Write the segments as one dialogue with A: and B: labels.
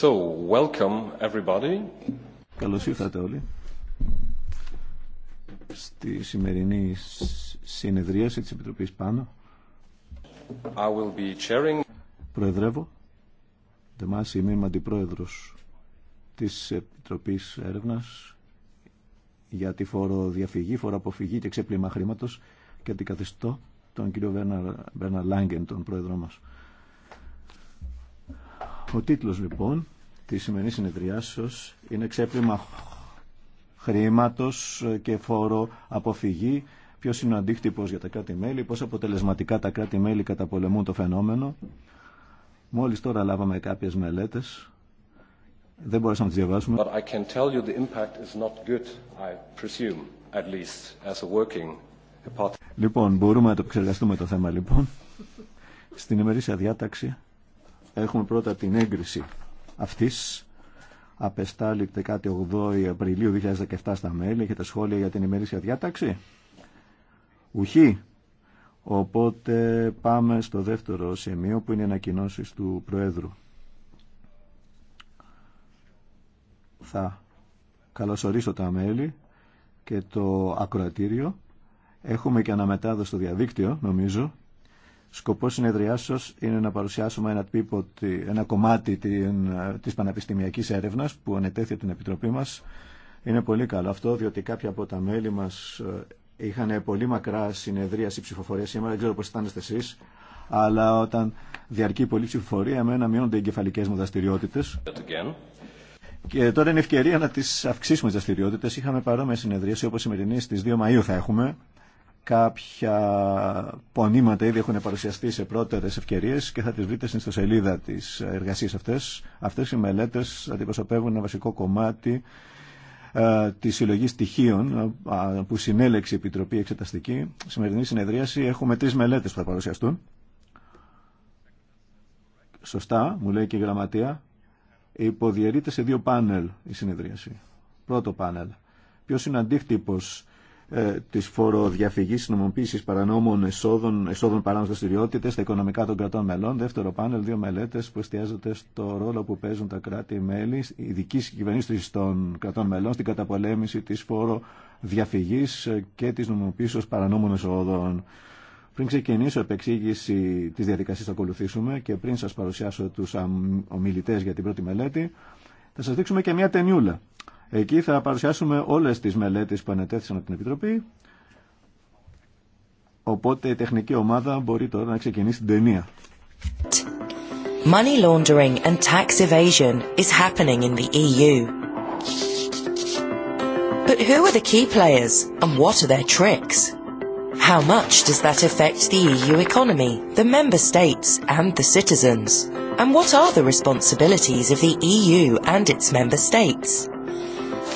A: So,
B: Καλώς ήρθατε όλοι στη σημερινή συνεδρίαση της Επιτροπής Πάνω.
A: I will be chairing.
B: Προεδρεύω. Δεμάς είμαι αντιπρόεδρος της Επιτροπής Έρευνας για τη φοροδιαφυγή, φοροαποφυγή και ξέπλυμα χρήματος και αντικαθιστώ τον κύριο Βέρνα Λάγκεν, τον πρόεδρό μας. Ο τίτλος λοιπόν της σημερινής συνεδριάσεως είναι ξέπλυμα χρήματος και φόρο αποφυγή. Ποιο είναι ο αντίκτυπο για τα κράτη-μέλη, πώ αποτελεσματικά τα κράτη-μέλη καταπολεμούν το φαινόμενο. Μόλι τώρα λάβαμε κάποιε μελέτε. Δεν μπορέσαμε να τι διαβάσουμε.
A: impact presume, at least as a working
B: Λοιπόν, μπορούμε να το επεξεργαστούμε το θέμα λοιπόν. Στην ημερήσια διάταξη Έχουμε πρώτα την έγκριση αυτής. Απεστάλλητε κάτι 8 Απριλίου 2017 στα μέλη. Έχετε σχόλια για την ημερήσια διάταξη. Ουχή. Οπότε πάμε στο δεύτερο σημείο που είναι ανακοινώσει του Προέδρου. Θα καλωσορίσω τα μέλη και το ακροατήριο. Έχουμε και αναμετάδοση στο διαδίκτυο, νομίζω. Σκοπός συνεδριάσεως είναι να παρουσιάσουμε ένα, τύπο, ένα κομμάτι της πανεπιστημιακής έρευνας που ανετέθη την Επιτροπή μας. Είναι πολύ καλό αυτό, διότι κάποια από τα μέλη μας ε, είχαν πολύ μακρά συνεδρίαση ψηφοφορία σήμερα, δεν ξέρω πώς αισθάνεστε εσείς, αλλά όταν διαρκεί πολύ ψηφοφορία, εμένα μειώνονται οι εγκεφαλικές μου δραστηριότητε. Και τώρα είναι ευκαιρία να τις αυξήσουμε τις δραστηριότητε. Είχαμε παρόμοια συνεδρίαση όπως η σημερινή στις 2 Μαΐου θα έχουμε κάποια πονήματα ήδη έχουν παρουσιαστεί σε πρώτερες ευκαιρίες και θα τις βρείτε στην ιστοσελίδα της εργασίας αυτές. Αυτές οι μελέτες αντιπροσωπεύουν ένα βασικό κομμάτι ε, τη συλλογή στοιχείων ε, που συνέλεξε η Επιτροπή Εξεταστική. Σημερινή συνεδρίαση έχουμε τρεις μελέτες που θα παρουσιαστούν. Σωστά, μου λέει και η γραμματεία, υποδιαιρείται σε δύο πάνελ η συνεδρίαση. Πρώτο πάνελ. Ποιο είναι αντίκτυπο ε, τη φοροδιαφυγή, νομοποίηση παρανόμων εσόδων, εσόδων παράνομων δραστηριότητε, στα οικονομικά των κρατών μελών. Δεύτερο πάνελ, δύο μελέτε που εστιάζονται στο ρόλο που παίζουν τα κράτη-μέλη, ειδική κυβερνήση των κρατών μελών στην καταπολέμηση της φοροδιαφυγή και της νομοποίηση παρανόμων εσόδων. Πριν ξεκινήσω επεξήγηση τη διαδικασία θα ακολουθήσουμε και πριν σα παρουσιάσω του ομιλητέ για την πρώτη μελέτη, θα σα δείξουμε και μια ταινιούλα Εκεί θα παρουσιάσουμε όλες τις μελέτες που ανετέθησαν από την Επιτροπή.
C: Οπότε η τεχνική ομάδα μπορεί τώρα να ξεκινήσει την ταινία. Money laundering and tax evasion is happening in the EU. But who are the key players and what are their tricks? How much does that affect the EU economy, the member states and the citizens? And what are the responsibilities of the EU and its member states?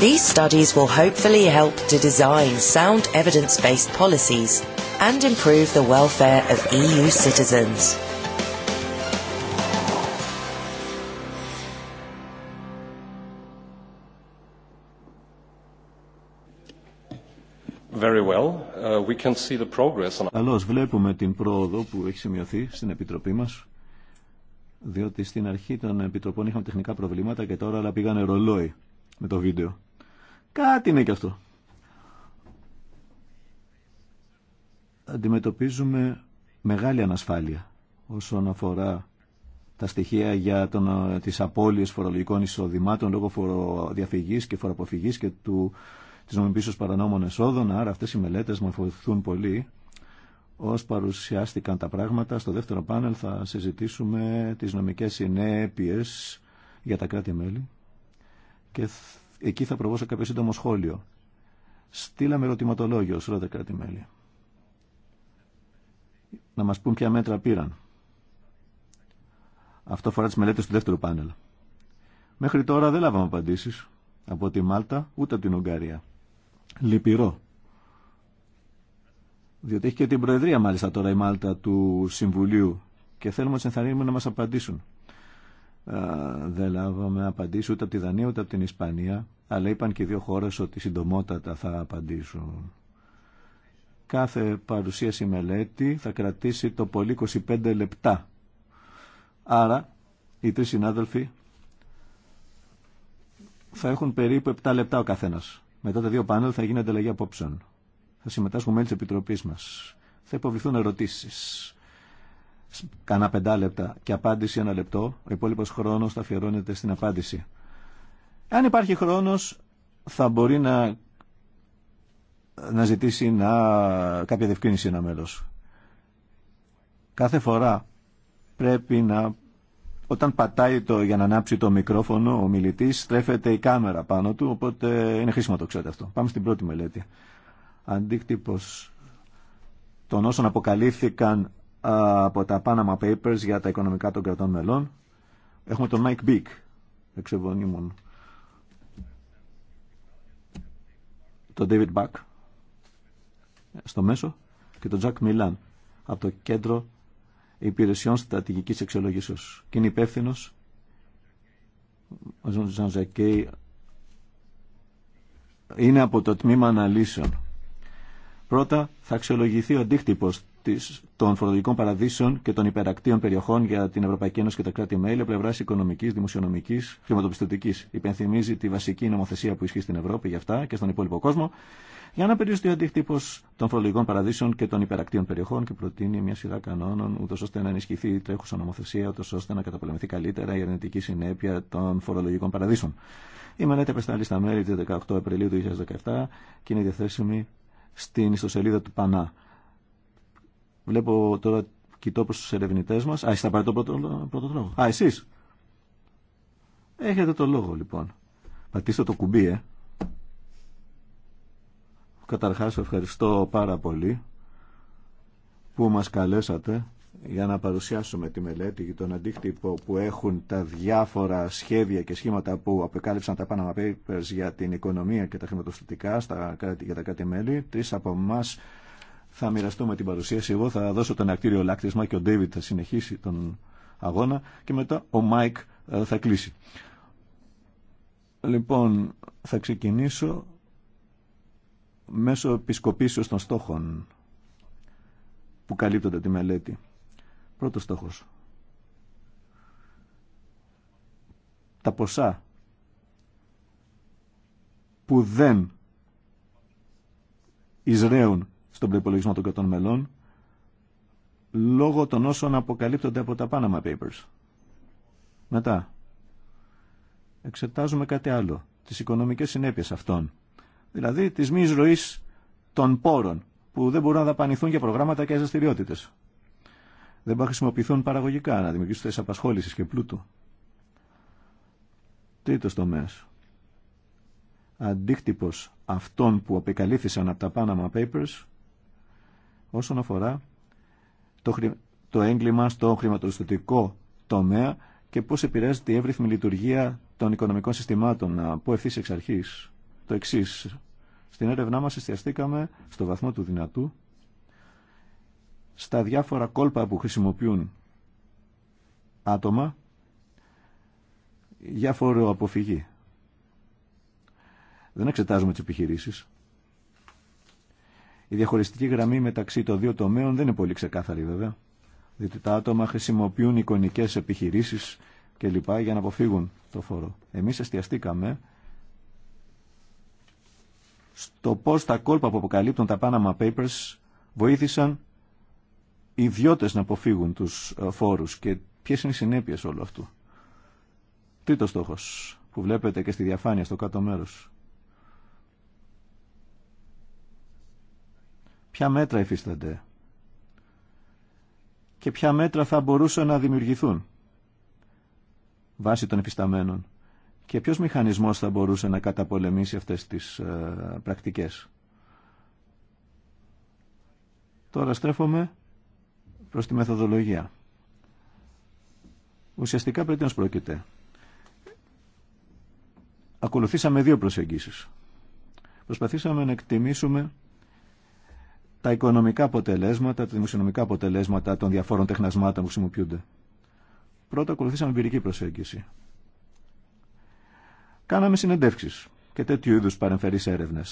C: These studies will hopefully help to design sound evidence-based policies and improve the welfare of EU citizens.
A: Very well. Uh, we can see the progress.
B: Καλώς βλέπουμε την πρόοδο που έχει σημειωθεί στην Επιτροπή μας, διότι στην αρχή των Επιτροπών είχαμε τεχνικά προβλήματα και τώρα όλα πήγανε ρολόι με το βίντεο. Κάτι είναι και αυτό. Αντιμετωπίζουμε μεγάλη ανασφάλεια όσον αφορά τα στοιχεία για τον, τις απώλειες φορολογικών εισοδημάτων λόγω φοροδιαφυγής και φοροαποφυγής και του, της νομιμοποίησης παρανόμων εσόδων. Άρα αυτές οι μελέτες μου πολύ. Ως παρουσιάστηκαν τα πράγματα, στο δεύτερο πάνελ θα συζητήσουμε τις νομικές συνέπειες για τα κράτη-μέλη και Εκεί θα προβώσω κάποιο σύντομο σχόλιο. Στείλαμε ερωτηματολόγιο σε όλα τα μελη Να μας πούν ποια μέτρα πήραν. Αυτό αφορά τις μελέτες του δεύτερου πάνελ. Μέχρι τώρα δεν λάβαμε απαντήσεις από τη Μάλτα ούτε από την Ουγγαρία. Λυπηρό. Διότι έχει και την Προεδρία μάλιστα τώρα η Μάλτα του Συμβουλίου και θέλουμε να ενθαρρύνουμε να μας απαντήσουν δεν λάβαμε απαντήσει ούτε από τη Δανία ούτε από την Ισπανία, αλλά είπαν και οι δύο χώρε ότι συντομότατα θα απαντήσουν. Κάθε παρουσίαση μελέτη θα κρατήσει το πολύ 25 λεπτά. Άρα, οι τρει συνάδελφοι θα έχουν περίπου 7 λεπτά ο καθένας. Μετά τα δύο πάνελ θα γίνει ανταλλαγή απόψεων. Θα συμμετάσχουμε μέλη τη επιτροπή μα. Θα υποβληθούν ερωτήσει κανά πεντά λεπτά και απάντηση ένα λεπτό, ο υπόλοιπο χρόνο θα αφιερώνεται στην απάντηση. Αν υπάρχει χρόνο, θα μπορεί να, να ζητήσει να, κάποια διευκρίνηση ένα μέλο. Κάθε φορά πρέπει να. Όταν πατάει το, για να ανάψει το μικρόφωνο, ο μιλητή στρέφεται η κάμερα πάνω του, οπότε είναι χρήσιμο το ξέρετε αυτό. Πάμε στην πρώτη μελέτη. Αντίκτυπο των όσων αποκαλύφθηκαν από τα Panama Papers για τα οικονομικά των κρατών μελών. Έχουμε τον Mike Beek, εξεβονίμων. Τον David Buck στο μέσο και τον Jack Milan από το Κέντρο Υπηρεσιών Στρατηγικής εξολογήσεω. Και είναι υπεύθυνο ο Ζαν είναι από το τμήμα αναλύσεων. Πρώτα θα αξιολογηθεί ο αντίκτυπος των φορολογικών παραδείσεων και των υπερακτίων περιοχών για την Ευρωπαϊκή Ένωση και τα κράτη-μέλη από πλευρά οικονομική, δημοσιονομική, χρηματοπιστωτική. Υπενθυμίζει τη βασική νομοθεσία που ισχύει στην Ευρώπη για αυτά και στον υπόλοιπο κόσμο, για να περιοριστεί ο αντίκτυπο των φορολογικών παραδείσεων και των υπερακτίων περιοχών και προτείνει μια σειρά κανόνων, ούτω ώστε να ενισχυθεί η τρέχουσα νομοθεσία, ούτω ώστε να καταπολεμηθεί καλύτερα η αρνητική συνέπεια των φορολογικών παραδείσεων. Η μελέτη επεστάλλει στα μέρη τη 18 Απριλίου του 2017 και είναι διαθέσιμη στην ιστοσελίδα του ΠΑΝΑ. Βλέπω τώρα, κοιτώ προ του ερευνητές μας. Α, εσύ θα πάρετε τον πρώτο, πρώτο λόγο. Α, εσείς. Έχετε το λόγο, λοιπόν. Πατήστε το κουμπί, ε. Καταρχάς, ευχαριστώ πάρα πολύ που μας καλέσατε για να παρουσιάσουμε τη μελέτη για τον αντίκτυπο που έχουν τα διάφορα σχέδια και σχήματα που απεκάλυψαν τα Panama Papers για την οικονομία και τα χρηματοστατικά για τα κρατη μέλη. Τρεις από εμά θα με την παρουσίαση. Εγώ θα δώσω τον ακτήριο λάκτισμα και ο Ντέιβιτ θα συνεχίσει τον αγώνα και μετά ο Μάικ ε, θα κλείσει. Λοιπόν, θα ξεκινήσω μέσω επισκοπήσεως των στόχων που καλύπτονται τη μελέτη. Πρώτος στόχος. Τα ποσά που δεν εισραίουν στον προπολογισμό των κρατών μελών λόγω των όσων αποκαλύπτονται από τα Panama Papers. Μετά, εξετάζουμε κάτι άλλο, τις οικονομικές συνέπειες αυτών, δηλαδή της μη ροής των πόρων που δεν μπορούν να δαπανηθούν για προγράμματα και δραστηριότητε. Δεν μπορούν να χρησιμοποιηθούν παραγωγικά, να δημιουργήσουν θέσει απασχόληση και πλούτου. Τρίτο τομέα. Αντίκτυπο αυτών που απεκαλύφθησαν από τα Panama Papers όσον αφορά το, χρη... το έγκλημα στο χρηματοδοτικό τομέα και πώς επηρεάζεται η εύρυθμη λειτουργία των οικονομικών συστημάτων. Να ευθύ εξ αρχής το εξή. Στην έρευνά μας εστιαστήκαμε στο βαθμό του δυνατού στα διάφορα κόλπα που χρησιμοποιούν άτομα για φοροαποφυγή. Δεν εξετάζουμε τις επιχειρήσεις. Η διαχωριστική γραμμή μεταξύ των δύο τομέων δεν είναι πολύ ξεκάθαρη βέβαια, διότι τα άτομα χρησιμοποιούν εικονικέ επιχειρήσεις κλπ. για να αποφύγουν το φόρο. Εμείς εστιαστήκαμε στο πώ τα κόλπα που αποκαλύπτουν τα Panama Papers βοήθησαν οι να αποφύγουν τους ε, φόρους και ποιε είναι οι συνέπειε όλου αυτού. Τρίτο στόχος που βλέπετε και στη διαφάνεια στο κάτω μέρος. ποια μέτρα υφίστανται και ποια μέτρα θα μπορούσαν να δημιουργηθούν βάσει των υφισταμένων και ποιος μηχανισμός θα μπορούσε να καταπολεμήσει αυτές τις ε, πρακτικές. Τώρα στρέφομαι προς τη μεθοδολογία. Ουσιαστικά πρέπει να πρόκειται. Ακολουθήσαμε δύο προσεγγίσεις. Προσπαθήσαμε να εκτιμήσουμε τα οικονομικά αποτελέσματα, τα δημοσιονομικά αποτελέσματα των διαφόρων τεχνασμάτων που χρησιμοποιούνται. Πρώτα ακολουθήσαμε εμπειρική προσέγγιση. Κάναμε συνεντεύξεις και τέτοιου είδους παρεμφερεί έρευνε.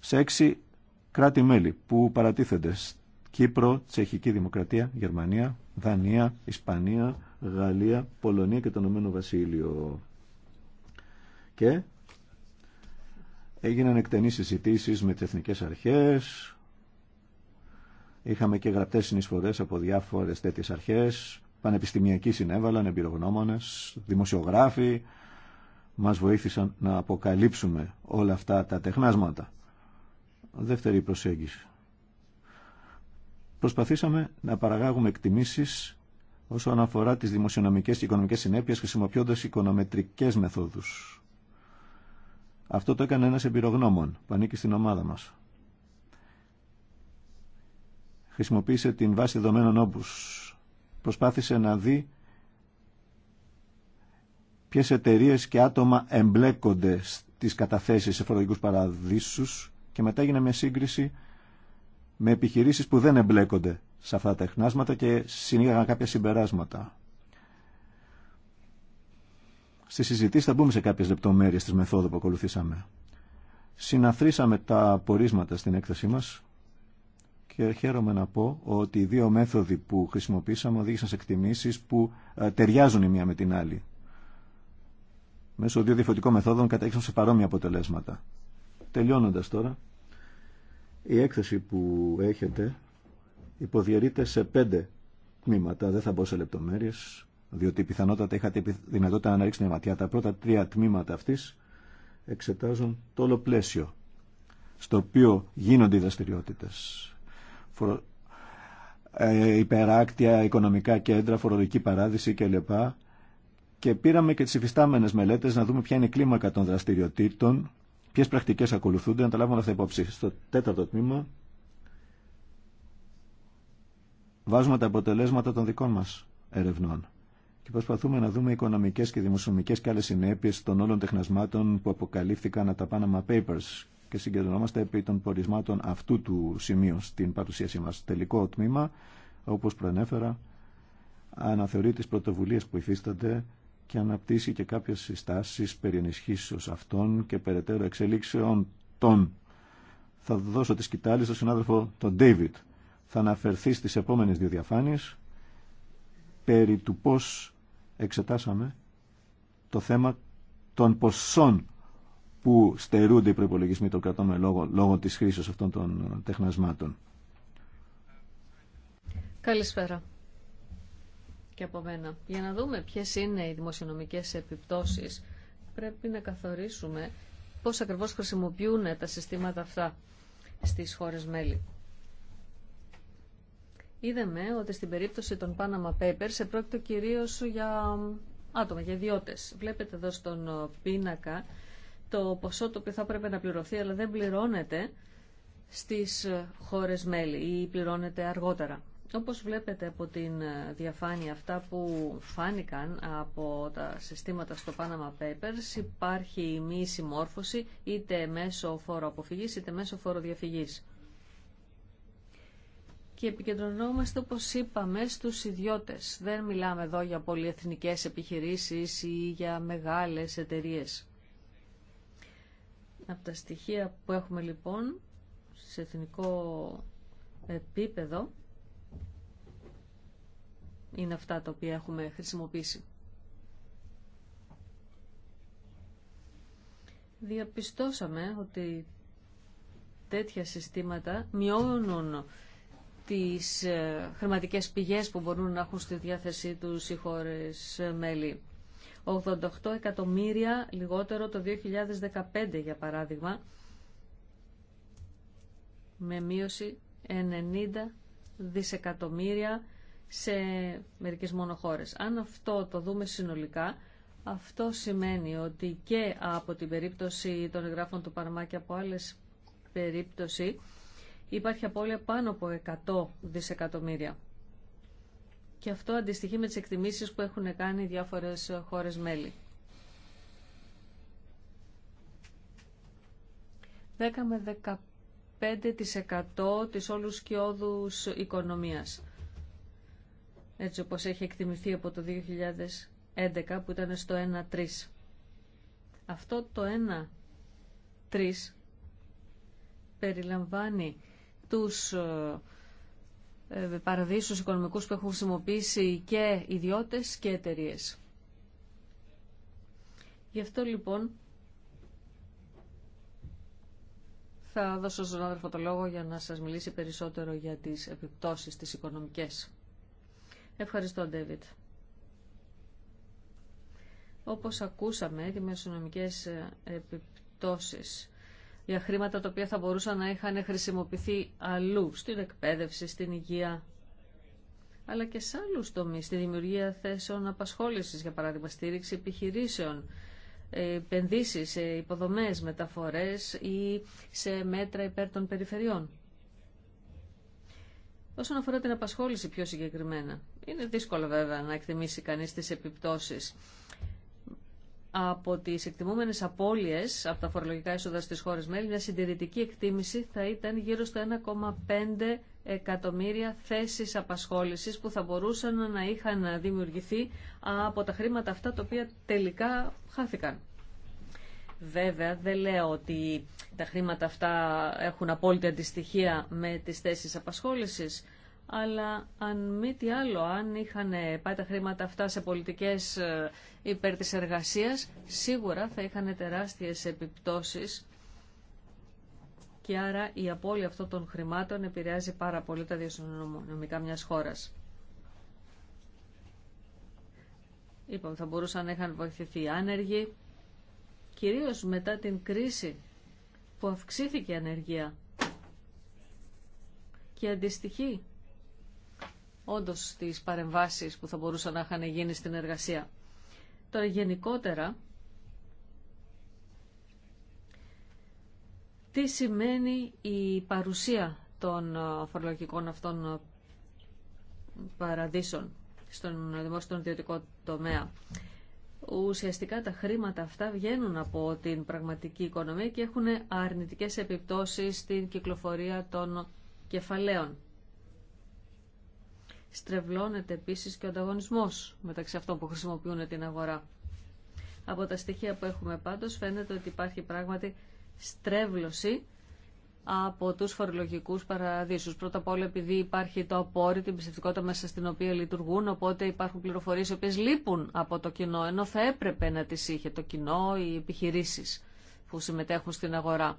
B: σε έξι κράτη-μέλη που παρατίθενται Κύπρο, Τσεχική Δημοκρατία, Γερμανία, Δανία, Ισπανία, Γαλλία, Πολωνία και το Ηνωμένο Βασίλειο. Και Έγιναν εκτενείς συζητήσει με τις εθνικές αρχές, είχαμε και γραπτές συνεισφορές από διάφορες τέτοιες αρχές, πανεπιστημιακοί συνέβαλαν, εμπειρογνώμονες, δημοσιογράφοι, μας βοήθησαν να αποκαλύψουμε όλα αυτά τα τεχνάσματα. Δεύτερη προσέγγιση. Προσπαθήσαμε να παραγάγουμε εκτιμήσεις όσον αφορά τις δημοσιονομικές και οικονομικές συνέπειες χρησιμοποιώντας οικονομετρικές μεθόδους. Αυτό το έκανε ένας εμπειρογνώμων που ανήκει στην ομάδα μας. Χρησιμοποίησε την βάση δεδομένων όπους. Προσπάθησε να δει ποιες εταιρείε και άτομα εμπλέκονται στις καταθέσεις σε φορολογικούς παραδείσους και μετά έγινε μια σύγκριση με επιχειρήσεις που δεν εμπλέκονται σε αυτά τα τεχνάσματα και συνήγαγαν κάποια συμπεράσματα. Στη συζητήση θα μπούμε σε κάποιες λεπτομέρειες της μεθόδου που ακολουθήσαμε. Συναθρήσαμε τα πορίσματα στην έκθεσή μας και χαίρομαι να πω ότι οι δύο μέθοδοι που χρησιμοποίησαμε οδήγησαν σε εκτιμήσεις που ε, ταιριάζουν η μία με την άλλη. Μέσω δύο διαφορετικών μεθόδων καταλήξαμε σε παρόμοια αποτελέσματα. Τελειώνοντας τώρα, η έκθεση που έχετε υποδιαιρείται σε πέντε τμήματα, δεν θα μπω σε λεπτομέρειες διότι πιθανότατα είχατε δυνατότητα να ρίξετε ματιά. Τα πρώτα τρία τμήματα αυτής εξετάζουν το όλο πλαίσιο στο οποίο γίνονται οι δραστηριότητες. Φορο... Ε, υπεράκτια, οικονομικά κέντρα, φορολογική παράδειση κλπ. Και πήραμε και τι υφιστάμενε μελέτες να δούμε ποια είναι η κλίμακα των δραστηριοτήτων, ποιες πρακτικέ ακολουθούνται, να τα λάβουμε αυτά υπόψη. Στο τέταρτο τμήμα βάζουμε τα αποτελέσματα των δικών μα ερευνών και προσπαθούμε να δούμε οικονομικές και δημοσιομικές και άλλες συνέπειες των όλων τεχνασμάτων που αποκαλύφθηκαν από τα Panama Papers και συγκεντρωνόμαστε επί των πορισμάτων αυτού του σημείου στην παρουσίασή μας. Τελικό τμήμα, όπως προενέφερα, αναθεωρεί τις πρωτοβουλίες που υφίστανται και αναπτύσσει και κάποιες συστάσεις περί ενισχύσεως αυτών και περαιτέρω εξελίξεων των. Θα δώσω τη σκητάλη στον συνάδελφο τον Ντέιβιτ. Θα αναφερθεί στις επόμενες δύο διαφάνειες περί του πώς εξετάσαμε το θέμα των ποσών που στερούνται οι προπολογισμοί των κρατών λόγω, λόγω της χρήσης αυτών των τεχνασμάτων.
D: Καλησπέρα και από μένα. Για να δούμε ποιες είναι οι δημοσιονομικές επιπτώσεις πρέπει να καθορίσουμε πώς ακριβώς χρησιμοποιούν τα συστήματα αυτά στις χώρες μέλη είδαμε ότι στην περίπτωση των Panama Papers επρόκειτο κυρίως για άτομα, για ιδιώτε. Βλέπετε εδώ στον ε, πίνακα το ποσό το οποίο θα πρέπει να πληρωθεί, αλλά δεν πληρώνεται στις ε, χώρες μέλη ή πληρώνεται αργότερα. Όπως βλέπετε από την ε, διαφάνεια αυτά που φάνηκαν από τα συστήματα στο Panama Papers υπάρχει μη συμμόρφωση είτε μέσω φόρο αποφυγής είτε μέσω φόρο και επικεντρωνόμαστε, όπως είπαμε, στους ιδιώτες. Δεν μιλάμε εδώ για πολυεθνικές επιχειρήσεις ή για μεγάλες εταιρείες. Από τα στοιχεία που έχουμε λοιπόν σε εθνικό επίπεδο είναι αυτά τα οποία έχουμε χρησιμοποιήσει. Διαπιστώσαμε ότι τέτοια συστήματα μειώνουν τις ε, χρηματικές πηγές που μπορούν να έχουν στη διάθεσή τους οι χώρες ε, μέλη. 88 εκατομμύρια λιγότερο το 2015 για παράδειγμα με μείωση 90 δισεκατομμύρια σε μερικές μόνο χώρες. Αν αυτό το δούμε συνολικά, αυτό σημαίνει ότι και από την περίπτωση των εγγράφων του Παρμά και από άλλες περίπτωση υπάρχει απώλεια πάνω από 100 δισεκατομμύρια. Και αυτό αντιστοιχεί με τις εκτιμήσεις που έχουν κάνει διάφορες χώρες μέλη. 10 με 15% της όλους σκιώδους οικονομίας. Έτσι όπως έχει εκτιμηθεί από το 2011 που ήταν στο 1-3. Αυτό το 1-3 περιλαμβάνει τους ε, ε, παραδείσους οικονομικούς που έχουν χρησιμοποιήσει και ιδιώτες και εταιρείε. Γι' αυτό λοιπόν θα δώσω στον άδερφο το λόγο για να σας μιλήσει περισσότερο για τις επιπτώσεις τις οικονομικές. Ευχαριστώ, Ντέβιτ. Όπως ακούσαμε, οι δημοσιονομικές ε, επιπτώσεις για χρήματα τα οποία θα μπορούσαν να είχαν χρησιμοποιηθεί αλλού, στην εκπαίδευση, στην υγεία, αλλά και σε άλλου τομεί, στη δημιουργία θέσεων απασχόληση, για παράδειγμα, στήριξη επιχειρήσεων, ε, επενδύσει σε υποδομές, μεταφορές ή σε μέτρα υπέρ των περιφερειών. Όσον αφορά την απασχόληση πιο συγκεκριμένα, είναι δύσκολο βέβαια να εκτιμήσει κανείς τις επιπτώσεις από τις εκτιμούμενες απώλειες από τα φορολογικά έσοδα στις χώρες μέλη, μια συντηρητική εκτίμηση θα ήταν γύρω στο 1,5 εκατομμύρια θέσεις απασχόλησης που θα μπορούσαν να είχαν δημιουργηθεί από τα χρήματα αυτά τα οποία τελικά χάθηκαν. Βέβαια, δεν λέω ότι τα χρήματα αυτά έχουν απόλυτη αντιστοιχεία με τις θέσεις απασχόλησης αλλά αν μη τι άλλο, αν είχαν πάει τα χρήματα αυτά σε πολιτικές ε, υπέρ της εργασίας, σίγουρα θα είχαν τεράστιες επιπτώσεις και άρα η απώλεια αυτών των χρημάτων επηρεάζει πάρα πολύ τα διασυνομικά μιας χώρας. Είπαμε, θα μπορούσαν να είχαν βοηθηθεί άνεργοι, κυρίως μετά την κρίση που αυξήθηκε η ανεργία και αντιστοιχεί Όντω τι παρεμβάσεις που θα μπορούσαν να είχαν γίνει στην εργασία. Τώρα γενικότερα, τι σημαίνει η παρουσία των ε, φορολογικών αυτών ε, παραδείσων στον δημόσιο τον ιδιωτικό τομέα. Ουσιαστικά τα χρήματα αυτά βγαίνουν από την πραγματική οικονομία και έχουν αρνητικές επιπτώσεις στην κυκλοφορία των κεφαλαίων. Στρεβλώνεται επίσης και ο ανταγωνισμός μεταξύ αυτών που χρησιμοποιούν την αγορά. Από τα στοιχεία που έχουμε πάντως φαίνεται ότι υπάρχει πράγματι στρέβλωση από τους φορολογικούς παραδείσους. Πρώτα απ' όλα επειδή υπάρχει το απόρριτο, την πιστευτικότητα μέσα στην οποία λειτουργούν, οπότε υπάρχουν πληροφορίες οι οποίες λείπουν από το κοινό, ενώ θα έπρεπε να τις είχε το κοινό, οι επιχειρήσεις που συμμετέχουν στην αγορά.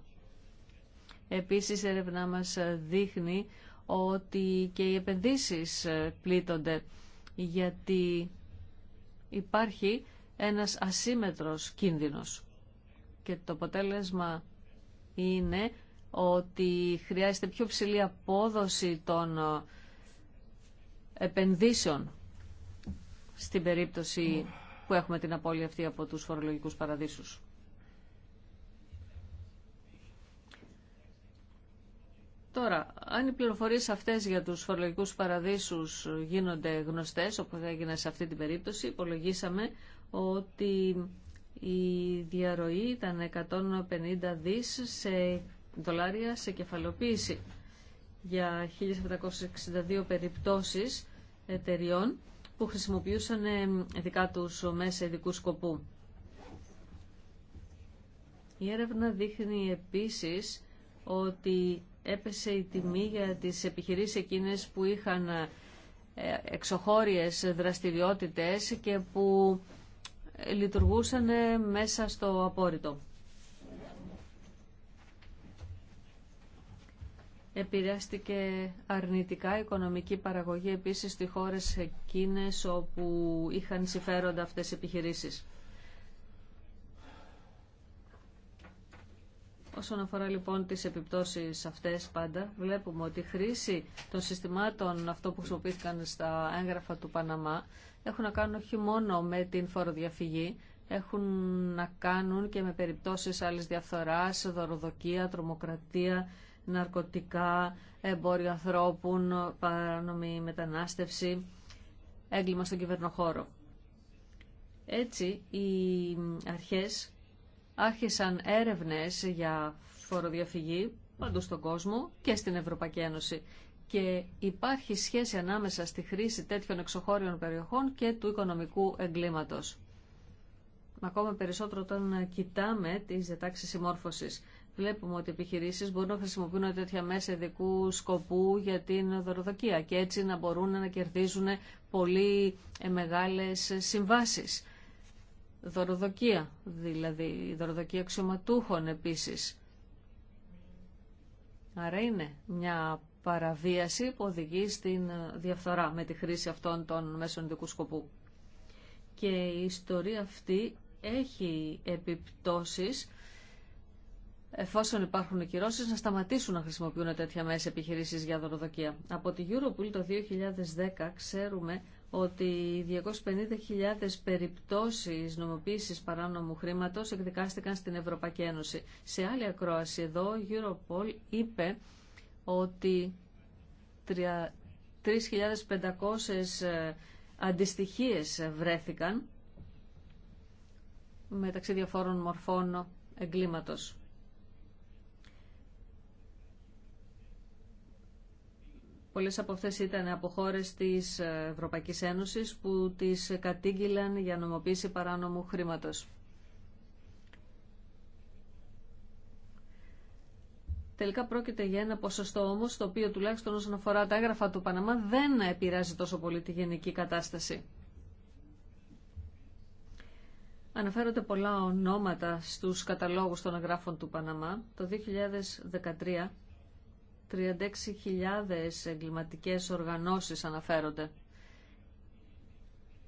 D: Επίσης, η έρευνά μας δείχνει ότι και οι επενδύσεις ε, πλήττονται γιατί υπάρχει ένας ασύμετρος κίνδυνος. Και το αποτέλεσμα είναι ότι χρειάζεται πιο ψηλή απόδοση των ε, επενδύσεων στην περίπτωση που έχουμε την απώλεια αυτή από τους φορολογικούς παραδείσους. Τώρα, αν οι πληροφορίε αυτές για τους φορολογικού παραδείσους γίνονται γνωστές, όπω έγινε σε αυτή την περίπτωση, υπολογίσαμε ότι η διαρροή ήταν 150 δις σε δολάρια σε κεφαλοποίηση για 1762 περιπτώσεις εταιριών που χρησιμοποιούσαν ε, δικά τους μέσα ειδικού σκοπού. Η έρευνα δείχνει επίσης ότι έπεσε η τιμή για τις επιχειρήσεις εκείνες που είχαν ε, εξωχώριες δραστηριότητες και που λειτουργούσαν μέσα στο απόρριτο. Επηρεάστηκε αρνητικά η οικονομική παραγωγή επίσης στις χώρες εκείνες όπου είχαν συμφέροντα αυτές οι επιχειρήσεις. Όσον αφορά λοιπόν τις επιπτώσεις αυτές πάντα, βλέπουμε ότι η χρήση των συστημάτων αυτό που χρησιμοποιήθηκαν στα έγγραφα του Παναμά έχουν να κάνουν όχι μόνο με την φοροδιαφυγή, έχουν να κάνουν και με περιπτώσεις άλλης διαφθοράς, δωροδοκία, τρομοκρατία, ναρκωτικά, εμπόριο ανθρώπων, παράνομη μετανάστευση, έγκλημα στον κυβερνοχώρο. Έτσι, οι αρχές άρχισαν έρευνες για φοροδιαφυγή παντού στον κόσμο και στην Ευρωπαϊκή Ένωση και υπάρχει σχέση ανάμεσα στη χρήση τέτοιων εξωχώριων περιοχών και του οικονομικού εγκλήματος. Ακόμα περισσότερο όταν κοιτάμε τις διατάξεις συμμόρφωσης. Βλέπουμε ότι οι επιχειρήσεις μπορούν να χρησιμοποιούν τέτοια μέσα ειδικού σκοπού για την δωροδοκία και έτσι να μπορούν να κερδίζουν πολύ ε, μεγάλες συμβάσεις δωροδοκία, δηλαδή δωροδοκία αξιωματούχων επίσης. Άρα είναι μια παραβίαση που οδηγεί στην ε, διαφθορά με τη χρήση αυτών των μέσων ειδικού σκοπού. Και η ιστορία αυτή έχει επιπτώσεις εφόσον υπάρχουν κυρώσει, να σταματήσουν να χρησιμοποιούν τέτοια μέσα επιχειρήσεις για δωροδοκία. Από τη Europol το 2010 ξέρουμε ότι 250.000 περιπτώσεις νομοποίησης παράνομου χρήματος εκδικάστηκαν στην Ευρωπαϊκή Ένωση. Σε άλλη ακρόαση εδώ, η Europol είπε ότι 3.500 ε, αντιστοιχίες βρέθηκαν μεταξύ διαφόρων μορφών εγκλήματος. Πολλέ από αυτέ ήταν από χώρε τη Ευρωπαϊκή Ένωση που τις κατήγγειλαν για νομοποίηση παράνομου χρήματος. Τελικά πρόκειται για ένα ποσοστό όμω, το οποίο τουλάχιστον όσον αφορά τα έγγραφα του Παναμά δεν επηρεάζει τόσο πολύ τη γενική κατάσταση. Αναφέρονται πολλά ονόματα στους καταλόγους των εγγράφων του Παναμά. Το 2013 36.000 εγκληματικές οργανώσεις αναφέρονται.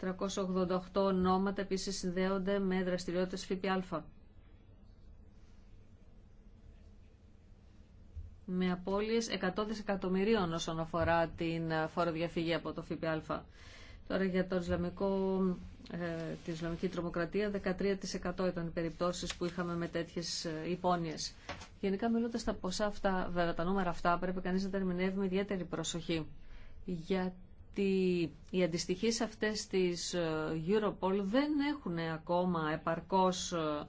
D: 388 ονόματα επίσης συνδέονται με δραστηριότητες ΦΠΑ. με απώλειες 100 δισεκατομμυρίων όσον αφορά την φοροδιαφυγή από το ΦΠΑ. Τώρα για το Ισλαμικό ε, την Ισλαμική τρομοκρατία, 13% ήταν οι περιπτώσεις που είχαμε με τέτοιε υπόνοιε. Γενικά μιλώντα τα ποσά αυτά, βέβαια τα νούμερα αυτά, πρέπει κανεί να τα ερμηνεύει με ιδιαίτερη προσοχή. Γιατί οι αντιστοιχείς αυτέ τη ε, Europol δεν έχουν ακόμα επαρκώ ε,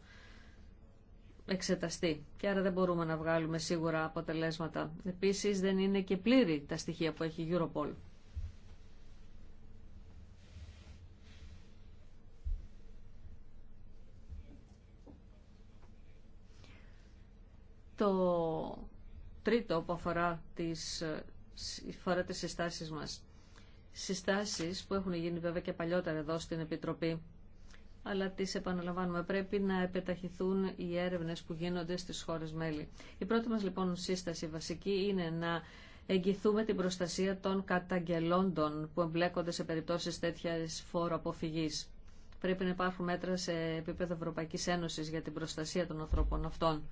D: εξεταστεί και άρα δεν μπορούμε να βγάλουμε σίγουρα αποτελέσματα. Επίσης δεν είναι και πλήρη τα στοιχεία που έχει η Europol. Το τρίτο που αφορά τις, αφορά τις συστάσεις μας. Συστάσεις που έχουν γίνει βέβαια και παλιότερα εδώ στην Επιτροπή, αλλά τις επαναλαμβάνουμε. Πρέπει να επεταχυθούν οι έρευνες που γίνονται στις χώρες μέλη. Η πρώτη μας λοιπόν σύσταση βασική είναι να εγγυθούμε την προστασία των καταγγελόντων που εμπλέκονται σε περιπτώσεις τέτοιας φόρου αποφυγής. Πρέπει να υπάρχουν μέτρα σε επίπεδο Ευρωπαϊκής Ένωσης για την προστασία των ανθρώπων αυτών.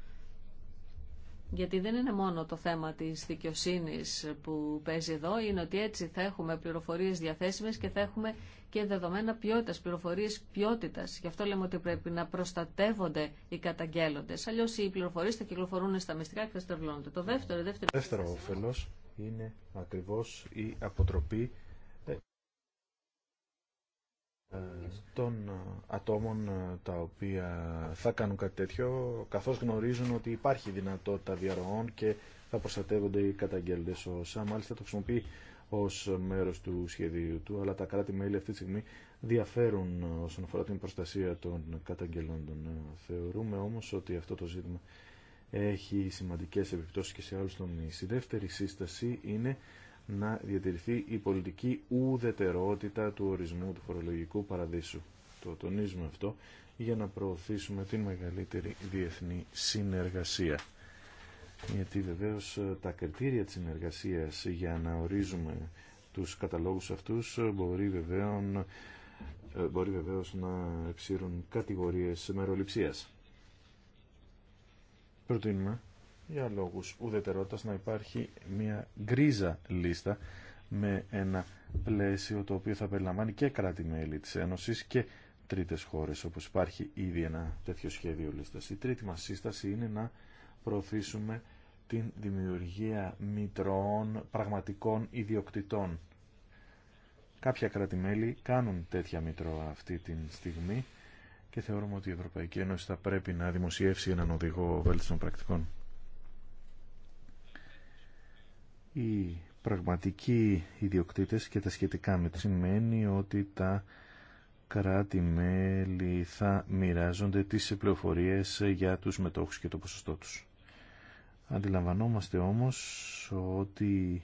D: Γιατί δεν είναι μόνο το θέμα της δικαιοσύνης που παίζει εδώ, είναι ότι έτσι θα έχουμε πληροφορίες διαθέσιμες και θα έχουμε και δεδομένα ποιότητας, πληροφορίες ποιότητας. Γι' αυτό λέμε ότι πρέπει να προστατεύονται οι καταγγέλλοντες. Αλλιώς οι πληροφορίες θα κυκλοφορούν στα μυστικά και θα στρεβλώνονται. Το δεύτερο, δεύτερο... δεύτερο
E: είναι ακριβώς η αποτροπή των ε, ατόμων ε, τα οποία θα κάνουν κάτι τέτοιο καθώς γνωρίζουν ότι υπάρχει δυνατότητα διαρροών και θα προστατεύονται οι καταγγέλντες. Ο ΣΑ μάλιστα το χρησιμοποιεί ως μέρος του σχεδίου του αλλά τα κράτη-μέλη αυτή τη στιγμή διαφέρουν ε, όσον αφορά την προστασία των καταγγελόντων. Θεωρούμε όμως ότι αυτό το ζήτημα έχει σημαντικές επιπτώσεις και σε άλλους τομείς. Η δεύτερη σύσταση είναι να διατηρηθεί η πολιτική ουδετερότητα του ορισμού του φορολογικού παραδείσου. Το τονίζουμε αυτό για να προωθήσουμε την μεγαλύτερη διεθνή συνεργασία. Γιατί βεβαίως ε, τα κριτήρια της συνεργασίας για να ορίζουμε τους καταλόγους αυτούς μπορεί βεβαίως, ε, μπορεί βεβαίως να ψήρουν κατηγορίες μεροληψίας. Προτείνουμε για λόγους ουδετερότητας να υπάρχει μια γκρίζα λίστα με ένα πλαίσιο το οποίο θα περιλαμβάνει και κράτη-μέλη της Ένωσης και τρίτες χώρες όπως υπάρχει ήδη ένα τέτοιο σχέδιο λίστας. Η τρίτη μας σύσταση είναι να προωθήσουμε την δημιουργια μητρωων μητρών πραγματικών ιδιοκτητών. Κάποια κράτη-μέλη κάνουν τέτοια μητρώα αυτή τη στιγμή και θεωρούμε ότι η Ευρωπαϊκή Ένωση θα πρέπει να δημοσιεύσει έναν οδηγό βέλτιστων πρακτικών. οι πραγματικοί ιδιοκτήτες και τα σχετικά με σημαίνει ότι τα κράτη-μέλη θα μοιράζονται τις πληροφορίες για τους μετόχους και το ποσοστό τους. Αντιλαμβανόμαστε όμως ότι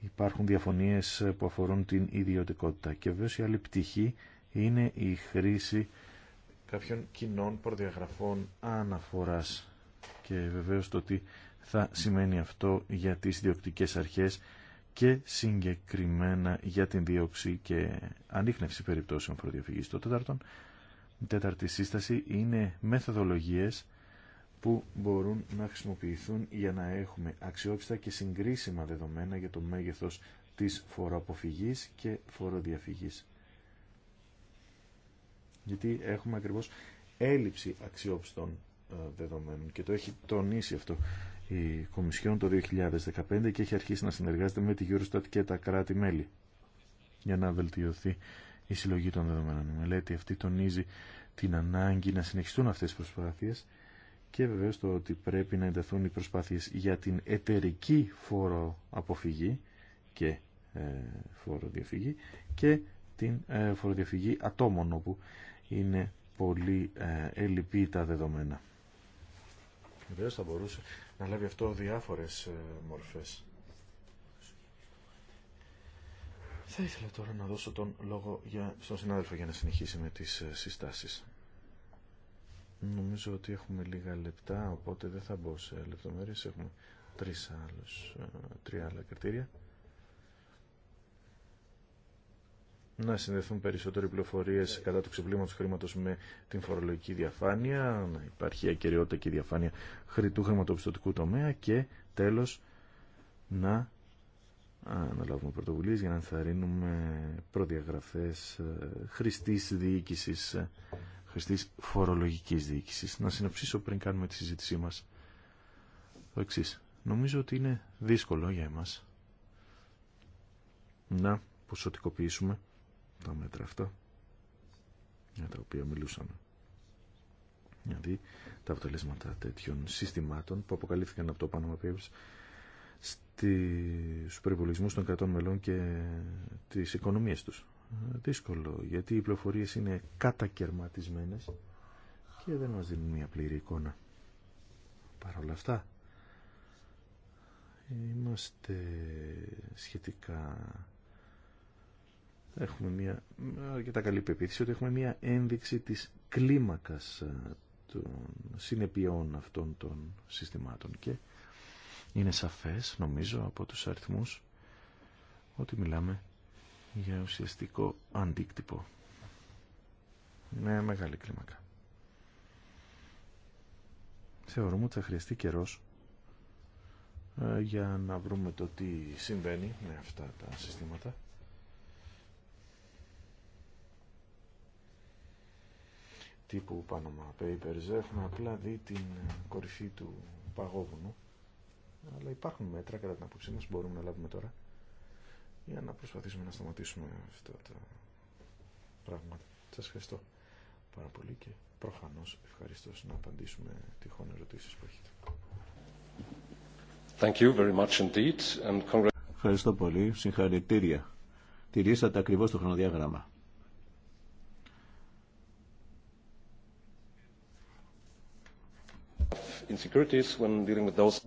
E: υπάρχουν διαφωνίες που αφορούν την ιδιωτικότητα και βέβαια η άλλη πτυχή είναι η χρήση κάποιων κοινών προδιαγραφών αναφοράς και βεβαίως το ότι θα σημαίνει αυτό για τις διοκτικές αρχές και συγκεκριμένα για την δίωξη και ανείχνευση περιπτώσεων φοροδιαφυγής. Το τέταρτο, η τέταρτη σύσταση είναι μεθοδολογίες που μπορούν να χρησιμοποιηθούν για να έχουμε αξιόπιστα και συγκρίσιμα δεδομένα για το μέγεθος της φοροαποφυγής και φοροδιαφυγής. Γιατί έχουμε ακριβώς έλλειψη αξιόπιστων ε, δεδομένων και το έχει τονίσει αυτό η Κομισιόν το 2015 και έχει αρχίσει να συνεργάζεται με τη Eurostat και τα κράτη-μέλη για να βελτιωθεί η συλλογή των δεδομένων. Η μελέτη αυτή τονίζει την ανάγκη να συνεχιστούν αυτές οι προσπάθειες και βεβαίως το ότι πρέπει να ενταθούν οι προσπάθειες για την εταιρική φοροαποφυγή και ε, φοροδιαφυγή και την ε, φοροδιαφυγή ατόμων όπου είναι πολύ ε, ελλειπή τα δεδομένα. Βεβαίω θα μπορούσε να λάβει αυτό διάφορες ε, μορφές. Θα ήθελα τώρα να δώσω τον λόγο για, στον συνάδελφο για να συνεχίσει με τις ε, συστάσεις. Νομίζω ότι έχουμε λίγα λεπτά, οπότε δεν θα μπω σε λεπτομέρειε. Έχουμε τρεις άλλους, ε, τρία άλλα κριτήρια. να συνδεθούν περισσότεροι πληροφορίε κατά του ξεπλήματο χρήματο με την φορολογική διαφάνεια, να υπάρχει ακαιρεότητα και διαφάνεια χρητού χρηματοπιστωτικού τομέα και τέλο να αναλάβουμε πρωτοβουλίε για να ενθαρρύνουμε προδιαγραφέ ε, χρηστή διοίκηση, ε, χρηστή φορολογική διοίκηση. Να συνοψίσω πριν κάνουμε τη συζήτησή μα το εξή. Νομίζω ότι είναι δύσκολο για εμάς να ποσοτικοποιήσουμε τα μέτρα αυτά για τα οποία μιλούσαμε. Δηλαδή τα αποτελέσματα τέτοιων συστημάτων που αποκαλύφθηκαν από το Panama Papers στους περιβολισμούς των κρατών μελών και τις οικονομίες τους. Δύσκολο, γιατί οι πληροφορίες είναι κατακερματισμένες και δεν μας δίνουν μια πλήρη εικόνα. Παρ' όλα αυτά, είμαστε σχετικά έχουμε μια αρκετά καλή πεποίθηση ότι έχουμε μια ένδειξη της κλίμακας ε, των συνεπειών αυτών των συστημάτων και είναι σαφές νομίζω από τους αριθμούς ότι μιλάμε για ουσιαστικό αντίκτυπο με μεγάλη κλίμακα θεωρούμε ότι θα χρειαστεί καιρός ε, για να βρούμε το τι συμβαίνει με αυτά τα συστήματα τύπου Panama Papers. Έχουμε απλά δει την κορυφή του παγόβουνου. Αλλά υπάρχουν μέτρα κατά την απόψή μας μπορούμε να λάβουμε τώρα για να προσπαθήσουμε να σταματήσουμε αυτά τα πράγματα. Σας ευχαριστώ πάρα πολύ και προφανώς ευχαριστώ να απαντήσουμε τυχόν ερωτήσεις που έχετε.
A: Thank Ευχαριστώ πολύ. Συγχαρητήρια.
B: Τηρήσατε ακριβώς το χρονοδιάγραμμα. insecurities when dealing with those.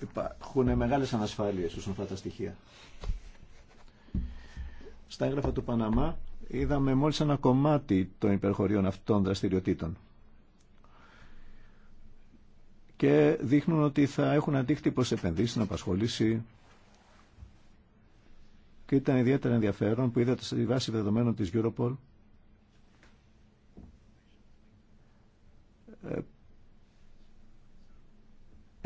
B: Υπάρχουν μεγάλες ανασφάλειες όσον αφορά τα στοιχεία. Στα έγγραφα του Παναμά είδαμε μόλις ένα κομμάτι των υπερχωρίων αυτών δραστηριοτήτων. Και δείχνουν ότι θα έχουν αντίκτυπο σε επενδύσεις, στην απασχόληση. Και ήταν ιδιαίτερα ενδιαφέρον που είδατε στη βάση δεδομένων της Europol ε,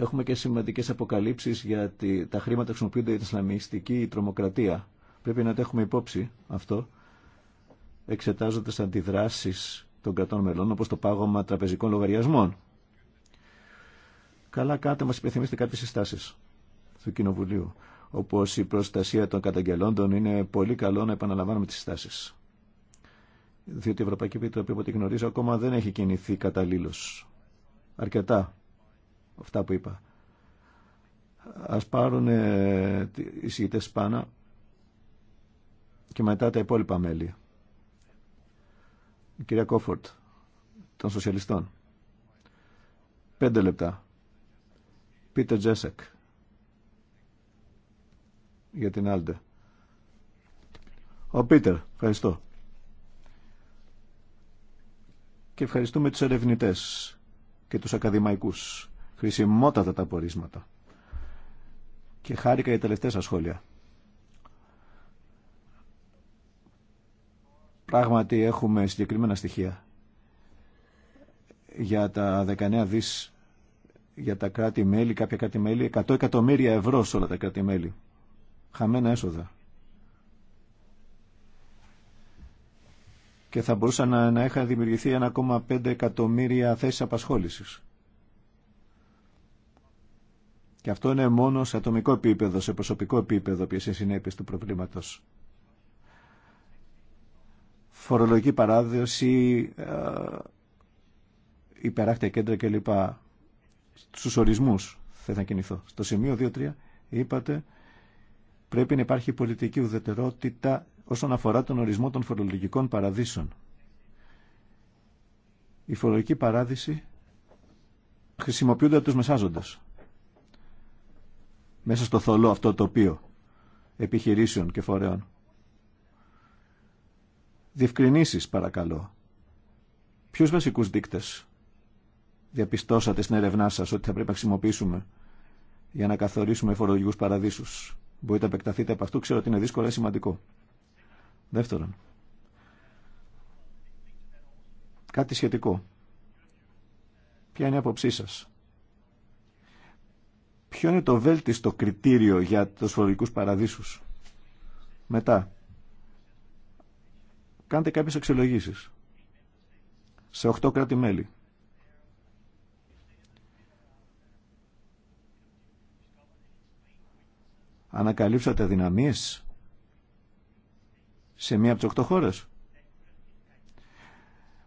B: Έχουμε και σημαντικές αποκαλύψεις γιατί τα χρήματα χρησιμοποιούνται για την Ισλαμιστική τρομοκρατία. Πρέπει να το έχουμε υπόψη αυτό, εξετάζοντα αντιδράσεις των κρατών μελών, όπως το πάγωμα τραπεζικών λογαριασμών. Καλά κάτω μας υπενθυμίστε κάποιες συστάσεις του Κοινοβουλίου, όπως η προστασία των καταγγελόντων είναι πολύ καλό να επαναλαμβάνουμε τις συστάσεις. Διότι η Ευρωπαϊκή Επιτροπή, από ό,τι γνωρίζω, ακόμα δεν έχει κινηθεί καταλήλως. Αρκετά αυτά που είπα. Ας πάρουν ε, οι συγητές πάνω και μετά τα υπόλοιπα μέλη. Η κυρία Κόφορτ των Σοσιαλιστών. Πέντε λεπτά. Πίτερ Τζέσεκ για την Άλντε. Ο Πίτερ, ευχαριστώ. Και ευχαριστούμε τους ερευνητές και τους ακαδημαϊκούς Χρησιμότατα τα πορίσματα. Και χάρηκα για τελευταία σας σχόλια. Πράγματι έχουμε συγκεκριμένα στοιχεία για τα 19 δις για τα κράτη-μέλη, κάποια κράτη-μέλη, 100 εκατομμύρια ευρώ σε όλα τα κράτη-μέλη. Χαμένα έσοδα. Και θα μπορούσαν να, να είχαν δημιουργηθεί 1,5 εκατομμύρια θέσεις απασχόλησης. Και αυτό είναι μόνο σε ατομικό επίπεδο, σε προσωπικό επίπεδο, ποιες είναι συνέπειες του προβλήματος. Φορολογική παράδοση, ε, υπεράκτια κέντρα κλπ. Στους ορισμούς θα να κινηθώ. Στο σημείο 2-3 είπατε πρέπει να υπάρχει πολιτική ουδετερότητα όσον αφορά τον ορισμό των φορολογικών παραδείσων. Η φορολογική παράδειση χρησιμοποιούνται από τους μεσάζοντες μέσα στο θολό αυτό τοπίο επιχειρήσεων και φορέων. Διευκρινήσεις παρακαλώ. Ποιους βασικούς δείκτες διαπιστώσατε στην ερευνά σας ότι θα πρέπει να χρησιμοποιήσουμε για να καθορίσουμε φορολογικούς παραδείσους. Μπορείτε να επεκταθείτε από αυτού, ξέρω ότι είναι δύσκολο, σημαντικό. Δεύτερον, κάτι σχετικό. Ποια είναι η άποψή σας Ποιο είναι το βέλτιστο κριτήριο για τους φορολογικούς παραδείσους. Μετά. Κάντε κάποιες αξιολογήσεις. Σε οχτω κράτη-μέλη. Ανακαλύψατε δυναμίες σε μία από τις οκτώ χώρες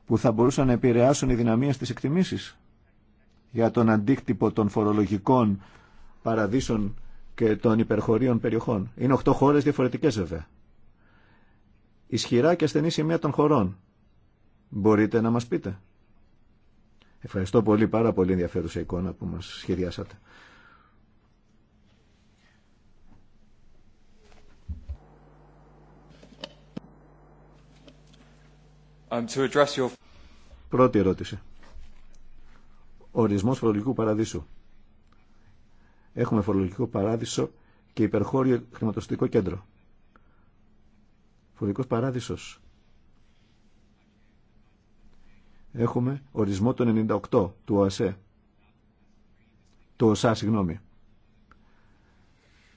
B: που θα μπορούσαν να επηρεάσουν οι δυναμίες της εκτιμήσεις για τον αντίκτυπο των φορολογικών παραδείσων και των υπερχωρίων περιοχών. Είναι οχτώ χώρες διαφορετικές βέβαια. Ισχυρά και ασθενή σημεία των χωρών. Μπορείτε να μας πείτε. Ευχαριστώ πολύ, πάρα πολύ ενδιαφέρουσα εικόνα που μας σχεδιάσατε.
A: Um,
B: Πρώτη ερώτηση. Ορισμός φορολογικού παραδείσου. Έχουμε φορολογικό παράδεισο και υπερχώριο χρηματοστικό κέντρο. Φορολογικός παράδεισος. Έχουμε ορισμό των 98 του ΟΑΣΕ. Του ΟΣΑ, συγγνώμη.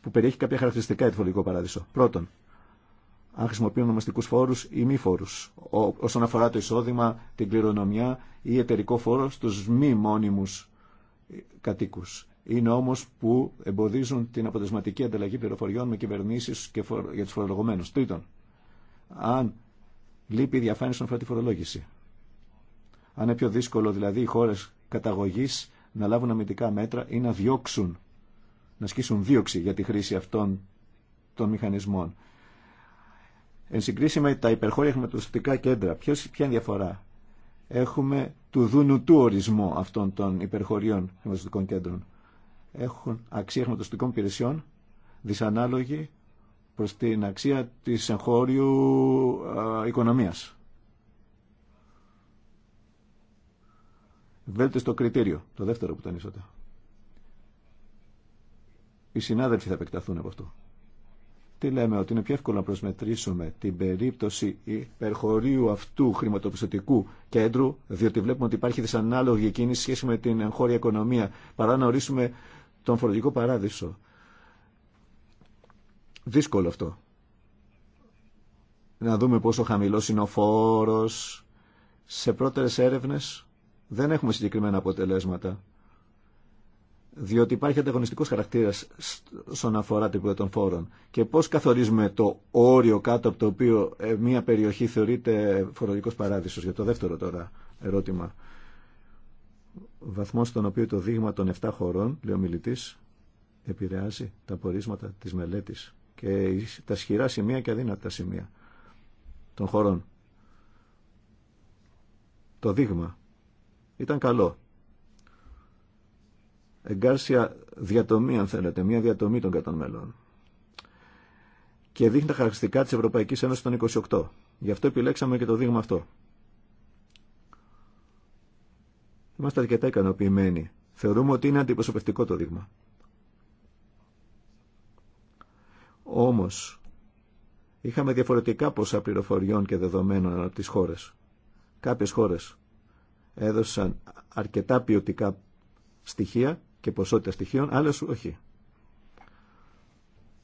B: Που περιέχει κάποια χαρακτηριστικά για το φορολογικό παράδεισο. Πρώτον, αν χρησιμοποιούν ονομαστικού φόρου ή μη φόρου, όσον αφορά το εισόδημα, την κληρονομιά ή εταιρικό φόρο στου μη μόνιμου κατοίκου είναι όμως που εμποδίζουν την αποτελεσματική ανταλλαγή πληροφοριών με κυβερνήσει και για τους φορολογωμένους. Τρίτον, αν λείπει η διαφάνεια στον φορολόγηση. Αν είναι πιο δύσκολο δηλαδή οι χώρε καταγωγή να λάβουν αμυντικά μέτρα ή να διώξουν, να ασκήσουν δίωξη για τη χρήση αυτών των μηχανισμών. Εν συγκρίση με τα υπερχώρια χρηματοδοτικά κέντρα, ποια είναι η διαφορά. Έχουμε του δουνουτού ορισμό αυτών των υπερχωριών χρηματοδοτικών κέντρων έχουν αξία χρηματοστικών υπηρεσιών δυσανάλογη προς την αξία της εγχώριου οικονομίας. στο κριτήριο, το δεύτερο που τονίσατε. Οι συνάδελφοι θα επεκταθούν από αυτό. Τι λέμε, ότι είναι πιο εύκολο να προσμετρήσουμε την περίπτωση υπερχωρίου αυτού χρηματοπιστωτικού κέντρου, διότι βλέπουμε ότι υπάρχει δυσανάλογη κίνηση σχέση με την εγχώρια οικονομία, παρά να ορίσουμε τον φορολογικό παράδεισο. Δύσκολο αυτό. Να δούμε πόσο χαμηλός είναι ο φόρος. Σε πρώτερες έρευνες δεν έχουμε συγκεκριμένα αποτελέσματα. Διότι υπάρχει ανταγωνιστικό χαρακτήρα στον αφορά την των φόρων. Και πώ καθορίζουμε το όριο κάτω από το οποίο ε, μια περιοχή θεωρείται φορολογικό παράδεισος. Για το δεύτερο τώρα ερώτημα βαθμό στον οποίο το δείγμα των 7 χωρών, λέει ο μιλητή, επηρεάζει τα πορίσματα της μελέτης και τα σχηρά σημεία και αδύνατα σημεία των χωρών. Το δείγμα ήταν καλό. Εγκάρσια διατομή, αν θέλετε, μια διατομή των κατών μελών. Και δείχνει τα χαρακτηριστικά της Ευρωπαϊκής Ένωσης των 28. Γι' αυτό επιλέξαμε και το δείγμα αυτό. Είμαστε αρκετά ικανοποιημένοι. Θεωρούμε ότι είναι αντιπροσωπευτικό το δείγμα. Όμως, είχαμε διαφορετικά ποσά πληροφοριών και δεδομένων από τις χώρες. Κάποιες χώρες έδωσαν αρκετά ποιοτικά στοιχεία και ποσότητα στοιχείων, άλλες όχι.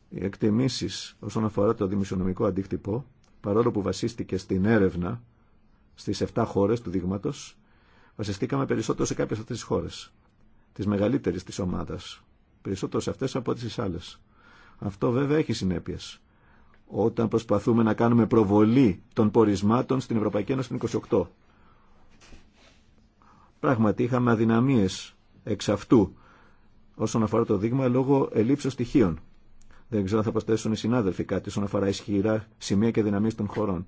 B: Οι εκτιμήσεις όσον αφορά το δημοσιονομικό αντίκτυπο, παρόλο που βασίστηκε στην έρευνα στις 7 χώρες του δείγματος, βασιστήκαμε περισσότερο σε κάποιε αυτέ τι χώρε, τις μεγαλύτερες τη ομάδα. περισσότερο σε αυτέ από τι άλλε. Αυτό βέβαια έχει συνέπειε Όταν προσπαθούμε να κάνουμε προβολή των πορισμάτων στην Ευρωπαϊκή Ένωση του 28. Πράγματι είχαμε αδυναμίες εξ αυτού όσον αφορά το δείγμα λόγω ελλείψεως στοιχείων. Δεν ξέρω αν θα προσθέσουν οι συνάδελφοι κάτι όσον αφορά ισχυρά σημεία και δυναμίες των χωρών.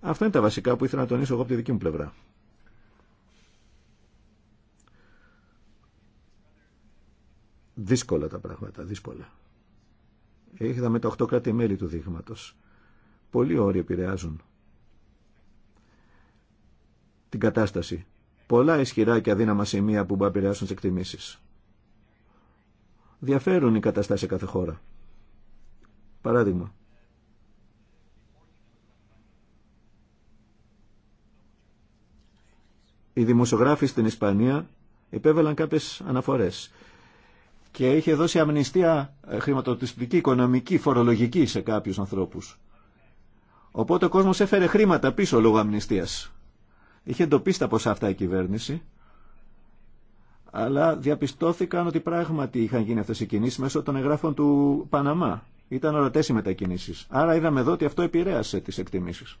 B: Αυτά είναι τα βασικά που ήθελα να τονίσω εγώ από τη δική μου πλευρά. δύσκολα τα πράγματα, δύσκολα. Είδαμε τα 8 κράτη-μέλη του δείγματος. Πολλοί όροι επηρεάζουν την κατάσταση. Πολλά ισχυρά και αδύναμα σημεία που μπορεί να επηρεάσουν τι εκτιμήσεις. Διαφέρουν οι καταστάσεις σε κάθε χώρα. Παράδειγμα. Οι δημοσιογράφοι στην Ισπανία υπέβαλαν κάποιες αναφορές και είχε δώσει αμνηστία ε, χρηματοδοτιστική, οικονομική, φορολογική σε κάποιους ανθρώπους. Οπότε ο κόσμος έφερε χρήματα πίσω λόγω αμνηστίας. Είχε εντοπίσει τα ποσά αυτά η κυβέρνηση, αλλά διαπιστώθηκαν ότι πράγματι είχαν γίνει αυτές οι κινήσεις μέσω των εγγράφων του Παναμά. Ήταν ορατές οι μετακινήσεις. Άρα είδαμε εδώ ότι αυτό επηρέασε τις εκτιμήσεις.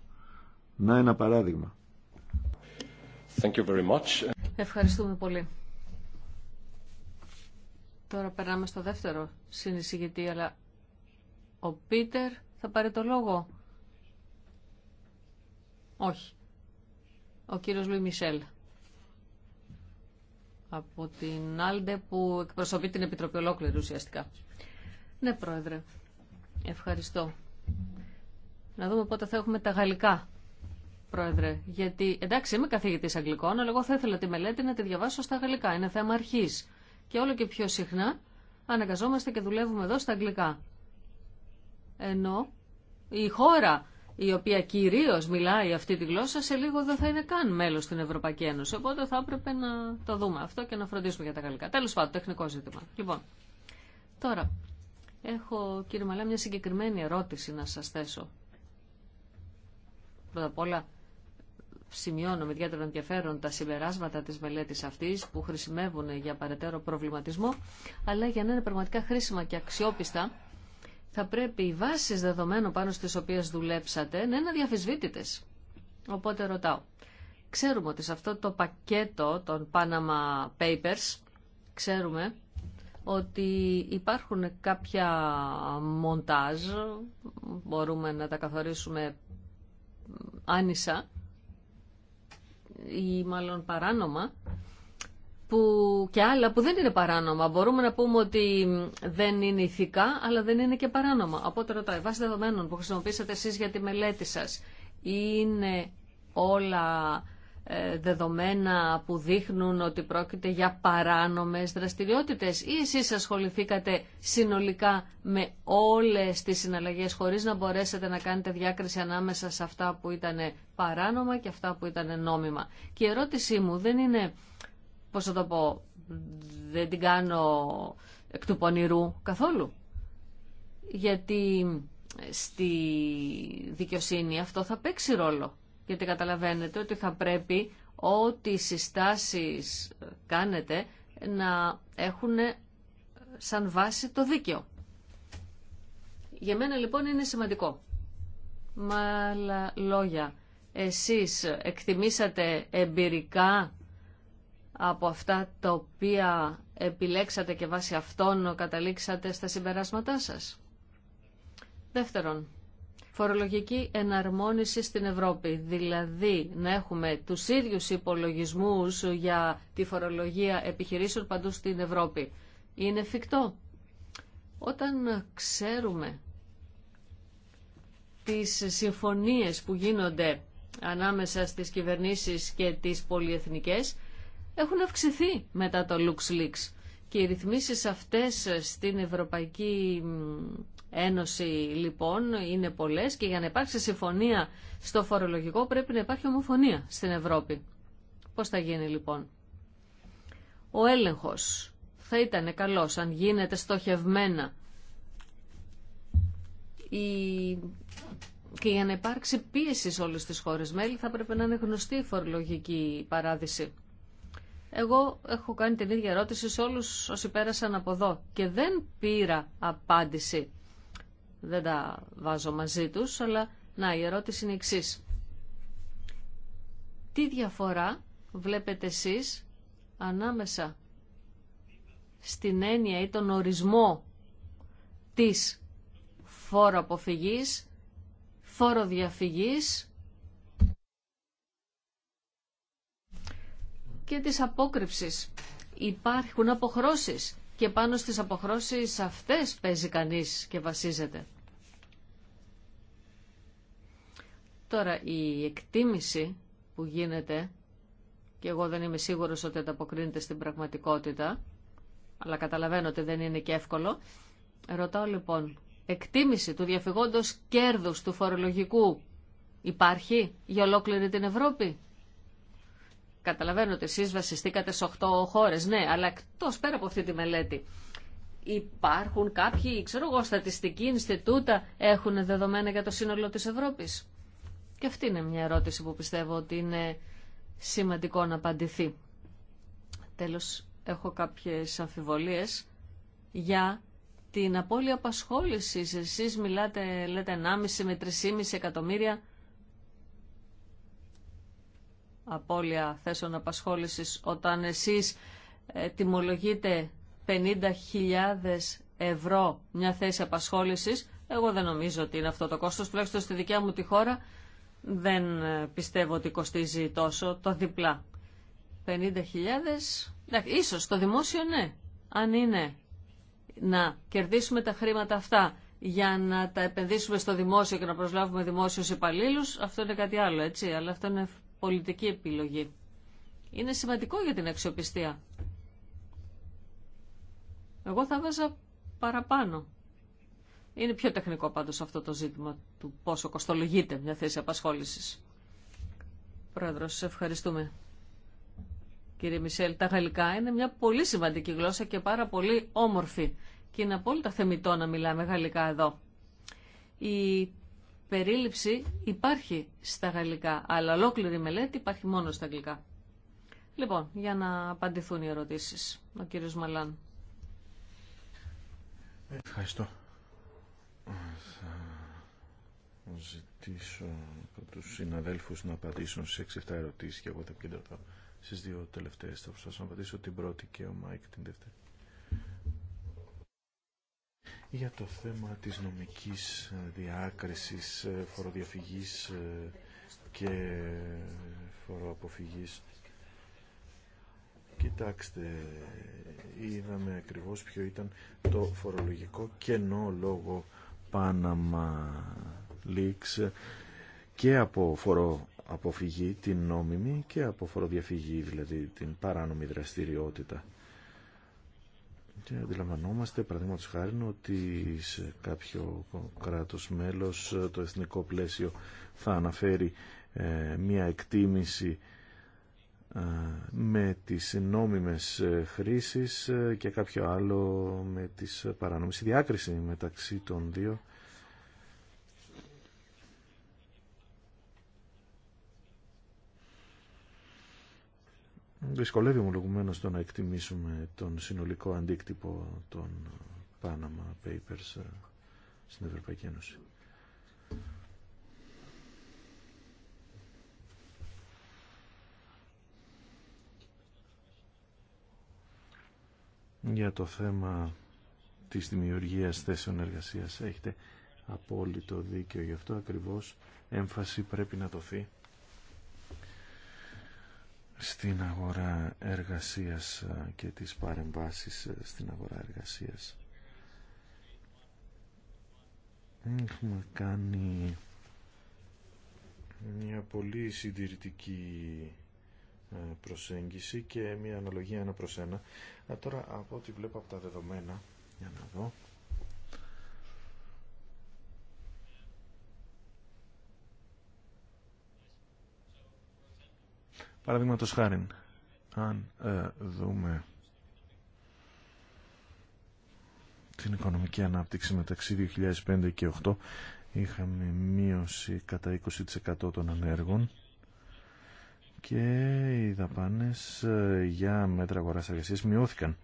B: Να ένα παράδειγμα.
A: Thank you very much.
D: Ευχαριστούμε πολύ. Τώρα περνάμε στο δεύτερο συνεισηγητή, αλλά ο Πίτερ θα πάρει το λόγο. Όχι. Ο κύριος Λουί Μισελ. Από την Άλντε που εκπροσωπεί την Επιτροπή ολόκληρη ουσιαστικά. Ναι, Πρόεδρε. Ευχαριστώ. Να δούμε πότε θα έχουμε τα γαλλικά, Πρόεδρε. Γιατί, εντάξει, είμαι καθηγητής αγγλικών, αλλά εγώ θα ήθελα τη μελέτη να τη διαβάσω στα γαλλικά. Είναι θέμα αρχής και όλο και πιο συχνά αναγκαζόμαστε και δουλεύουμε εδώ στα αγγλικά. Ενώ η χώρα η οποία κυρίω μιλάει αυτή τη γλώσσα σε λίγο δεν θα είναι καν μέλο στην Ευρωπαϊκή Ένωση. Οπότε θα έπρεπε να το δούμε αυτό και να φροντίσουμε για τα γαλλικά. Τέλο πάντων, τεχνικό ζήτημα. Λοιπόν, τώρα έχω κύριε Μαλά μια συγκεκριμένη ερώτηση να σα θέσω. Πρώτα απ' όλα, σημειώνω με ιδιαίτερο ενδιαφέρον τα συμπεράσματα της μελέτης αυτής που χρησιμεύουν για παρετέρω προβληματισμό, αλλά για να είναι πραγματικά χρήσιμα και αξιόπιστα θα πρέπει οι βάσεις δεδομένων πάνω στις οποίες δουλέψατε να είναι αδιαφυσβήτητες. Οπότε ρωτάω, ξέρουμε ότι σε αυτό το πακέτο των Panama Papers ξέρουμε ότι υπάρχουν κάποια μοντάζ, μπορούμε να τα καθορίσουμε άνισα, ή μάλλον παράνομα που και άλλα που δεν είναι παράνομα. Μπορούμε να πούμε ότι δεν είναι ηθικά, αλλά δεν είναι και παράνομα. Οπότε ρωτάει, βάσει δεδομένων που χρησιμοποίησατε εσείς για τη μελέτη σας, είναι όλα ε, δεδομένα που δείχνουν ότι πρόκειται για παράνομες δραστηριότητες ή εσείς ασχοληθήκατε συνολικά με όλες τις συναλλαγές χωρίς να μπορέσετε να κάνετε διάκριση ανάμεσα σε αυτά που ήταν παράνομα και αυτά που ήταν νόμιμα. Και η ερώτησή μου δεν είναι, πώς θα το πω, δεν την κάνω εκ του πονηρού καθόλου. Γιατί στη δικαιοσύνη αυτό θα παίξει ρόλο γιατί καταλαβαίνετε ότι θα πρέπει ό,τι συστάσεις κάνετε να έχουν σαν βάση το δίκαιο. Για μένα λοιπόν είναι σημαντικό. Μα λόγια, εσείς εκτιμήσατε εμπειρικά από αυτά τα οποία επιλέξατε και βάσει αυτών καταλήξατε στα συμπεράσματά σας. Δεύτερον, φορολογική εναρμόνιση στην Ευρώπη. Δηλαδή να έχουμε τους ίδιους υπολογισμούς για τη φορολογία επιχειρήσεων παντού στην Ευρώπη. Είναι εφικτό. Όταν ξέρουμε τις συμφωνίες που γίνονται ανάμεσα στις κυβερνήσεις και τις πολυεθνικές έχουν αυξηθεί μετά το LuxLeaks. Και οι ρυθμίσεις αυτές στην Ευρωπαϊκή Ένωση λοιπόν είναι πολλές και για να υπάρξει συμφωνία στο φορολογικό πρέπει να υπάρχει ομοφωνία στην Ευρώπη. Πώς θα γίνει λοιπόν. Ο έλεγχος θα ήταν καλός αν γίνεται στοχευμένα η... και για να υπάρξει πίεση σε όλες τις χώρες μέλη θα πρέπει να είναι γνωστή η φορολογική παράδειση. Εγώ έχω κάνει την ίδια ερώτηση σε όλους όσοι πέρασαν από εδώ και δεν πήρα απάντηση δεν τα βάζω μαζί τους, αλλά να, η ερώτηση είναι εξή. Τι διαφορά βλέπετε εσείς ανάμεσα στην έννοια ή τον ορισμό της φόρο αποφυγής, φόρο διαφυγής και της απόκρυψης. Υπάρχουν αποχρώσεις και πάνω στις αποχρώσεις αυτές παίζει κανείς και βασίζεται. Τώρα η εκτίμηση που γίνεται, και εγώ δεν είμαι σίγουρος ότι ανταποκρίνεται στην πραγματικότητα, αλλά καταλαβαίνω ότι δεν είναι και εύκολο, ρωτάω λοιπόν, εκτίμηση του διαφυγόντος κέρδους του φορολογικού υπάρχει για ολόκληρη την Ευρώπη Καταλαβαίνω ότι εσείς βασιστήκατε σε 8 χώρε, ναι, αλλά εκτό πέρα από αυτή τη μελέτη, υπάρχουν κάποιοι, ξέρω εγώ, στατιστικοί Ινστιτούτα έχουν δεδομένα για το σύνολο τη Ευρώπη. Και αυτή είναι μια ερώτηση που πιστεύω ότι είναι σημαντικό να απαντηθεί. Τέλος, έχω κάποιες αμφιβολίες για την απώλεια απασχόληση. Εσείς μιλάτε, λέτε 1,5 με 3,5 εκατομμύρια απώλεια θέσεων απασχόλησης όταν εσείς ε, τιμολογείτε 50.000 ευρώ μια θέση απασχόλησης. Εγώ δεν νομίζω ότι είναι αυτό το κόστος, τουλάχιστον στη δικιά μου τη χώρα δεν ε, πιστεύω ότι κοστίζει τόσο το διπλά. 50.000, ίσως το δημόσιο ναι, αν είναι να κερδίσουμε τα χρήματα αυτά για να τα επενδύσουμε στο δημόσιο και να προσλάβουμε δημόσιους υπαλλήλους, αυτό είναι κάτι άλλο, έτσι, αλλά αυτό είναι πολιτική επιλογή. Είναι σημαντικό για την αξιοπιστία. Εγώ θα βάζα παραπάνω. Είναι πιο τεχνικό πάντως αυτό το ζήτημα του πόσο κοστολογείται μια θέση απασχόλησης. Πρόεδρος, ευχαριστούμε. Κύριε Μισελ, τα γαλλικά είναι μια πολύ σημαντική γλώσσα και πάρα πολύ όμορφη. Και είναι απόλυτα θεμητό να μιλάμε γαλλικά εδώ περίληψη υπάρχει στα γαλλικά, αλλά ολόκληρη μελέτη υπάρχει μόνο στα αγγλικά. Λοιπόν, για να απαντηθούν οι ερωτήσεις. Ο κύριος Μαλάν.
E: Ευχαριστώ. Θα ζητήσω από τους συναδέλφους να απαντήσουν σε 6-7 ερωτήσεις και εγώ θα επικεντρωθώ στις δύο τελευταίες. Θα προσπαθήσω να απαντήσω την πρώτη και ο Μάικ την δεύτερη για το θέμα της νομικής ε, διάκρισης, ε, φοροδιαφυγής ε, και φοροαποφυγής. Κοιτάξτε, είδαμε ακριβώς ποιο ήταν το φορολογικό κενό λόγω Panama Leaks και από φορο αποφυγή την νόμιμη και από φοροδιαφυγή δηλαδή την παράνομη δραστηριότητα. Και αντιλαμβανόμαστε, παραδείγματο χάρη, ότι σε κάποιο κράτος μέλος ε, το εθνικό πλαίσιο θα αναφέρει ε, μία εκτίμηση ε, με τις νόμιμες χρήσεις και κάποιο άλλο με τις παράνομες. Η διάκριση μεταξύ των δύο Δυσκολεύει ομολογουμένως το να εκτιμήσουμε τον συνολικό αντίκτυπο των Panama Papers ε, στην Ευρωπαϊκή Ένωση. Για το θέμα της δημιουργίας θέσεων εργασίας έχετε απόλυτο δίκιο γι' αυτό ακριβώς έμφαση πρέπει να δοθεί στην αγορά εργασίας ε, και τις παρεμβάσεις ε, στην αγορά εργασίας. Έχουμε κάνει μια πολύ συντηρητική ε, προσέγγιση και μια αναλογία ένα προς ένα. τώρα από ό,τι βλέπω από τα δεδομένα, για να δω, Παραδείγματο χάρη, αν ε, δούμε την οικονομική ανάπτυξη μεταξύ 2005 και 2008, είχαμε μείωση κατά 20% των ανέργων και οι δαπάνες ε, για μέτρα αγοράς εργασία μειώθηκαν.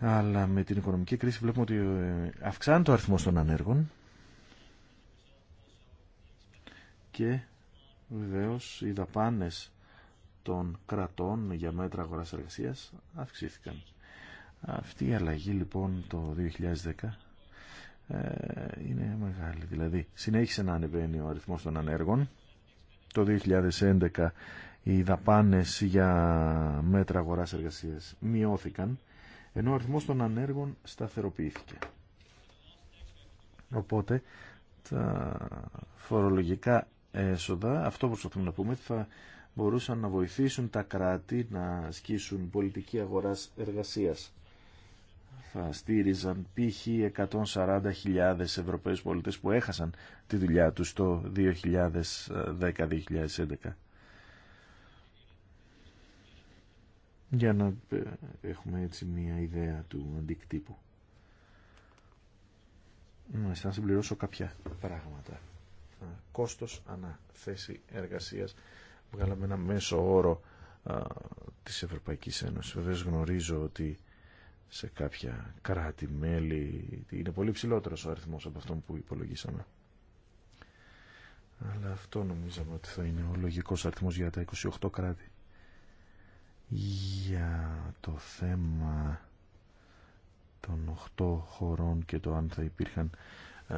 E: Αλλά με την οικονομική κρίση βλέπουμε ότι ε, αυξάνει το αριθμό των ανέργων και βεβαίως οι δαπάνες των κρατών για μέτρα αγοράς εργασίας αυξήθηκαν. Αυτή η αλλαγή λοιπόν το 2010 ε, είναι μεγάλη. Δηλαδή συνέχισε να ανεβαίνει ο αριθμός των ανέργων. Το 2011 οι δαπάνες για μέτρα αγοράς εργασίας μειώθηκαν ενώ ο αριθμός των ανέργων σταθεροποιήθηκε. Οπότε τα φορολογικά έσοδα. Αυτό προσπαθούμε να πούμε θα μπορούσαν να βοηθήσουν τα κράτη να ασκήσουν πολιτική αγοράς εργασίας. Θα στήριζαν π.χ. 140.000 Ευρωπαίους πολίτες που έχασαν τη δουλειά τους το 2010-2011. για να ε, έχουμε έτσι μια ιδέα του αντικτύπου. να συμπληρώσω κάποια πράγματα κόστος ανά θέση εργασίας. Βγάλαμε ένα μέσο όρο της Ευρωπαϊκής Ένωσης. Βεβαίως γνωρίζω ότι σε κάποια κράτη-μέλη είναι πολύ ψηλότερος ο αριθμός από αυτόν που υπολογίσαμε. Αλλά αυτό νομίζαμε ότι θα είναι ο λογικός αριθμός για τα 28 κράτη. Για το θέμα των 8 χωρών και το αν θα υπήρχαν ε,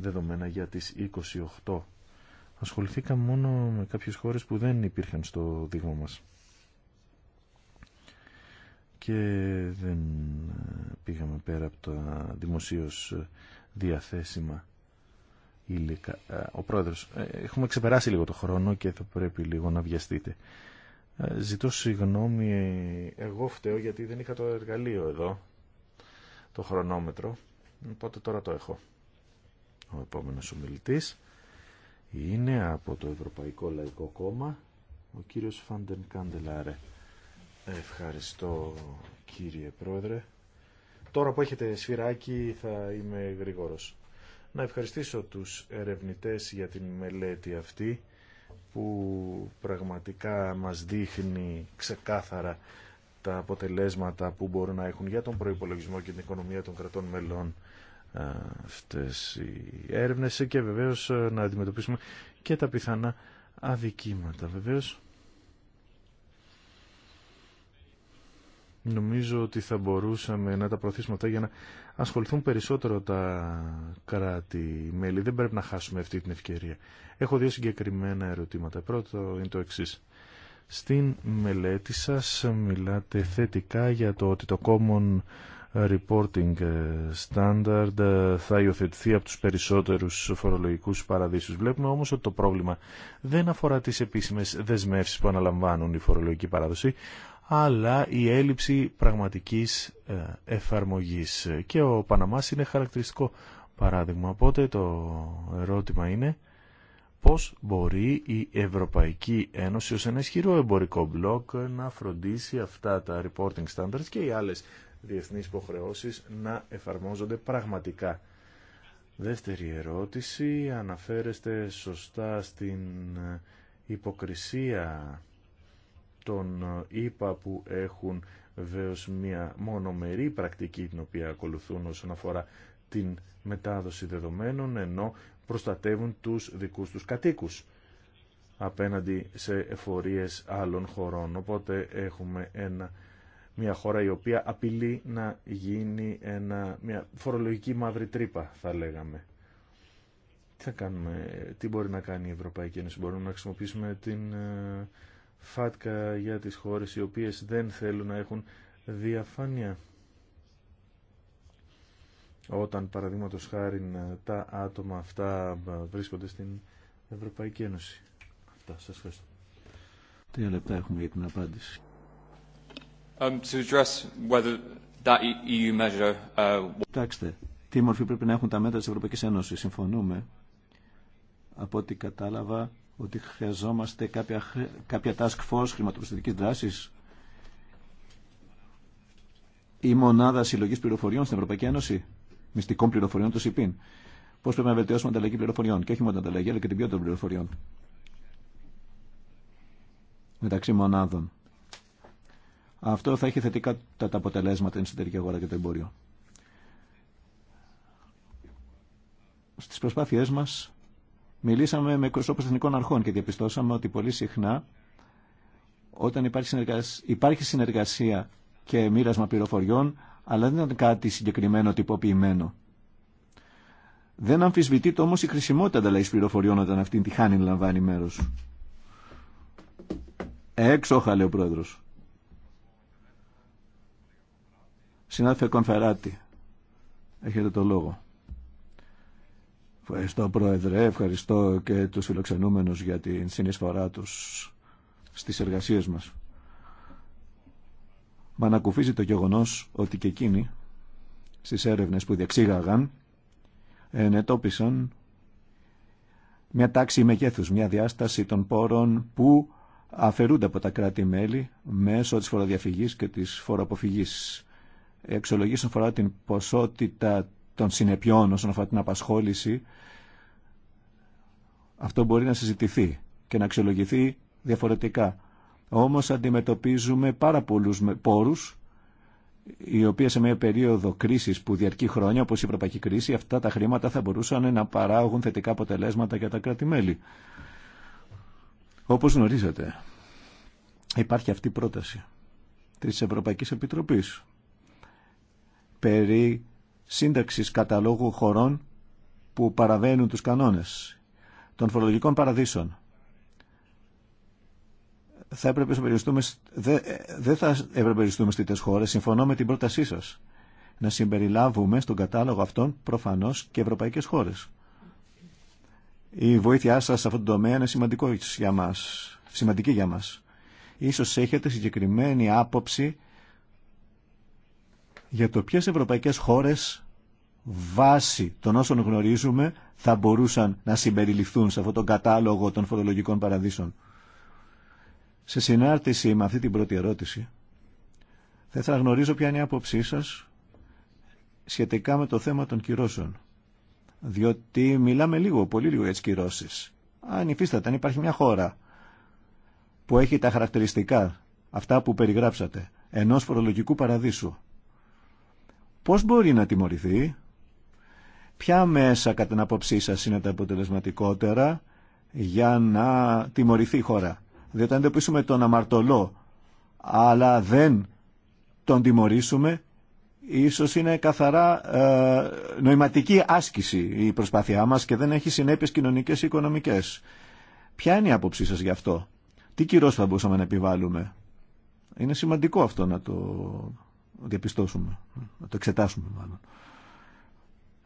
E: δεδομένα για τις 28. ασχοληθήκαμε μόνο με κάποιες χώρες που δεν υπήρχαν στο δείγμα μας. Και δεν ε, πήγαμε πέρα από το δημοσίως διαθέσιμα υλικά. Ε, ο πρόεδρος, έχουμε ξεπεράσει λίγο το χρόνο και θα πρέπει λίγο να βιαστείτε. Ζητώ συγγνώμη, εγώ φταίω γιατί δεν είχα το εργαλείο εδώ, το χρονόμετρο. Οπότε τώρα το έχω. Ο επόμενος ομιλητής είναι από το Ευρωπαϊκό Λαϊκό Κόμμα ο κύριος Φάντεν Καντελάρε. Ευχαριστώ κύριε Πρόεδρε. Τώρα που έχετε σφυράκι θα είμαι γρήγορος. Να ευχαριστήσω τους ερευνητές για την μελέτη αυτή που πραγματικά μας δείχνει ξεκάθαρα τα αποτελέσματα που μπορούν να έχουν για τον προϋπολογισμό και την οικονομία των κρατών μελών αυτές οι έρευνες και βεβαίως ε, να αντιμετωπίσουμε και τα πιθανά αδικήματα. Βεβαίως νομίζω ότι θα μπορούσαμε να τα προωθήσουμε αυτά για να ασχοληθούν περισσότερο τα κράτη-μέλη. Δεν πρέπει να χάσουμε αυτή την ευκαιρία. Έχω δύο συγκεκριμένα ερωτήματα. Πρώτο είναι το εξής. Στην μελέτη σας μιλάτε θετικά για το ότι το Common reporting ε, standard ε, θα υιοθετηθεί από τους περισσότερους φορολογικούς παραδείσους. Βλέπουμε όμως ότι το πρόβλημα δεν αφορά τις επίσημες δεσμεύσεις που αναλαμβάνουν η φορολογική παράδοση, αλλά η έλλειψη πραγματικής ε, εφαρμογής. Και ο Παναμάς είναι χαρακτηριστικό παράδειγμα. Οπότε το ερώτημα είναι πώς μπορεί η Ευρωπαϊκή Ένωση ως ένα ισχυρό εμπορικό μπλοκ να φροντίσει αυτά τα reporting standards και οι άλλες διεθνείς υποχρεώσεις να εφαρμόζονται πραγματικά. Δεύτερη ερώτηση, αναφέρεστε σωστά στην υποκρισία των ΙΠΑ που έχουν βεβαίω μια μονομερή πρακτική την οποία ακολουθούν όσον αφορά την μετάδοση δεδομένων ενώ προστατεύουν τους δικούς τους κατοίκους απέναντι σε εφορίες άλλων χωρών. Οπότε έχουμε ένα μια χώρα η οποία απειλεί να γίνει μια φορολογική μαύρη τρύπα, θα λέγαμε. Τι θα κάνουμε, τι μπορεί να κάνει η Ευρωπαϊκή Ένωση, μπορούμε να χρησιμοποιήσουμε την ε, φάτκα για τις χώρες οι οποίες δεν θέλουν να έχουν διαφάνεια. Όταν παραδείγματος χάρη ε, τα άτομα αυτά ε, βρίσκονται στην Ευρωπαϊκή Ένωση. Αυτά, σας ευχαριστώ. Τρία
B: λεπτά έχουμε για την απάντηση.
E: Um, e uh,
B: τι μορφή πρέπει να έχουν τα μέτρα της Ευρωπαϊκής Ένωσης. Συμφωνούμε. Από ό,τι κατάλαβα ότι χρειαζόμαστε κάποια, κάποια task force χρηματοπιστωτικής δράσης η μονάδα συλλογή πληροφοριών στην Ευρωπαϊκή Ένωση, μυστικών πληροφοριών του ΣΥΠΗΝ. πώς πρέπει να βελτιώσουμε ανταλλαγή πληροφοριών και όχι μόνο ανταλλαγή, αλλά και την ποιότητα των πληροφοριών μεταξύ μονάδων. Αυτό θα έχει θετικά τα αποτελέσματα στην εσωτερική αγορά και το εμπόριο. Στι προσπάθειε μα μιλήσαμε με εκπροσώπου εθνικών αρχών και διαπιστώσαμε ότι πολύ συχνά όταν υπάρχει συνεργασία, υπάρχει συνεργασία και μοίρασμα πληροφοριών, αλλά δεν ήταν κάτι συγκεκριμένο τυποποιημένο. Δεν αμφισβητείται όμω η χρησιμότητα ανταλλαγή πληροφοριών όταν αυτήν τη χάνη λαμβάνει μέρο. Έξοχα, λέει ο πρόεδρος. Συνάδελφε Κονφεράτη, έχετε το λόγο. Ευχαριστώ Πρόεδρε, ευχαριστώ και τους φιλοξενούμενους για την συνεισφορά τους στις εργασίες μας. Μα ανακουφίζει το γεγονός ότι και εκείνοι στις έρευνες που διεξήγαγαν ενετόπισαν μια τάξη μεγέθους, μια διάσταση των πόρων που αφαιρούνται από τα κράτη-μέλη μέσω της φοροδιαφυγής και της φοροαποφυγής. Η αφορά την ποσότητα των συνεπιών, όσον αφορά την απασχόληση, αυτό μπορεί να συζητηθεί και να αξιολογηθεί διαφορετικά. Όμως αντιμετωπίζουμε πάρα πολλούς πόρους, οι οποίοι σε μια περίοδο κρίσης που διαρκεί χρόνια, όπως η ευρωπαϊκή κρίση, αυτά τα χρήματα θα μπορούσαν να παράγουν θετικά αποτελέσματα για τα κράτη-μέλη. Όπως γνωρίζετε, υπάρχει αυτή η πρόταση της Ευρωπαϊκής Επιτροπής περί σύνταξης καταλόγου χωρών που παραβαίνουν τους κανόνες των φορολογικών παραδείσων. Θα έπρεπε να περιοριστούμε, ε, δεν θα έπρεπε να περιοριστούμε στις χώρες, συμφωνώ με την πρότασή σα. να συμπεριλάβουμε στον κατάλογο αυτών προφανώς και ευρωπαϊκές χώρες. Η βοήθειά σας σε αυτόν τον τομέα είναι σημαντική για μας. Σω έχετε συγκεκριμένη άποψη για το ποιες ευρωπαϊκές χώρες βάσει των όσων γνωρίζουμε θα μπορούσαν να συμπεριληφθούν σε αυτόν τον κατάλογο των φορολογικών παραδείσων. Σε συνάρτηση με αυτή την πρώτη ερώτηση, θα ήθελα να γνωρίζω ποια είναι η άποψή σας σχετικά με το θέμα των κυρώσεων. Διότι μιλάμε λίγο, πολύ λίγο για τις κυρώσεις. Αν υφίσταται, αν υπάρχει μια χώρα που έχει τα χαρακτηριστικά, αυτά που περιγράψατε, ενός φορολογικού παραδείσου, Πώς μπορεί να τιμωρηθεί, ποια μέσα κατά την απόψή σας είναι τα αποτελεσματικότερα για να τιμωρηθεί η χώρα. Διότι αν εντοπίσουμε τον αμαρτωλό, αλλά δεν τον τιμωρήσουμε, ίσως είναι καθαρά ε, νοηματική άσκηση η προσπάθειά μας και δεν έχει συνέπειες κοινωνικές ή οικονομικές. Ποια είναι η άποψή σας γι' αυτό. Τι κυρώς θα μπορούσαμε να επιβάλλουμε. Είναι σημαντικό αυτό να το διαπιστώσουμε, να το εξετάσουμε μάλλον.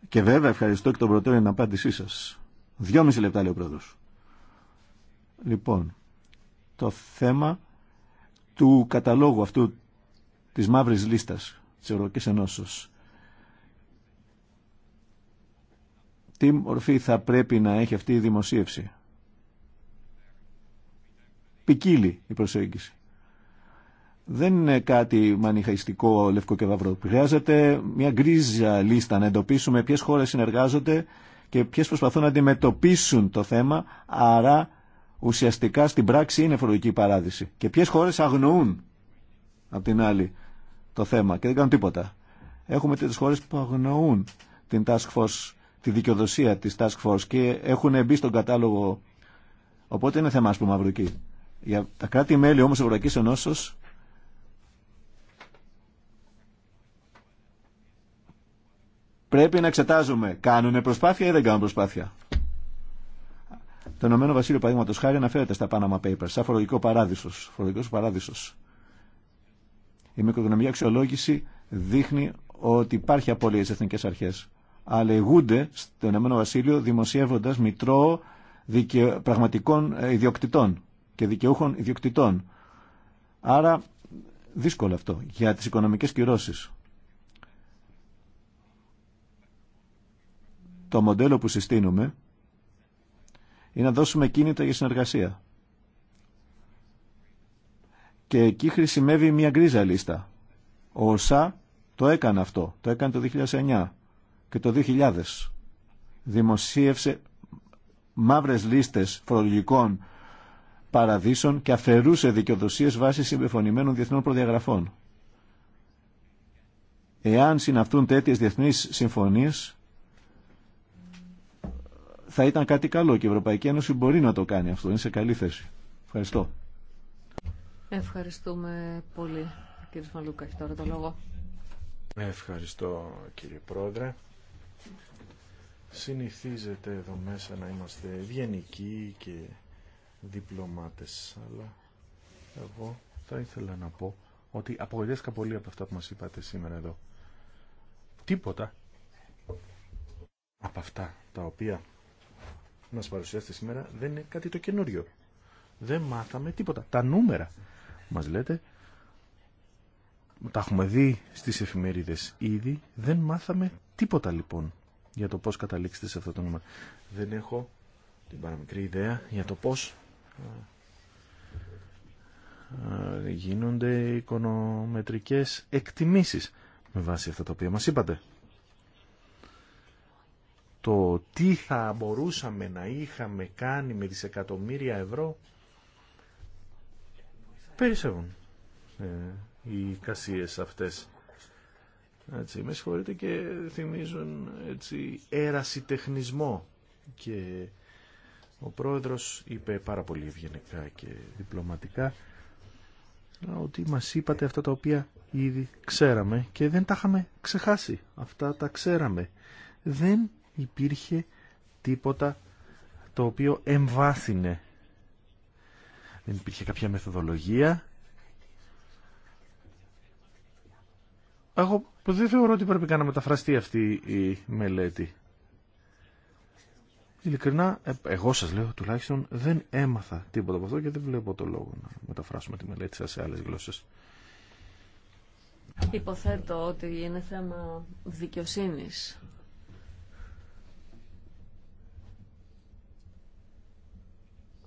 B: Και βέβαια ευχαριστώ και τον για την απάντησή σας. Δυόμιση λεπτά λέει ο Λοιπόν, το θέμα του καταλόγου αυτού της μαύρης λίστας της Ευρωπαϊκής Ενώσεως. Τι μορφή θα πρέπει να έχει αυτή η δημοσίευση. Ποικίλει η προσέγγιση δεν είναι κάτι μανιχαϊστικό λευκό και βαύρο. Χρειάζεται μια γκρίζα λίστα να εντοπίσουμε ποιε χώρε συνεργάζονται και ποιε προσπαθούν να αντιμετωπίσουν το θέμα. Άρα ουσιαστικά στην πράξη είναι φορολογική παράδειση. Και ποιε χώρε αγνοούν από την άλλη το θέμα και δεν κάνουν τίποτα. Έχουμε τέτοιε χώρε που αγνοούν την task force, τη δικαιοδοσία τη task force και έχουν μπει στον κατάλογο. Οπότε είναι θέμα, α πούμε, αυρική. Για τα κράτη-μέλη όμω Ευρωπαϊκή Ενώσεω πρέπει να εξετάζουμε. Κάνουν προσπάθεια ή δεν κάνουν προσπάθεια. Το Ηνωμένο Βασίλειο, παραδείγματο χάρη, αναφέρεται στα Panama Papers, σαν φορολογικό παράδεισο. παράδεισος. Η μικροοικονομική αξιολόγηση δείχνει ότι υπάρχει απώλεια στι εθνικέ αρχέ. Αλλά ηγούνται στο Ηνωμένο Βασίλειο δημοσιεύοντα μητρό πραγματικών ε, ιδιοκτητών και δικαιούχων ιδιοκτητών. Άρα δύσκολο αυτό για τι οικονομικέ κυρώσει. Το μοντέλο που συστήνουμε είναι να δώσουμε κίνητα για συνεργασία. Και εκεί χρησιμεύει μια γκρίζα λίστα. Ο ΩΣΑ το έκανε αυτό. Το έκανε το 2009 και το 2000. Δημοσίευσε μαύρες λίστες φορολογικών παραδείσων και αφαιρούσε δικαιοδοσίες βάσει συμπεφωνημένων διεθνών προδιαγραφών. Εάν συναυτούν τέτοιες διεθνείς συμφωνίες, θα ήταν κάτι καλό και η Ευρωπαϊκή Ένωση μπορεί να το κάνει αυτό. Είναι σε καλή θέση. Ευχαριστώ.
D: Ευχαριστούμε πολύ. Κύριε Σμαλούκα, έχει τώρα το λόγο.
E: Ευχαριστώ κύριε Πρόεδρε. Συνηθίζεται εδώ μέσα να είμαστε ευγενικοί και διπλωμάτες, αλλά εγώ θα ήθελα να πω ότι απογοητεύτηκα πολύ από αυτά που μας είπατε σήμερα εδώ. Τίποτα από αυτά τα οποία μας παρουσιάσετε σήμερα δεν είναι κάτι το καινούριο. Δεν μάθαμε τίποτα. Τα νούμερα μας λέτε, τα έχουμε δει στις εφημερίδες ήδη, δεν μάθαμε τίποτα λοιπόν για το πώς καταλήξετε σε αυτό το νούμερο. Δεν έχω την παραμικρή ιδέα για το πώς γίνονται οικονομετρικές εκτιμήσεις με βάση αυτά τα οποία μας είπατε το τι θα μπορούσαμε να είχαμε κάνει με δισεκατομμύρια ευρώ περισσεύουν ε, οι κασίες αυτές. Έτσι, με συγχωρείτε και θυμίζουν έτσι, τεχνισμό. και ο πρόεδρος είπε πάρα πολύ ευγενικά και διπλωματικά ότι μας είπατε αυτά τα οποία ήδη ξέραμε και δεν τα είχαμε ξεχάσει. Αυτά τα ξέραμε. Δεν υπήρχε τίποτα το οποίο εμβάθυνε. Δεν υπήρχε κάποια μεθοδολογία. Εγώ δεν θεωρώ ότι πρέπει καν να μεταφραστεί αυτή η μελέτη. Ειλικρινά, ε, εγώ σας λέω τουλάχιστον δεν έμαθα τίποτα από αυτό και δεν βλέπω το λόγο να μεταφράσουμε τη μελέτη σας σε άλλες γλώσσες.
D: Υποθέτω ότι είναι θέμα δικαιοσύνης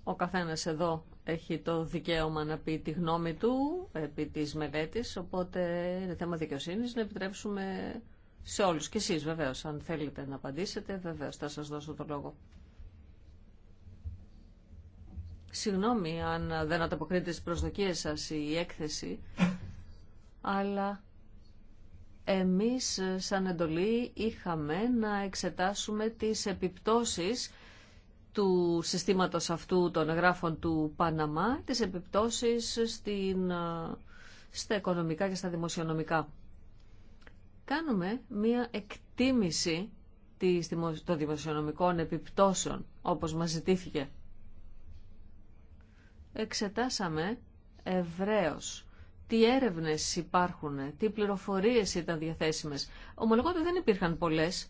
D: Ο καθένας εδώ έχει το δικαίωμα να πει τη γνώμη του επί της μελέτης, οπότε είναι θέμα δικαιοσύνης να επιτρέψουμε σε όλους. Και εσείς βεβαίως, αν θέλετε να απαντήσετε, βεβαίως θα σας δώσω το λόγο. Συγγνώμη αν δεν ανταποκρίνεται στις προσδοκίες σας η έκθεση, αλλά εμείς σαν εντολή είχαμε να εξετάσουμε τις επιπτώσεις του συστήματος αυτού των εγγράφων του Παναμά, τις επιπτώσεις στην, ε, στα οικονομικά και στα δημοσιονομικά. Κάνουμε μία εκτίμηση των δημοσιονομικών επιπτώσεων, όπως μας ζητήθηκε. Εξετάσαμε ευρέως τι έρευνες υπάρχουν, τι πληροφορίες ήταν διαθέσιμες. Ομολογώ ότι δεν υπήρχαν πολλές,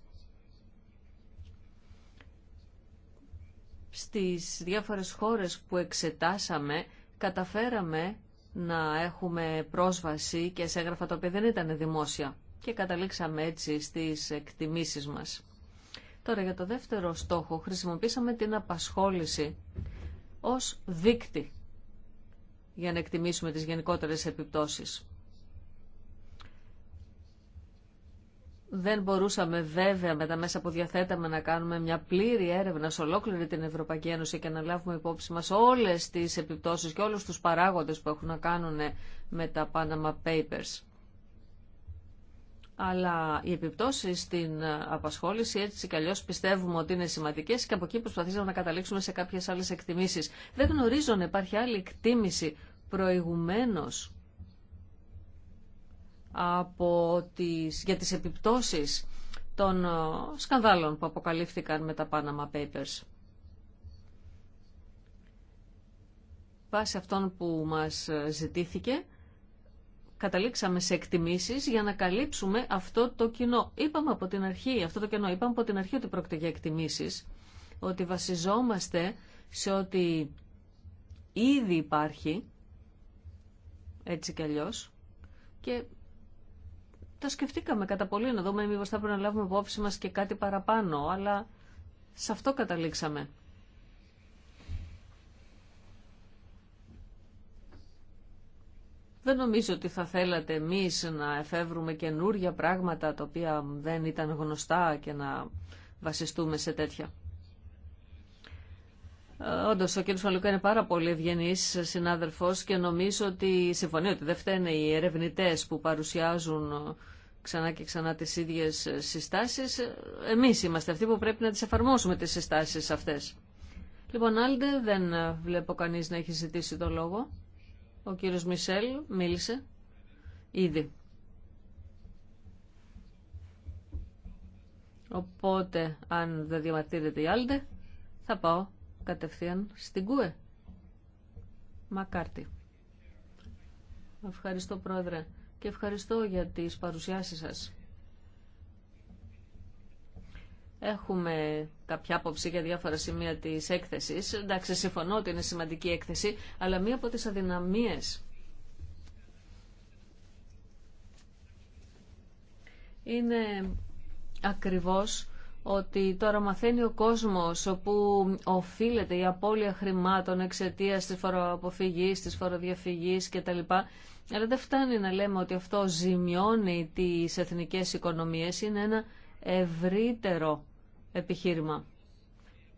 D: στις διάφορες χώρες που εξετάσαμε καταφέραμε να έχουμε πρόσβαση και σε έγγραφα τα οποία δεν ήταν δημόσια και καταλήξαμε έτσι στις εκτιμήσεις μας. Τώρα για το δεύτερο στόχο χρησιμοποίησαμε την απασχόληση ως δίκτυ για να εκτιμήσουμε τις γενικότερες επιπτώσεις. δεν μπορούσαμε βέβαια με τα μέσα που διαθέταμε να κάνουμε μια πλήρη έρευνα σε ολόκληρη την Ευρωπαϊκή Ένωση και να λάβουμε υπόψη μας όλες τις επιπτώσεις και όλους τους παράγοντες που έχουν να κάνουν με τα Panama Papers. Αλλά οι επιπτώσεις στην απασχόληση έτσι κι αλλιώ πιστεύουμε ότι είναι σημαντικές και από εκεί προσπαθήσαμε να καταλήξουμε σε κάποιε άλλε εκτιμήσει. Δεν γνωρίζω αν υπάρχει άλλη εκτίμηση προηγουμένω από τις, για τις επιπτώσεις των ε, σκανδάλων που αποκαλύφθηκαν με τα Panama Papers. Βάσει αυτών που μας ε, ζητήθηκε, καταλήξαμε σε εκτιμήσεις για να καλύψουμε αυτό το κοινό. Είπαμε από την αρχή, αυτό το κοινό, είπαμε από την αρχή ότι πρόκειται για εκτιμήσεις, ότι βασιζόμαστε σε ότι ήδη υπάρχει, έτσι κι αλλιώς, και τα σκεφτήκαμε κατά πολύ να δούμε μήπως θα πρέπει να λάβουμε υπόψη μας και κάτι παραπάνω, αλλά σε αυτό καταλήξαμε. Δεν νομίζω ότι θα θέλατε εμείς να εφεύρουμε καινούργια πράγματα τα οποία δεν ήταν γνωστά και να βασιστούμε σε τέτοια. Ε, Όντω ο κ. Φαλουκά είναι πάρα πολύ ευγενή συνάδελφο και νομίζω ότι συμφωνεί ότι δεν φταίνε οι ερευνητέ που παρουσιάζουν ξανά και ξανά τι ίδιε συστάσει. Εμεί είμαστε αυτοί που πρέπει να τι εφαρμόσουμε τι συστάσει αυτέ. Λοιπόν, Άλντε, δεν βλέπω κανεί να έχει ζητήσει το λόγο. Ο κ. Μισελ μίλησε ήδη. Οπότε, αν δεν διαμαρτύρεται η Άλντε, θα πάω κατευθείαν στην ΚΟΕ. Μακάρτι. Ευχαριστώ Πρόεδρε και ευχαριστώ για τις παρουσιάσεις σας. Έχουμε κάποια άποψη για διάφορα σημεία της έκθεσης. Εντάξει, συμφωνώ ότι είναι σημαντική έκθεση, αλλά μία από τις αδυναμίες είναι ακριβώς ότι τώρα μαθαίνει ο κόσμος όπου οφείλεται η απώλεια χρημάτων εξαιτία της φοροαποφυγής, της φοροδιαφυγής κτλ. Αλλά δεν φτάνει να λέμε ότι αυτό ζημιώνει τις εθνικές οικονομίες. Είναι ένα ευρύτερο επιχείρημα.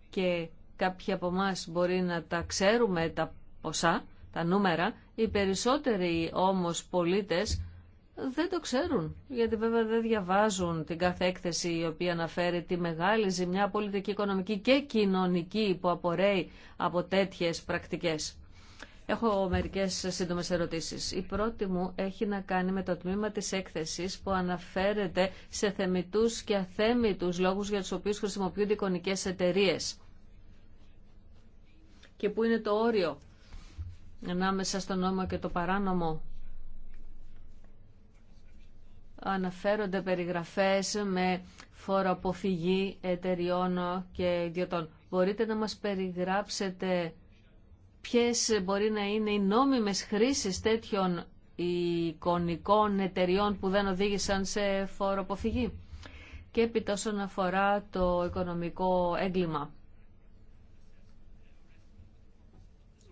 D: Και κάποιοι από εμά μπορεί να τα ξέρουμε τα ποσά, τα νούμερα. Οι περισσότεροι όμως πολίτες δεν το ξέρουν, γιατί βέβαια δεν διαβάζουν την κάθε έκθεση η οποία αναφέρει τη μεγάλη ζημιά πολιτική, οικονομική και κοινωνική που απορρέει από τέτοιες πρακτικές. Έχω μερικές σύντομες ερωτήσεις. Η πρώτη μου έχει να κάνει με το τμήμα της έκθεσης που αναφέρεται σε θεμητούς και αθέμητους λόγους για τους οποίους χρησιμοποιούνται εικονικές εταιρείε. Και που είναι το όριο ανάμεσα στο νόμο και το παράνομο αναφέρονται περιγραφές με φοροποφυγή εταιριών και ιδιωτών. Μπορείτε να μας περιγράψετε ποιες μπορεί να είναι οι νόμιμες χρήσεις τέτοιων εικονικών εταιριών που δεν οδήγησαν σε φοροποφυγή. Και επί τόσον αφορά το οικονομικό έγκλημα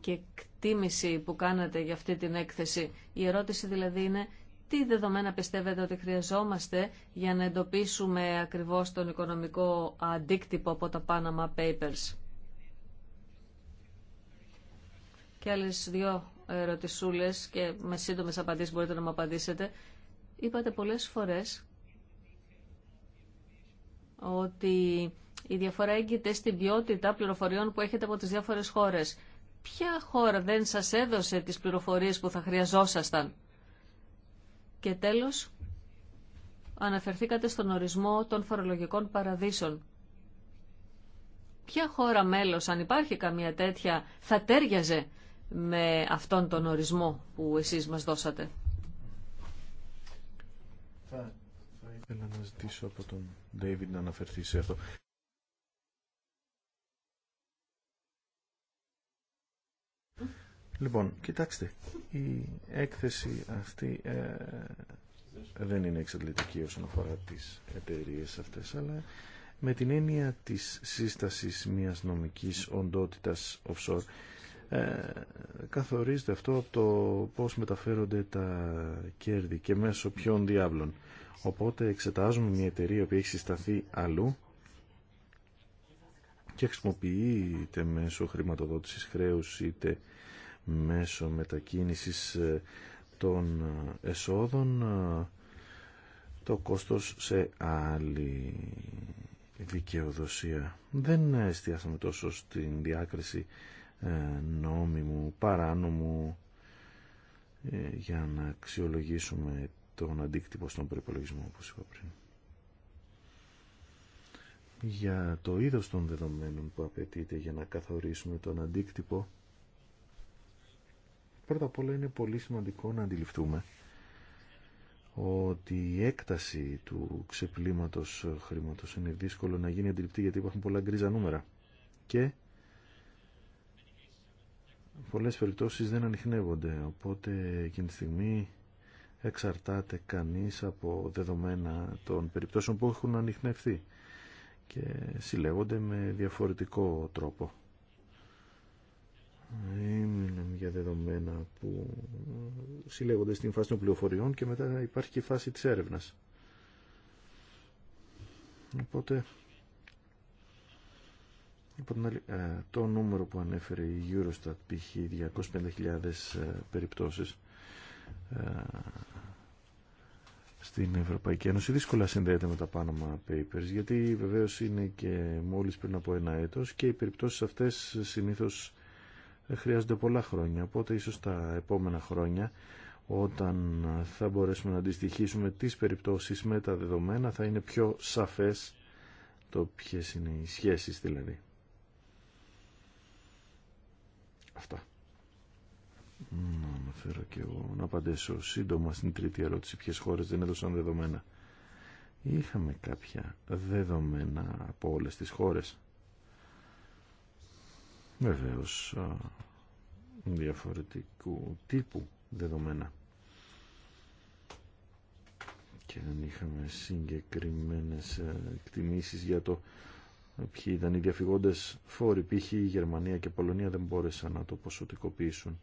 D: και εκτίμηση που κάνατε για αυτή την έκθεση. Η ερώτηση δηλαδή είναι τι δεδομένα πιστεύετε ότι χρειαζόμαστε για να εντοπίσουμε ακριβώς τον οικονομικό αντίκτυπο από τα Panama Papers. Και άλλες δύο ερωτησούλες και με σύντομες απαντήσεις μπορείτε να μου απαντήσετε. Είπατε πολλές φορές ότι η διαφορά έγκυται στην ποιότητα πληροφοριών που έχετε από τις διάφορες χώρες. Ποια χώρα δεν σας έδωσε τις πληροφορίες που θα χρειαζόσασταν και τέλος, αναφερθήκατε στον ορισμό των φορολογικών παραδείσων. Ποια χώρα μέλος, αν υπάρχει καμία τέτοια, θα τέριαζε με αυτόν τον ορισμό που εσείς μας δώσατε.
E: Θα, ήθελα να ζητήσω από τον Ντέιβιν να αναφερθεί σε αυτό. Λοιπόν, κοιτάξτε, η έκθεση αυτή ε, δεν είναι εξαντλητική όσον αφορά τις εταιρείε αυτές, αλλά με την έννοια της σύστασης μιας νομικής οντότητας offshore ε, καθορίζεται αυτό από το πώς μεταφέρονται τα κέρδη και μέσω ποιών διάβλων. Οπότε εξετάζουμε μια εταιρεία που έχει συσταθεί αλλού και χρησιμοποιείται μέσω χρηματοδότησης χρέους είτε μέσω μετακίνησης ε, των ε, εσόδων ε, το κόστος σε άλλη δικαιοδοσία. Δεν εστιάσαμε τόσο στην διάκριση νόμιμου, παράνομου για να αξιολογήσουμε τον αντίκτυπο στον προπολογισμό όπως είπα πριν. Για το είδος των δεδομένων που απαιτείται για να καθορίσουμε τον αντίκτυπο Πρώτα απ' όλα είναι πολύ σημαντικό να αντιληφθούμε ότι η έκταση του ξεπλήματος χρήματος είναι δύσκολο να γίνει αντιληπτή γιατί υπάρχουν πολλά γκρίζα νούμερα και πολλές περιπτώσεις δεν ανοιχνεύονται οπότε εκείνη τη στιγμή εξαρτάται κανείς από δεδομένα των περιπτώσεων που έχουν ανοιχνευθεί και συλλέγονται με διαφορετικό τρόπο έμειναν για δεδομένα που συλλέγονται στην φάση των πληροφοριών και μετά υπάρχει και η φάση της έρευνας. Οπότε, ε, το νούμερο που ανέφερε η Eurostat π.χ. 250.000 ε, περιπτώσεις ε, στην Ευρωπαϊκή Ένωση δύσκολα συνδέεται με τα Panama Papers γιατί βεβαίως είναι και μόλις πριν από ένα έτος και οι περιπτώσεις αυτές συνήθως χρειάζονται πολλά χρόνια. Οπότε ίσως τα επόμενα χρόνια όταν θα μπορέσουμε να αντιστοιχίσουμε τις περιπτώσεις με τα δεδομένα θα είναι πιο σαφές το ποιες είναι οι σχέσεις δηλαδή. Αυτά. Να αναφέρω και εγώ να απαντήσω σύντομα στην τρίτη ερώτηση ποιες χώρες δεν έδωσαν δεδομένα. Είχαμε κάποια δεδομένα από όλες τις χώρες βεβαίως διαφορετικού τύπου δεδομένα και δεν είχαμε συγκεκριμένες ε, εκτιμήσεις για το ε, ποιοι ήταν οι διαφυγόντες φόροι π.χ. η Γερμανία και η Πολωνία δεν μπόρεσαν να το ποσοτικοποιήσουν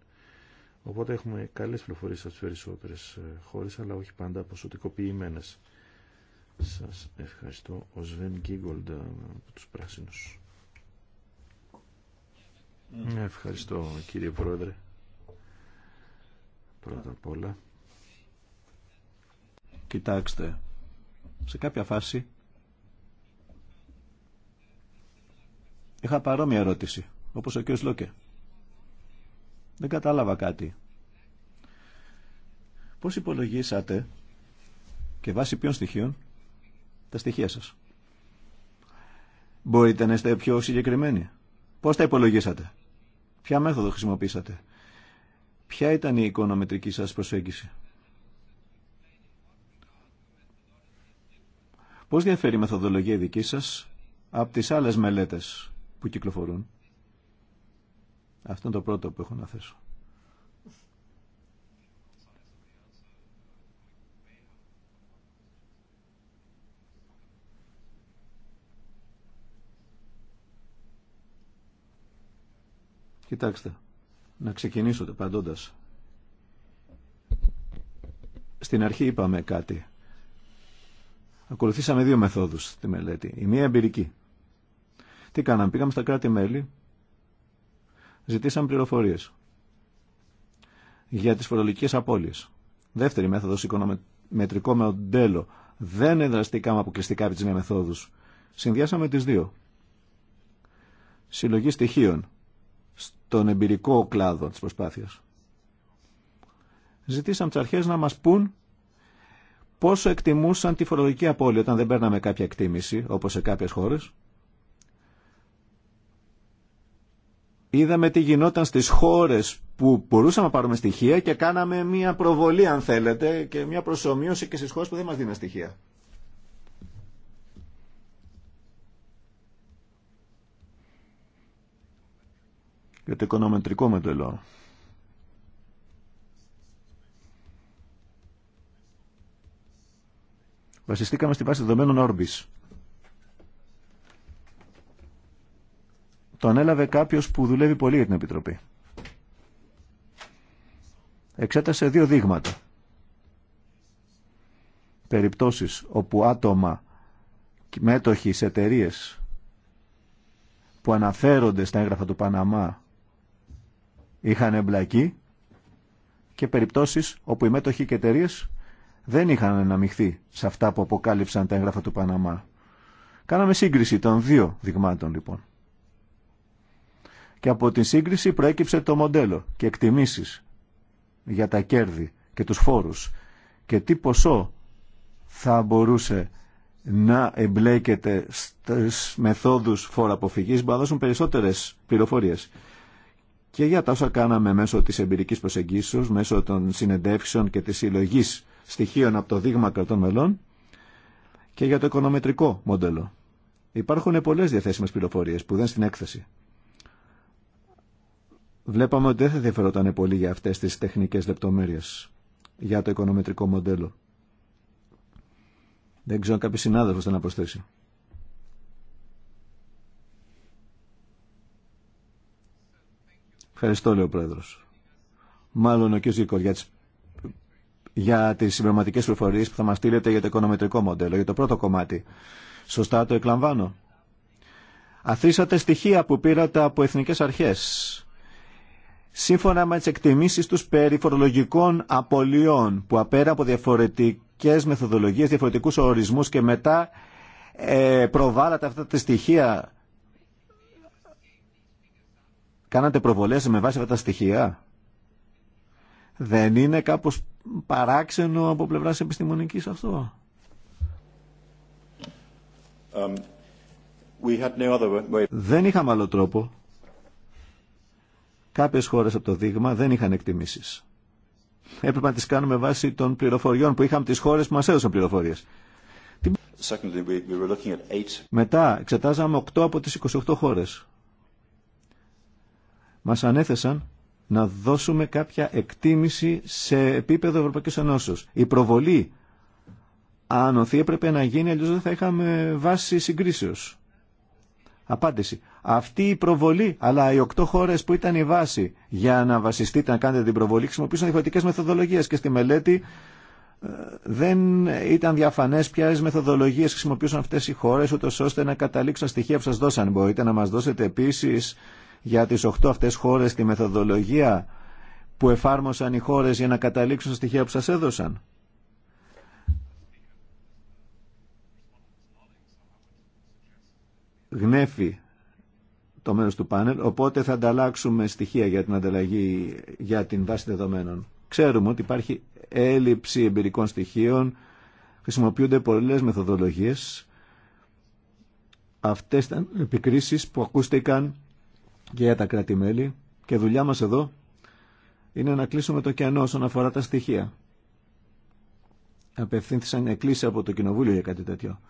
E: οπότε έχουμε καλές πληροφορίες στις περισσότερες ε, χώρες αλλά όχι πάντα ποσοτικοποιημένες σας ευχαριστώ ο Σβέν Γκίγκολντ από τους Πράσινους Ευχαριστώ κύριε Πρόεδρε. Πρώτα απ' όλα. Κοιτάξτε,
B: σε κάποια φάση είχα παρόμοια ερώτηση, όπως ο κ. Λόκε. Δεν κατάλαβα κάτι. Πώς υπολογίσατε και βάσει ποιων στοιχείων τα στοιχεία σας. Μπορείτε να είστε πιο συγκεκριμένοι. Πώς τα υπολογίσατε. Ποια μέθοδο χρησιμοποίησατε. Ποια ήταν η οικονομετρική σας προσέγγιση. Πώς διαφέρει η μεθοδολογία δική σας από τις άλλες μελέτες που κυκλοφορούν. Αυτό είναι το πρώτο που έχω να θέσω. Κοιτάξτε, να ξεκινήσω το παντώντας. Στην αρχή είπαμε κάτι. Ακολουθήσαμε δύο μεθόδους στη μελέτη. Η μία εμπειρική. Τι κάναμε, πήγαμε στα κράτη-μέλη, ζητήσαμε πληροφορίες για τις φορολογικές απώλειες. Δεύτερη μέθοδος, οικονομετρικό μοντέλο. Δεν εδραστήκαμε αποκλειστικά από τις μία μεθόδους. Συνδυάσαμε τις δύο. Συλλογή στοιχείων στον εμπειρικό κλάδο της προσπάθειας. Ζητήσαμε τις αρχές να μας πούν πόσο εκτιμούσαν τη φορολογική απώλεια όταν δεν παίρναμε κάποια εκτίμηση, όπως σε κάποιες χώρες. Είδαμε τι γινόταν στις χώρες που μπορούσαμε να πάρουμε στοιχεία και κάναμε μια προβολή, αν θέλετε, και μια προσωμείωση και στις χώρες που δεν μας δίνουν στοιχεία. για το οικονομετρικό μοντέλο. Βασιστήκαμε στη βάση δεδομένων Orbis. Το ανέλαβε κάποιος που δουλεύει πολύ για την Επιτροπή. Εξέτασε δύο δείγματα. Περιπτώσεις όπου άτομα μέτοχοι σε εταιρείε που αναφέρονται στα έγγραφα του Παναμά είχαν εμπλακεί και περιπτώσεις όπου οι μέτοχοι και εταιρείε δεν είχαν αναμειχθεί σε αυτά που αποκάλυψαν τα έγγραφα του Παναμά. Κάναμε σύγκριση των δύο δειγμάτων λοιπόν. Και από την σύγκριση προέκυψε το μοντέλο και εκτιμήσεις για τα κέρδη και τους φόρους και τι ποσό θα μπορούσε να εμπλέκεται στις μεθόδους φόρα που θα δώσουν περισσότερες πληροφορίες και για τα όσα κάναμε μέσω της εμπειρικής προσεγγίσεως, μέσω των συνεντεύξεων και της συλλογή στοιχείων από το δείγμα κρατών μελών και για το οικονομετρικό μοντέλο. Υπάρχουν πολλές διαθέσιμες πληροφορίες που δεν στην έκθεση. Βλέπαμε ότι δεν θα ενδιαφερόταν πολύ για αυτές τις τεχνικές λεπτομέρειες για το οικονομετρικό μοντέλο. Δεν ξέρω αν κάποιος συνάδελφος θα να προσθέσει. Ευχαριστώ, λέει ο πρόεδρο. Μάλλον ο κ. Ζήκο για τι συμπληρωματικέ πληροφορίε που θα μα στείλετε για το οικονομετρικό μοντέλο, για το πρώτο κομμάτι. Σωστά το εκλαμβάνω. Αθήσατε στοιχεία που πήρατε από εθνικέ αρχές σύμφωνα με τις εκτιμήσεις τους περί φορολογικών απολειών που απέρα από διαφορετικές μεθοδολογίε, διαφορετικού ορισμού, και μετά ε, προβάλλατε αυτά τα στοιχεία Κάνατε προβολές με βάση αυτά τα στοιχεία. Δεν είναι κάπως παράξενο από πλευράς επιστημονικής αυτό. Um, we had no other way. Δεν είχαμε άλλο τρόπο. Κάποιες χώρες από το δείγμα δεν είχαν εκτιμήσεις. Έπρεπε να τις κάνουμε βάση των πληροφοριών που είχαμε τις χώρες που μας έδωσαν πληροφορίες. Μετά εξετάζαμε 8 από τις 28 χώρες μας ανέθεσαν να δώσουμε κάποια εκτίμηση σε επίπεδο Ευρωπαϊκής Ενώσεως. Η προβολή αν ανωθεί έπρεπε να γίνει, αλλιώς δεν θα είχαμε βάση συγκρίσεως. Απάντηση. Αυτή η προβολή, αλλά οι οκτώ χώρε που ήταν η βάση για να βασιστείτε να κάνετε την προβολή, χρησιμοποιούσαν διαφορετικέ μεθοδολογίε και στη μελέτη ε, δεν ήταν διαφανέ ποιε μεθοδολογίε χρησιμοποιούσαν αυτέ οι χώρε, ούτω ώστε να καταλήξουν στοιχεία που σα δώσαν. Μπορείτε να μα δώσετε επίση για τις 8 αυτές χώρες τη μεθοδολογία που εφάρμοσαν οι χώρες για να καταλήξουν στα στοιχεία που σας έδωσαν. Γνέφει το μέρος του πάνελ, οπότε θα ανταλλάξουμε στοιχεία για την ανταλλαγή για την βάση δεδομένων. Ξέρουμε ότι υπάρχει έλλειψη εμπειρικών στοιχείων, χρησιμοποιούνται πολλές μεθοδολογίες. Αυτές ήταν επικρίσεις που ακούστηκαν και για τα κράτη-μέλη και δουλειά μας εδώ είναι να κλείσουμε το κενό όσον αφορά τα στοιχεία. Απευθύνθησαν εκκλήσει από το Κοινοβούλιο για κάτι τέτοιο.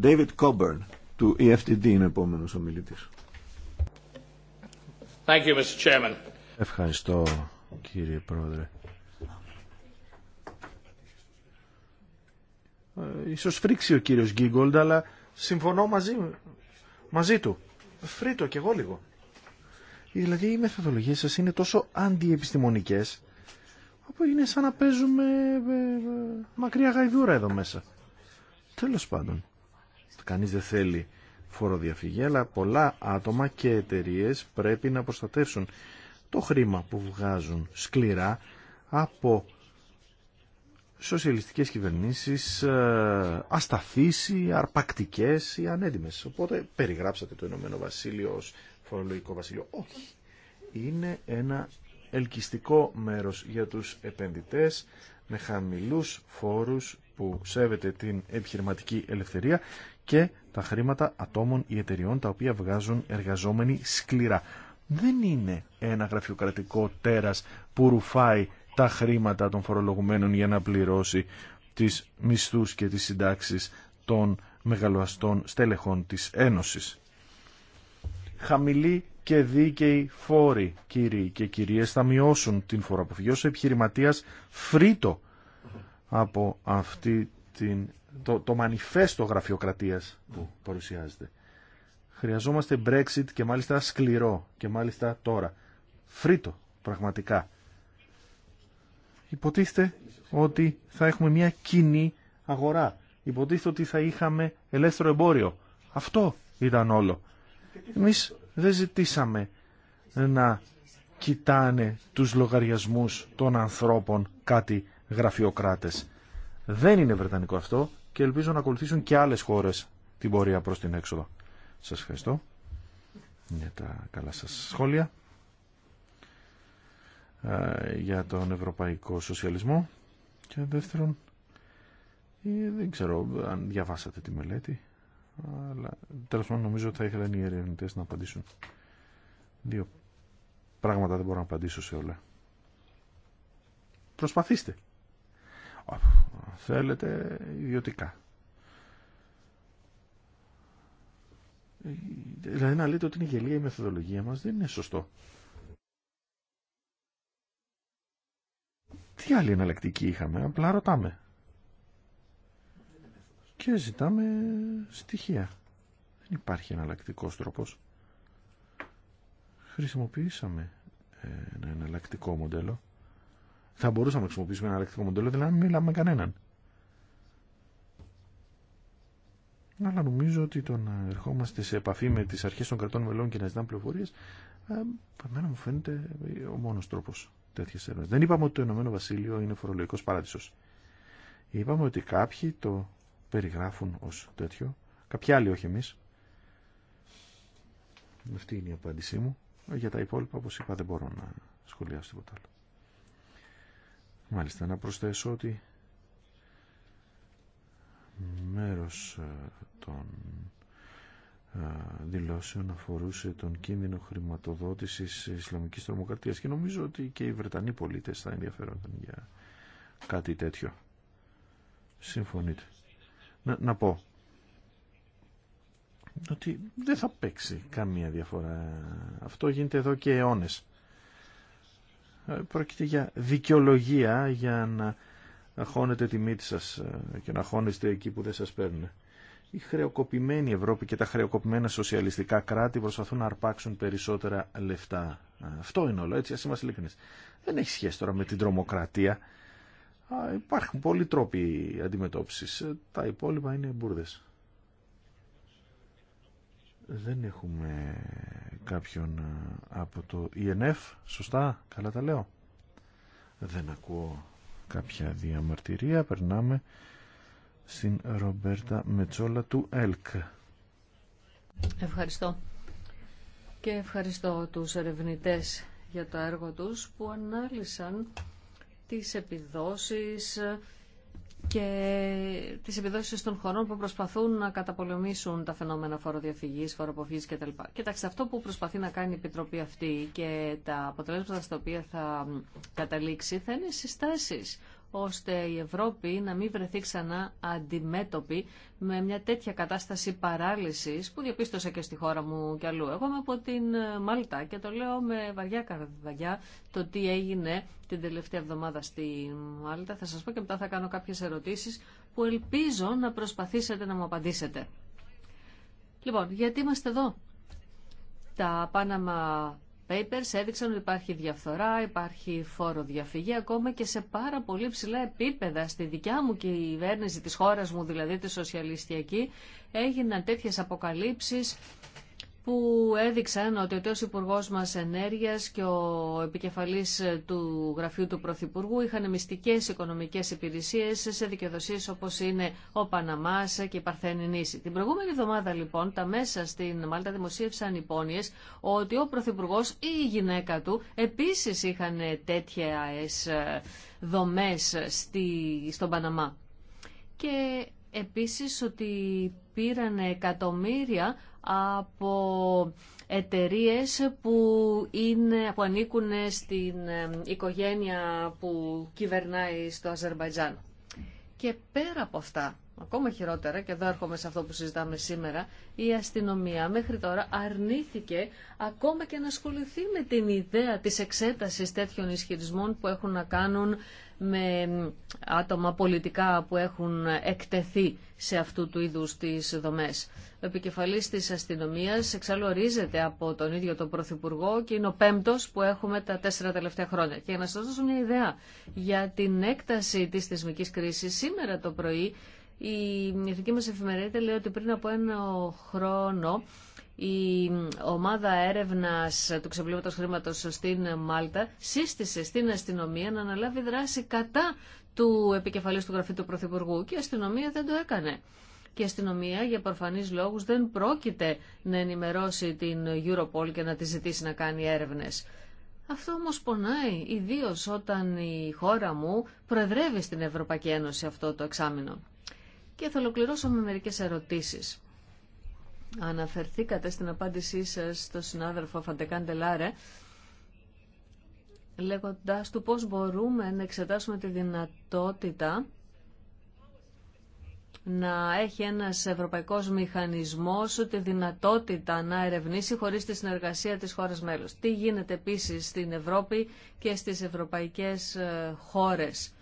A: David Coburn
B: του EFTD είναι επόμενος
E: ομιλητής.
D: Thank you, Mr. Chairman.
E: Ευχαριστώ κύριε Πρόεδρε. Ε, ίσως φρίξει ο κύριος Γκίγκολντ, αλλά συμφωνώ μαζί, μαζί του. Φρίτο κι εγώ λίγο. Δηλαδή οι μεθοδολογίες σας είναι τόσο αντιεπιστημονικές όπου είναι σαν να παίζουμε ε, ε, μακριά γαϊδούρα εδώ μέσα. Τέλος πάντων, κανείς δεν θέλει φοροδιαφυγή, αλλά πολλά άτομα και εταιρείε πρέπει να προστατεύσουν το χρήμα που βγάζουν σκληρά από σοσιαλιστικές κυβερνήσεις ε, ασταθείς ή αρπακτικές ή ανέντιμες. Οπότε περιγράψατε το Ηνωμένο Βασίλειο ως φορολογικό βασίλειο. Όχι. Είναι ένα ελκυστικό μέρος για τους επενδυτές με χαμηλούς φόρους που σέβεται την επιχειρηματική ελευθερία και τα χρήματα ατόμων ή εταιριών τα οποία βγάζουν εργαζόμενοι σκληρά. Δεν είναι ένα γραφειοκρατικό τέρας που ρουφάει τα χρήματα των φορολογουμένων για να πληρώσει τις μισθούς και τις συντάξεις των μεγαλοαστών στέλεχων της Ένωσης. Χαμηλή και δίκαιοι φόροι, κύριοι και κυρίες, θα μειώσουν την φοροαποφυγή. Ως επιχειρηματίας φρίτο από αυτή την, το, το μανιφέστο γραφειοκρατίας που παρουσιάζεται. Χρειαζόμαστε Brexit και μάλιστα σκληρό και μάλιστα τώρα. Φρίτο, πραγματικά υποτίθεται ότι θα έχουμε μια κοινή αγορά. Υποτίθεται ότι θα είχαμε ελεύθερο εμπόριο. Αυτό ήταν όλο. Εμείς δεν ζητήσαμε να κοιτάνε τους λογαριασμούς των ανθρώπων κάτι γραφειοκράτες. Δεν είναι βρετανικό αυτό και ελπίζω να ακολουθήσουν και άλλες χώρες την πορεία προς την έξοδο. Σας ευχαριστώ για τα καλά σας σχόλια για τον ευρωπαϊκό σοσιαλισμό και δεύτερον ε, δεν ξέρω αν διαβάσατε τη μελέτη αλλά τέλος πάντων νομίζω θα ήθελαν οι ερευνητέ να απαντήσουν δύο πράγματα δεν μπορώ να απαντήσω σε όλα προσπαθήστε θέλετε ιδιωτικά ε, δηλαδή να λέτε ότι είναι γελία η μεθοδολογία μας δεν είναι σωστό Τι άλλη εναλλακτική είχαμε, απλά ρωτάμε. Και ζητάμε στοιχεία. Δεν υπάρχει εναλλακτικό τρόπος. Χρησιμοποιήσαμε ε, ένα εναλλακτικό μοντέλο. Θα μπορούσαμε να χρησιμοποιήσουμε ένα εναλλακτικό μοντέλο, δηλαδή να μην μιλάμε με κανέναν. Αλλά νομίζω ότι το να ερχόμαστε σε επαφή με τις αρχές των κρατών μελών και να ζητάμε πληροφορίες, ε, εμένα μου φαίνεται ο μόνος τρόπος. Δεν είπαμε ότι το Ηνωμένο Βασίλειο είναι φορολογικός παράδεισος. Είπαμε ότι κάποιοι το περιγράφουν ως τέτοιο, κάποιοι άλλοι όχι εμείς. Αυτή είναι η απάντησή μου. Για τα υπόλοιπα, όπω είπα, δεν μπορώ να σχολιάσω τίποτα άλλο. Μάλιστα, να προσθέσω ότι μέρος ε, των δηλώσεων αφορούσε τον κίνδυνο χρηματοδότησης Ισλαμικής τρομοκρατίας και νομίζω ότι και οι Βρετανοί πολίτες θα ενδιαφέρονταν για κάτι τέτοιο. Συμφωνείτε. Να, να πω ότι δεν θα παίξει καμία διαφορά. Αυτό γίνεται εδώ και αιώνες. Ε, πρόκειται για δικαιολογία για να χώνετε τη μύτη σας ε, και να χώνεστε εκεί που δεν σας παίρνουν. Η χρεοκοπημένη Ευρώπη και τα χρεοκοπημένα σοσιαλιστικά κράτη προσπαθούν να αρπάξουν περισσότερα λεφτά. Αυτό είναι όλο, έτσι, ας είμαστε ειλικρινείς. Δεν έχει σχέση τώρα με την τρομοκρατία. Υπάρχουν πολλοί τρόποι αντιμετώπισης. Τα υπόλοιπα είναι μπουρδες. Δεν έχουμε κάποιον από το ΙΕΝΕΦ, e σωστά, καλά τα λέω. Δεν ακούω κάποια διαμαρτυρία, περνάμε στην Ρομπέρτα Μετσόλα του ΕΛΚ.
D: Ευχαριστώ. Και ευχαριστώ τους ερευνητές για το έργο τους που ανάλυσαν τις επιδόσεις και τις επιδόσεις των χωρών που προσπαθούν να καταπολεμήσουν τα φαινόμενα φοροδιαφυγής, φοροποφυγής κτλ. Κοιτάξτε, αυτό που προσπαθεί να κάνει η Επιτροπή αυτή και τα αποτελέσματα στα οποία θα καταλήξει θα είναι συστάσεις ώστε η Ευρώπη να μην βρεθεί ξανά αντιμέτωπη με μια τέτοια κατάσταση παράλυσης που διαπίστωσα και στη χώρα μου κι αλλού. Εγώ είμαι από την ε, Μάλτα και το λέω με βαριά καρδιά το τι έγινε την τελευταία εβδομάδα στη Μάλτα. Θα σας πω και μετά θα κάνω κάποιες ερωτήσεις που ελπίζω να προσπαθήσετε να μου απαντήσετε. Λοιπόν, γιατί είμαστε εδώ. Τα Panama papers έδειξαν ότι υπάρχει διαφθορά, υπάρχει φόρο διαφυγή, ακόμα και σε πάρα πολύ ψηλά επίπεδα. Στη δικιά μου κυβέρνηση της χώρας μου, δηλαδή τη σοσιαλιστιακή, έγιναν τέτοιες αποκαλύψεις που έδειξαν ότι ο τέος υπουργό μας ενέργειας και ο επικεφαλής του γραφείου του Πρωθυπουργού είχαν μυστικές οικονομικές υπηρεσίες σε δικαιοδοσίες όπως είναι ο Παναμάς και η Παρθένη Την προηγούμενη εβδομάδα λοιπόν τα μέσα στην Μάλτα δημοσίευσαν υπόνοιες ότι ο Πρωθυπουργό ή η γυναίκα του επίσης είχαν τέτοια ε, δομές στον Παναμά. Και επίσης ότι πήραν εκατομμύρια από εταιρείε που, είναι, που ανήκουν στην οικογένεια που κυβερνάει στο Αζερβαϊτζάν. Και πέρα από αυτά, ακόμα χειρότερα, και εδώ έρχομαι σε αυτό που συζητάμε σήμερα, η αστυνομία μέχρι τώρα αρνήθηκε ακόμα και να ασχοληθεί με την ιδέα της εξέτασης τέτοιων ισχυρισμών που έχουν να κάνουν με άτομα πολιτικά που έχουν εκτεθεί σε αυτού του είδους τις δομές. Ο επικεφαλής της αστυνομίας εξαλωρίζεται από τον ίδιο τον Πρωθυπουργό και είναι ο πέμπτος που έχουμε τα τέσσερα τελευταία χρόνια. Και για να σας δώσω μια ιδέα για την έκταση της θεσμική κρίσης, σήμερα το πρωί η εθνική μας εφημερίδα λέει ότι πριν από ένα χρόνο η ομάδα έρευνας του ξεπλήματος χρήματος στην Μάλτα σύστησε στην αστυνομία να αναλάβει δράση κατά του επικεφαλής του γραφείου του Πρωθυπουργού και η αστυνομία δεν το έκανε. Και η αστυνομία για προφανείς λόγους δεν πρόκειται να ενημερώσει την Europol και να τη ζητήσει να κάνει έρευνες. Αυτό όμως πονάει, ιδίως όταν η χώρα μου προεδρεύει στην Ευρωπαϊκή Ένωση αυτό το εξάμεινο. Και θα ολοκληρώσω με μερικές ερωτήσεις. Αναφερθήκατε στην απάντησή σας στον συνάδελφο Φαντεκάν λέγοντας του πώς μπορούμε να εξετάσουμε τη δυνατότητα να έχει ένας ευρωπαϊκός μηχανισμός τη δυνατότητα να ερευνήσει χωρίς τη συνεργασία της χώρας μέλους. Τι γίνεται επίσης στην Ευρώπη και στις ευρωπαϊκές ε, χώρες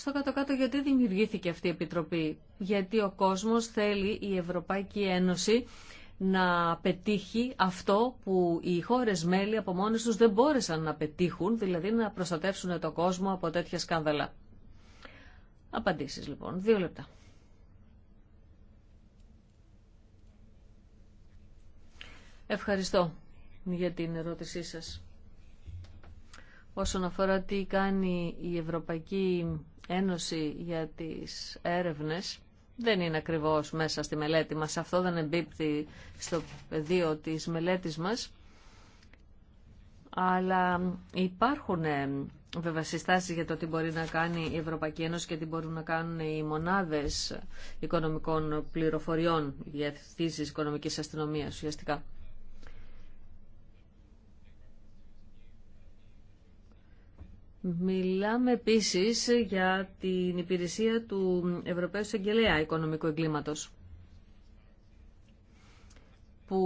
D: Στο κάτω-κάτω γιατί δημιουργήθηκε αυτή η Επιτροπή. Γιατί ο κόσμος θέλει η Ευρωπαϊκή Ένωση να πετύχει αυτό που οι χώρες μέλη από μόνες τους δεν μπόρεσαν να πετύχουν, δηλαδή να προστατεύσουν τον κόσμο από τέτοια σκάνδαλα. Απαντήσεις λοιπόν. Δύο λεπτά. Ευχαριστώ για την ερώτησή σας. Όσον αφορά τι κάνει η Ευρωπαϊκή Ένωση για τις έρευνες δεν είναι ακριβώς μέσα στη μελέτη μας. Αυτό δεν εμπίπτει στο πεδίο της μελέτης μας. Αλλά υπάρχουν ε, βέβαια συστάσεις για το τι μπορεί να κάνει η Ευρωπαϊκή Ένωση και τι μπορούν να κάνουν οι μονάδες οικονομικών πληροφοριών, για διευθύνσεις οικονομικής αστυνομίας ουσιαστικά. Μιλάμε επίση για την υπηρεσία του Ευρωπαίου Συγγελέα Οικονομικού Εγκλήματο. που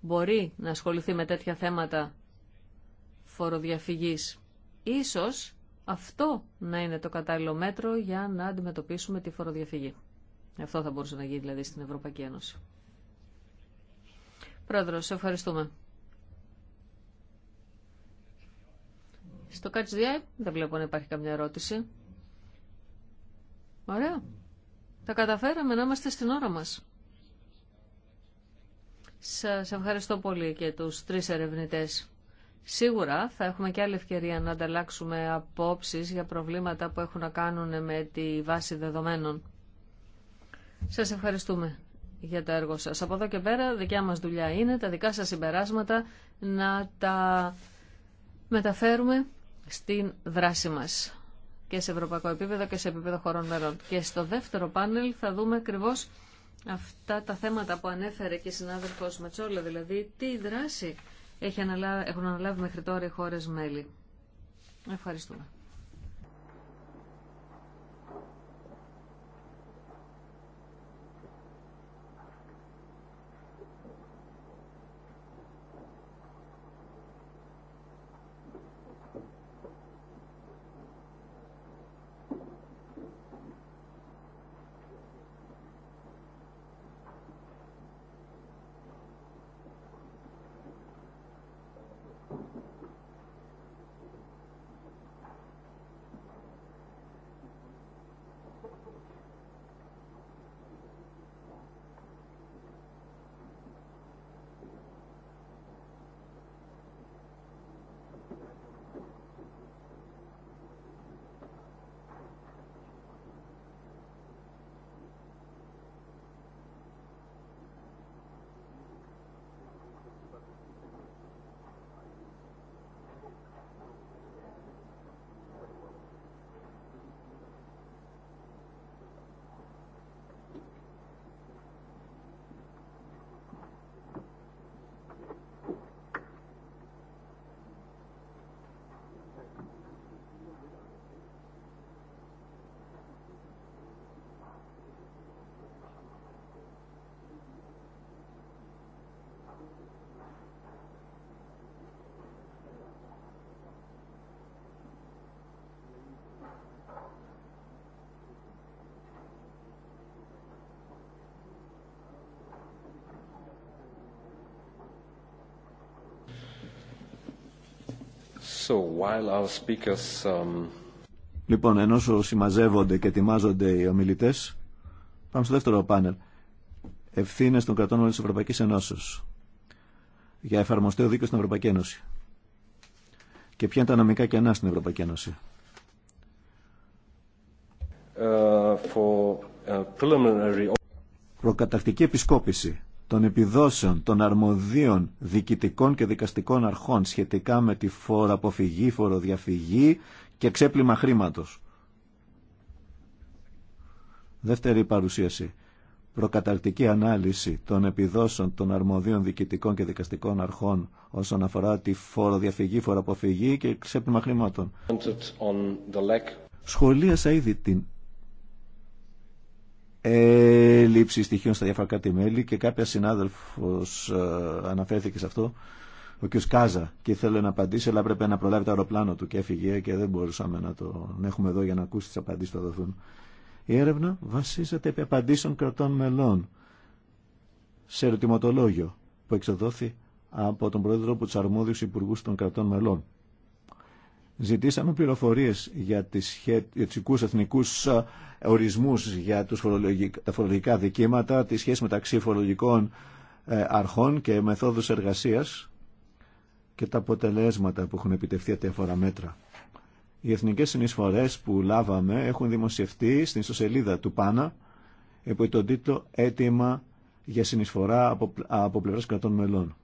D: μπορεί να ασχοληθεί με τέτοια θέματα φοροδιαφυγής. Ίσως αυτό να είναι το κατάλληλο μέτρο για να αντιμετωπίσουμε τη φοροδιαφυγή. Αυτό θα μπορούσε να γίνει δηλαδή στην Ευρωπαϊκή Ένωση. Πρόεδρος, ευχαριστούμε. Στο Catch the Eye δεν βλέπω να υπάρχει καμιά ερώτηση. Ωραία. Τα καταφέραμε να είμαστε στην ώρα μας. Σας ευχαριστώ πολύ και τους τρεις ερευνητές. Σίγουρα θα έχουμε και άλλη ευκαιρία να ανταλλάξουμε απόψεις για προβλήματα που έχουν να κάνουν με τη βάση δεδομένων. Σας ευχαριστούμε για το έργο σας. Από εδώ και πέρα δικιά μας δουλειά είναι τα δικά σας συμπεράσματα να τα μεταφέρουμε στην δράση μας και σε ευρωπαϊκό επίπεδο και σε επίπεδο χωρών μερών. Και στο δεύτερο πάνελ θα δούμε ακριβώ αυτά τα θέματα που ανέφερε και η συνάδελφος Ματσόλα, δηλαδή τι δράση έχουν αναλάβει μέχρι τώρα οι χώρε μέλη. Ευχαριστούμε.
A: Um,
B: λοιπόν, ενώ συμμαζεύονται και ετοιμάζονται οι ομιλητέ, πάμε στο δεύτερο πάνελ. Ευθύνε των κρατών τη της Ευρωπαϊκής Ενώσης για εφαρμοστέο δίκαιο στην Ευρωπαϊκή Ένωση. Και ποια είναι τα νομικά κενά στην Ευρωπαϊκή Ένωση.
A: Uh, for, uh, preliminary...
B: Προκατακτική επισκόπηση των επιδόσεων των αρμοδίων διοικητικών και δικαστικών αρχών σχετικά με τη φοροαποφυγή, φοροδιαφυγή και ξέπλυμα χρήματος. Δεύτερη παρουσίαση. Προκαταρτική ανάλυση των επιδόσεων των αρμοδίων διοικητικών και δικαστικών αρχών όσον αφορά τη φοροδιαφυγή, φοροαποφυγή και ξέπλυμα χρήματων. Σχολίασα ήδη την έλλειψη στοιχείων στα διάφορα κάτι μέλη και κάποια συνάδελφος ε, αναφέρθηκε σε αυτό, ο κ. Κάζα, και ήθελε να απαντήσει, αλλά πρέπει να προλάβει το αεροπλάνο του και έφυγε και δεν μπορούσαμε να τον έχουμε εδώ για να ακούσει τις απαντήσεις που θα δοθούν. Η έρευνα βασίζεται επί απαντήσεων κρατών μελών σε ερωτηματολόγιο που εξεδόθη από τον Πρόεδρο από του αρμόδιου υπουργού των κρατών μελών. Ζητήσαμε πληροφορίες για, τις εθνικού για ε, ορισμούς για τους τα φορολογικά δικήματα, τη σχέση μεταξύ φορολογικών ε, αρχών και μεθόδους εργασίας και τα αποτελέσματα που έχουν επιτευχθεί από αφορά μέτρα. Οι εθνικές συνεισφορές που λάβαμε έχουν δημοσιευτεί στην ιστοσελίδα του ΠΑΝΑ υπό τον τίτλο «Έτοιμα για συνεισφορά από, από κρατών μελών».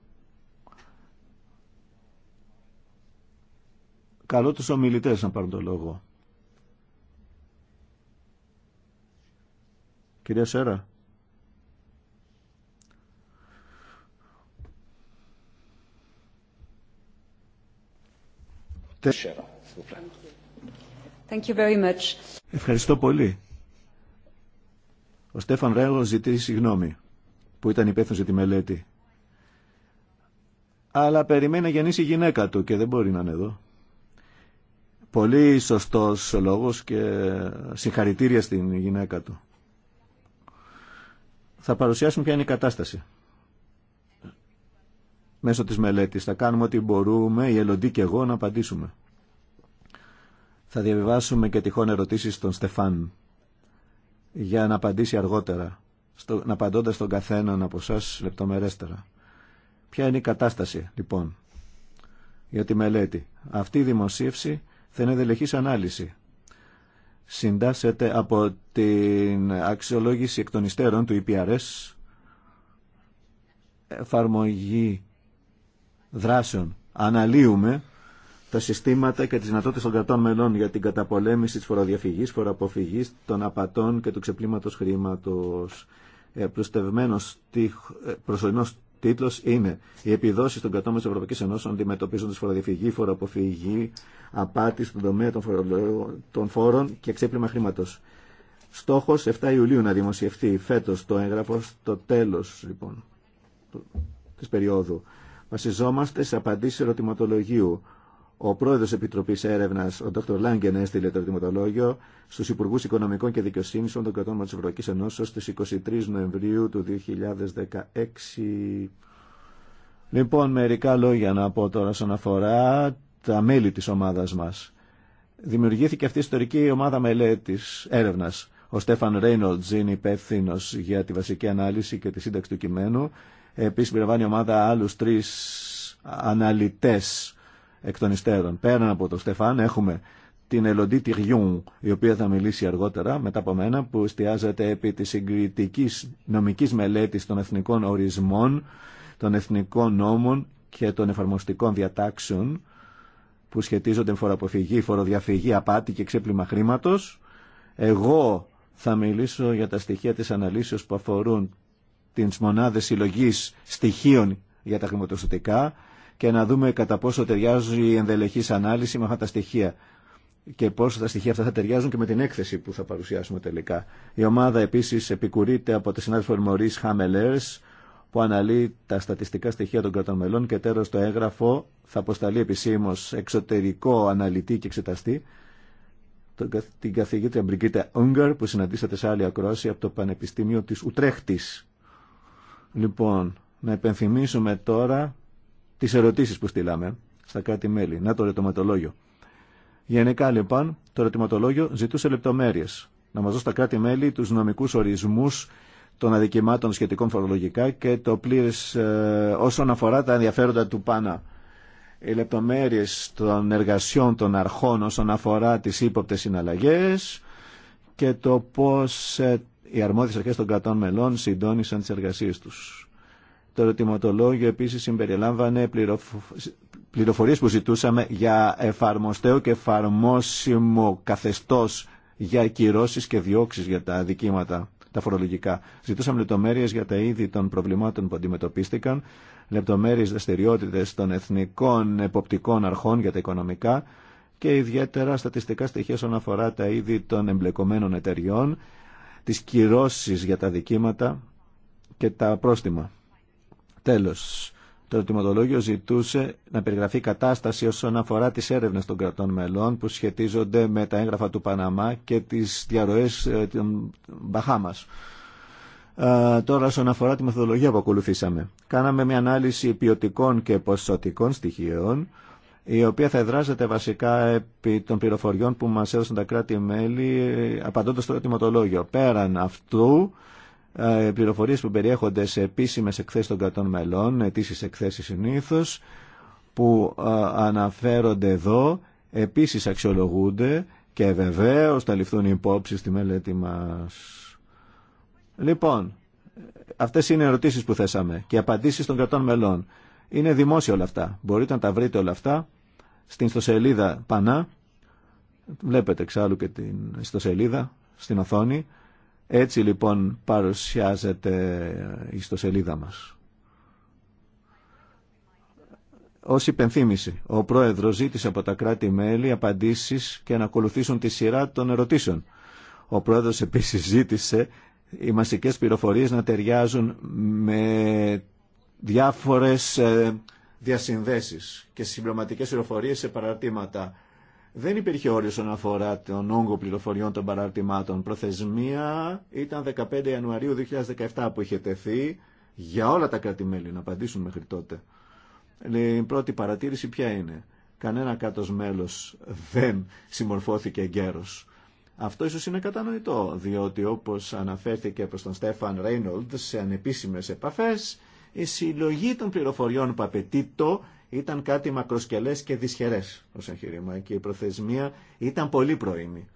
B: Καλώ τους ομιλητές να πάρουν το λόγο. Κυρία Σέρα. Ευχαριστώ πολύ. Ο Στέφαν Ρέγο ζητήσει συγγνώμη που ήταν υπεύθυνο για τη μελέτη. Αλλά περιμένει να γεννήσει η γυναίκα του και δεν μπορεί να είναι εδώ. Πολύ σωστός λόγος και συγχαρητήρια στην γυναίκα του. Θα παρουσιάσουμε ποια είναι η κατάσταση. Μέσω της μελέτης θα κάνουμε ό,τι μπορούμε, η Ελοντή και εγώ, να απαντήσουμε. Θα διαβιβάσουμε και τυχόν ερωτήσεις στον Στεφάν για να απαντήσει αργότερα, στο, να απαντώντας τον καθέναν από εσά λεπτομερέστερα. Ποια είναι η κατάσταση, λοιπόν, για τη μελέτη. Αυτή η δημοσίευση θα είναι ανάλυση. Συντάσσεται από την αξιολόγηση εκ των υστέρων του EPRS, εφαρμογή δράσεων. Αναλύουμε τα συστήματα και τις δυνατότητες των κρατών μελών για την καταπολέμηση της φοροδιαφυγής, φοροαποφυγής, των απατών και του ξεπλήματος χρήματος. Ε, προστευμένος ε, προσωρινός τίτλο είναι Οι επιδόσει των κατώμενων τη Ευρωπαϊκή Ένωση αντιμετωπίζουν τη φοροδιαφυγή, φοροαποφυγή, απάτη στον τομέα των φόρων και ξέπλυμα χρήματο. Στόχο 7 Ιουλίου να δημοσιευτεί φέτο το έγγραφο στο τέλο λοιπόν, τη περίοδου. Βασιζόμαστε σε απαντήσει ερωτηματολογίου ο πρόεδρος Επιτροπή Έρευνα, ο Δ. Λάγκεν, έστειλε το ερωτηματολόγιο στους Υπουργού Οικονομικών και Δικαιοσύνη των κρατών της Ευρωπαϊκή Ενώσεω στι 23 Νοεμβρίου του 2016. Λοιπόν, μερικά λόγια να πω τώρα όσον αφορά τα μέλη τη ομάδα μα. Δημιουργήθηκε αυτή η ιστορική ομάδα μελέτη έρευνα. Ο Στέφαν Ρέινολτζ είναι υπεύθυνο για τη βασική ανάλυση και τη σύνταξη του κειμένου. Επίση, περιλαμβάνει ομάδα άλλου τρει αναλυτέ εκ των υστέρων. Πέραν από τον Στεφάν έχουμε την Ελοντή Τυριούν, η οποία θα μιλήσει αργότερα μετά από μένα, που εστιάζεται επί της συγκριτικής νομικής μελέτης των εθνικών ορισμών, των εθνικών νόμων και των εφαρμοστικών διατάξεων που σχετίζονται με φοροαποφυγή, φοροδιαφυγή, απάτη και ξέπλυμα χρήματος. Εγώ θα μιλήσω για τα στοιχεία της αναλύσεως που αφορούν τις μονάδες συλλογής στοιχείων για τα χρηματοστατικά, και να δούμε κατά πόσο ταιριάζει η ενδελεχή ανάλυση με αυτά τα στοιχεία και πόσο τα στοιχεία αυτά θα ταιριάζουν και με την έκθεση που θα παρουσιάσουμε τελικά. Η ομάδα επίση επικουρείται από τη συνάδελφο Μωρή Χάμελερς που αναλύει τα στατιστικά στοιχεία των κρατών μελών και τέλο το έγγραφο θα αποσταλεί επισήμω εξωτερικό αναλυτή και εξεταστή την καθηγήτρια Μπριγκίτα Ούγκαρ που συναντήσατε σε άλλη ακρόαση από το Πανεπιστήμιο της Ουτρέχτη. Λοιπόν, να υπενθυμίσουμε τώρα τις ερωτήσεις που στείλαμε στα κράτη-μέλη. Να το ερωτηματολόγιο. Γενικά λοιπόν το ερωτηματολόγιο ζητούσε λεπτομέρειες. Να μας δώσει τα κράτη-μέλη τους νομικούς ορισμούς των αδικημάτων σχετικών φορολογικά και το πλήρες ε, όσον αφορά τα ενδιαφέροντα του ΠΑΝΑ. Οι λεπτομέρειες των εργασιών των αρχών όσον αφορά τις ύποπτες συναλλαγές και το πώς ε, οι αρμόδιες αρχές των κρατών μελών συντώνησαν τις εργασίε του. Το ερωτηματολόγιο επίσης συμπεριλάμβανε πληροφορίες που ζητούσαμε για εφαρμοστέο και εφαρμόσιμο καθεστώς για κυρώσεις και διώξεις για τα αδικήματα τα φορολογικά. Ζητούσαμε λεπτομέρειες για τα είδη των προβλημάτων που αντιμετωπίστηκαν, λεπτομέρειες δραστηριότητε των εθνικών εποπτικών αρχών για τα οικονομικά και ιδιαίτερα στατιστικά στοιχεία όσον αφορά τα είδη των εμπλεκομένων εταιριών, τις κυρώσει για τα δικήματα και τα πρόστιμα. Τέλος, το ερωτηματολόγιο ζητούσε να περιγραφεί κατάσταση όσον αφορά τις έρευνες των κρατών μελών που σχετίζονται με τα έγγραφα του Παναμά και τις διαρροές ε, των Μπαχάμας. Ε, τώρα, όσον αφορά τη μεθοδολογία που ακολουθήσαμε, κάναμε μια ανάλυση ποιοτικών και ποσοτικών στοιχείων, η οποία θα εδράζεται βασικά επί των πληροφοριών που μας έδωσαν τα κράτη-μέλη ε, απαντώντας στο ερωτηματολόγιο. Πέραν αυτού, ε, πληροφορίες που περιέχονται σε επίσημες εκθέσεις των κρατών μελών, αιτήσεις εκθέσεις συνήθω, που ε, αναφέρονται εδώ, επίσης αξιολογούνται και βεβαίως θα ληφθούν υπόψη στη μελέτη μας. Λοιπόν, αυτές είναι οι ερωτήσεις που θέσαμε και οι απαντήσεις των κρατών μελών. Είναι δημόσια όλα αυτά. Μπορείτε να τα βρείτε όλα αυτά στην ιστοσελίδα Πανά. Βλέπετε εξάλλου και την ιστοσελίδα στην οθόνη. Έτσι λοιπόν παρουσιάζεται η ιστοσελίδα μας. Ως υπενθύμηση, ο Πρόεδρος ζήτησε από τα κράτη-μέλη απαντήσεις και να ακολουθήσουν τη σειρά των ερωτήσεων. Ο Πρόεδρος επίσης ζήτησε οι μασικέ πληροφορίες να ταιριάζουν με διάφορες ε, διασυνδέσεις και συμπληρωματικές πληροφορίες σε παραρτήματα δεν υπήρχε όριο όσον αφορά τον όγκο πληροφοριών των παραρτημάτων. Προθεσμία ήταν 15 Ιανουαρίου 2017 που είχε τεθεί για όλα τα κράτη-μέλη να απαντήσουν μέχρι τότε. Η πρώτη παρατήρηση ποια είναι. Κανένα κάτω μέλος δεν συμμορφώθηκε εγκαίρως. Αυτό ίσως είναι κατανοητό, διότι όπως αναφέρθηκε προς τον Στέφαν Ρέινολντ σε ανεπίσημες επαφέ, η συλλογή των πληροφοριών που το ήταν κάτι μακροσκελές και δυσχερές ω εγχείρημα και η προθεσμία ήταν πολύ πρωίμη.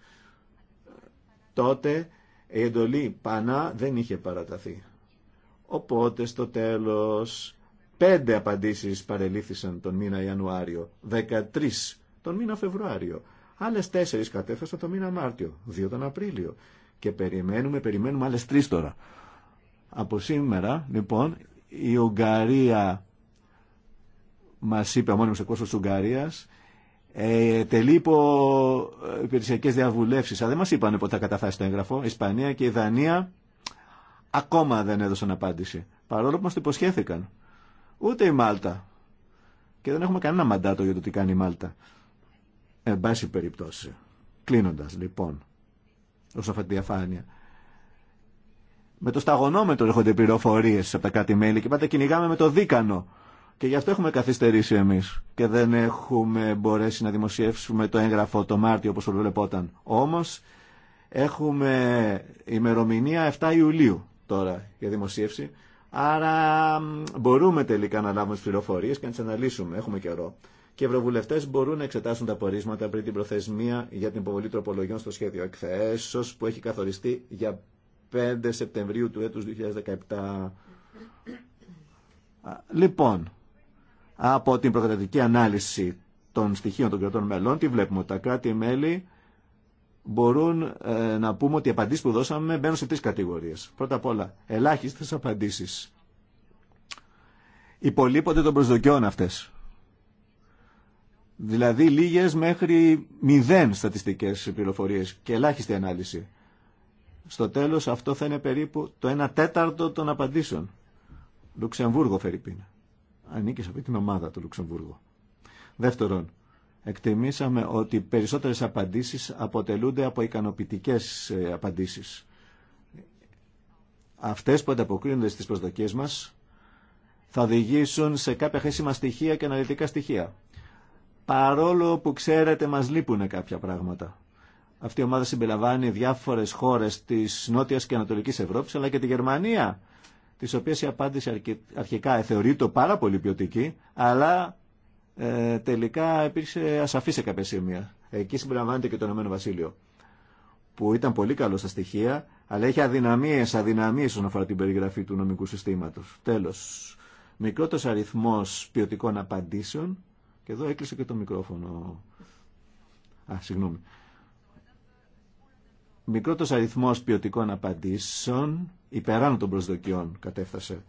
B: Τότε η εντολή Πανά δεν είχε παραταθεί. Οπότε στο τέλος πέντε απαντήσεις παρελήθησαν τον μήνα Ιανουάριο, 13 τον μήνα Φεβρουάριο, άλλες τέσσερις κατέφθασαν τον μήνα Μάρτιο, δύο τον Απρίλιο και περιμένουμε, περιμένουμε άλλες τρεις τώρα. Από σήμερα λοιπόν η Ουγγαρία μας είπε ο μόνιμος εκπρόσωπος της Ουγγαρίας, ε, τελεί υπό ε, υπηρεσιακές διαβουλεύσεις. Αλλά δεν μας είπαν πότε θα καταφάσει το έγγραφο. Η Ισπανία και η Δανία ακόμα δεν έδωσαν απάντηση. Παρόλο που μας το υποσχέθηκαν. Ούτε η Μάλτα. Και δεν έχουμε κανένα μαντάτο για το τι κάνει η Μάλτα. Εν πάση περιπτώσει. κλείνοντα λοιπόν, όσο αυτή τη διαφάνεια. Με το σταγονόμετρο έρχονται πληροφορίε από τα κάτι μέλη και πάντα κυνηγάμε με το δίκανο και γι' αυτό έχουμε καθυστερήσει εμεί και δεν έχουμε μπορέσει να δημοσιεύσουμε το έγγραφο το Μάρτιο όπω προβλεπόταν. Όμω, έχουμε ημερομηνία 7 Ιουλίου τώρα για δημοσίευση. Άρα μπορούμε τελικά να λάβουμε τι πληροφορίε και να τι αναλύσουμε. Έχουμε καιρό. Και οι ευρωβουλευτέ μπορούν να εξετάσουν τα πορίσματα πριν την προθεσμία για την υποβολή τροπολογιών στο σχέδιο εκθέσεω που έχει καθοριστεί για 5 Σεπτεμβρίου του έτου 2017. Λοιπόν, από την προκατατική ανάλυση των στοιχείων των κρατών μελών, τι βλέπουμε, τα κράτη-μέλη μπορούν ε, να πούμε ότι οι απαντήσεις που δώσαμε μπαίνουν σε τρεις κατηγορίες. Πρώτα απ' όλα, ελάχιστες απαντήσεις. Υπολείπονται των προσδοκιών αυτές. Δηλαδή λίγες μέχρι μηδέν στατιστικές πληροφορίες και ελάχιστη ανάλυση. Στο τέλος αυτό θα είναι περίπου το 1 τέταρτο των απαντήσεων. Λουξεμβούργο, Φερρυπίνα ανήκει σε αυτή την ομάδα του Λουξεμβούργου. Δεύτερον, εκτιμήσαμε ότι περισσότερες απαντήσεις αποτελούνται από ικανοποιητικές ε, απαντήσεις. Αυτές που ανταποκρίνονται στις προσδοκίες μας θα οδηγήσουν σε κάποια χρήσιμα στοιχεία και αναλυτικά στοιχεία. Παρόλο που ξέρετε μας λείπουν κάποια πράγματα. Αυτή η ομάδα συμπεριλαμβάνει διάφορες χώρες της Νότιας και Ανατολικής Ευρώπης αλλά και τη Γερμανία τις οποίες η απάντηση αρχικά θεωρείται πάρα πολύ ποιοτική, αλλά ε, τελικά υπήρξε ασαφή σε κάποια σημεία. Εκεί συμπεριλαμβάνεται και το Ηνωμένο Βασίλειο, που ήταν πολύ καλό στα στοιχεία, αλλά έχει αδυναμίες, αδυναμίες όσον αφορά την περιγραφή του νομικού συστήματος. Τέλος, μικρότερος αριθμός ποιοτικών απαντήσεων, και εδώ έκλεισε και το μικρόφωνο. Α, συγγνώμη. Μικρότερος αριθμός ποιοτικών απαντήσεων, υπεράνω των προσδοκιών κατέφτασε.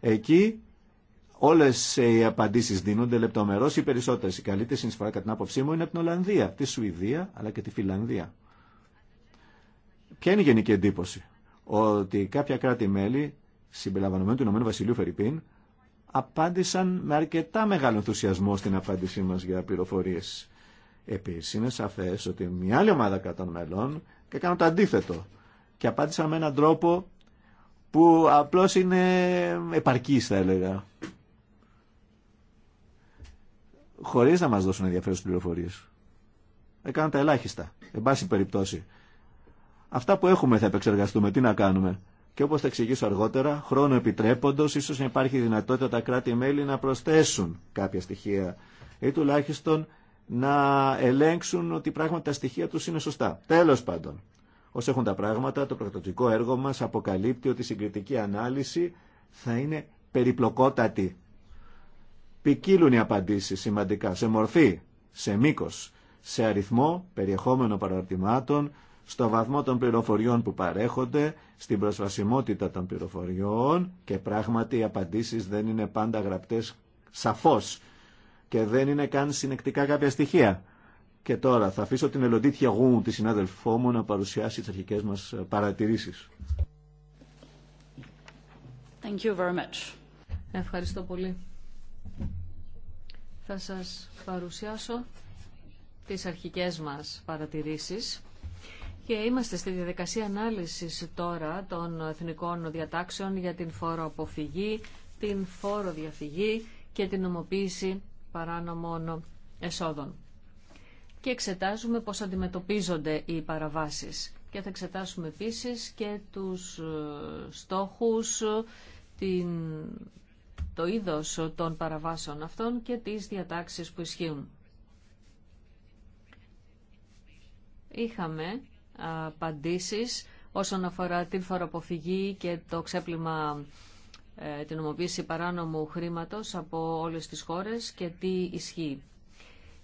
B: Εκεί όλε οι απαντήσει δίνονται λεπτομερώ ή περισσότερε. Η καλύτερη συνεισφορά κατά την άποψή μου είναι από την Ολλανδία, τη Σουηδία αλλά και τη Φιλανδία. Ποια είναι η γενική εντύπωση, ότι κάποια κράτη-μέλη, συμπεριλαμβανομένου του Ηνωμένου Βασιλείου Φερρυπίν, απάντησαν με αρκετά μεγάλο ενθουσιασμό στην απάντησή μα για πληροφορίε. Επίση, είναι σαφέ ότι μια άλλη ομάδα κρατών μελών και κάνουν το αντίθετο και απάντησαν με έναν τρόπο που απλώς είναι επαρκής θα έλεγα. Χωρίς να μας δώσουν ενδιαφέρουσες πληροφορίες. Έκαναν τα ελάχιστα, εν πάση περιπτώσει. Αυτά που έχουμε θα επεξεργαστούμε, τι να κάνουμε. Και όπως θα εξηγήσω αργότερα, χρόνο επιτρέποντος, ίσως να υπάρχει δυνατότητα τα κράτη-μέλη να προσθέσουν κάποια στοιχεία ή τουλάχιστον να ελέγξουν ότι πράγματι τα στοιχεία τους είναι σωστά. Τέλος πάντων, Όσο έχουν τα πράγματα, το πρωτοτυπικό έργο μας αποκαλύπτει ότι η συγκριτική ανάλυση θα είναι περιπλοκότατη. Ποικίλουν οι απαντήσεις σημαντικά σε μορφή, σε μήκος, σε αριθμό περιεχόμενο παραρτημάτων, στο βαθμό των πληροφοριών που παρέχονται, στην προσβασιμότητα των πληροφοριών και πράγματι οι απαντήσεις δεν είναι πάντα γραπτές σαφώς και δεν είναι καν συνεκτικά κάποια στοιχεία. Και τώρα θα αφήσω την Ελοντή γου τη συνάδελφό μου, να παρουσιάσει τι αρχικέ μας παρατηρήσεις.
D: Ευχαριστώ πολύ. Θα σας παρουσιάσω τις αρχικές μας παρατηρήσεις και είμαστε στη διαδικασία ανάλυσης τώρα των εθνικών διατάξεων για την φόρο αποφυγή, την φόρο διαφυγή και την νομοποίηση παράνομων εσόδων και εξετάζουμε πώς αντιμετωπίζονται οι παραβάσεις. Και θα εξετάσουμε επίσης και τους ε, στόχους, την, το είδος των παραβάσεων αυτών και τις διατάξεις που ισχύουν. Είχαμε απαντήσεις όσον αφορά την φοροποφυγή και το ξέπλυμα ε, την ομοποίηση παράνομου χρήματος από όλες τις χώρες και τι ισχύει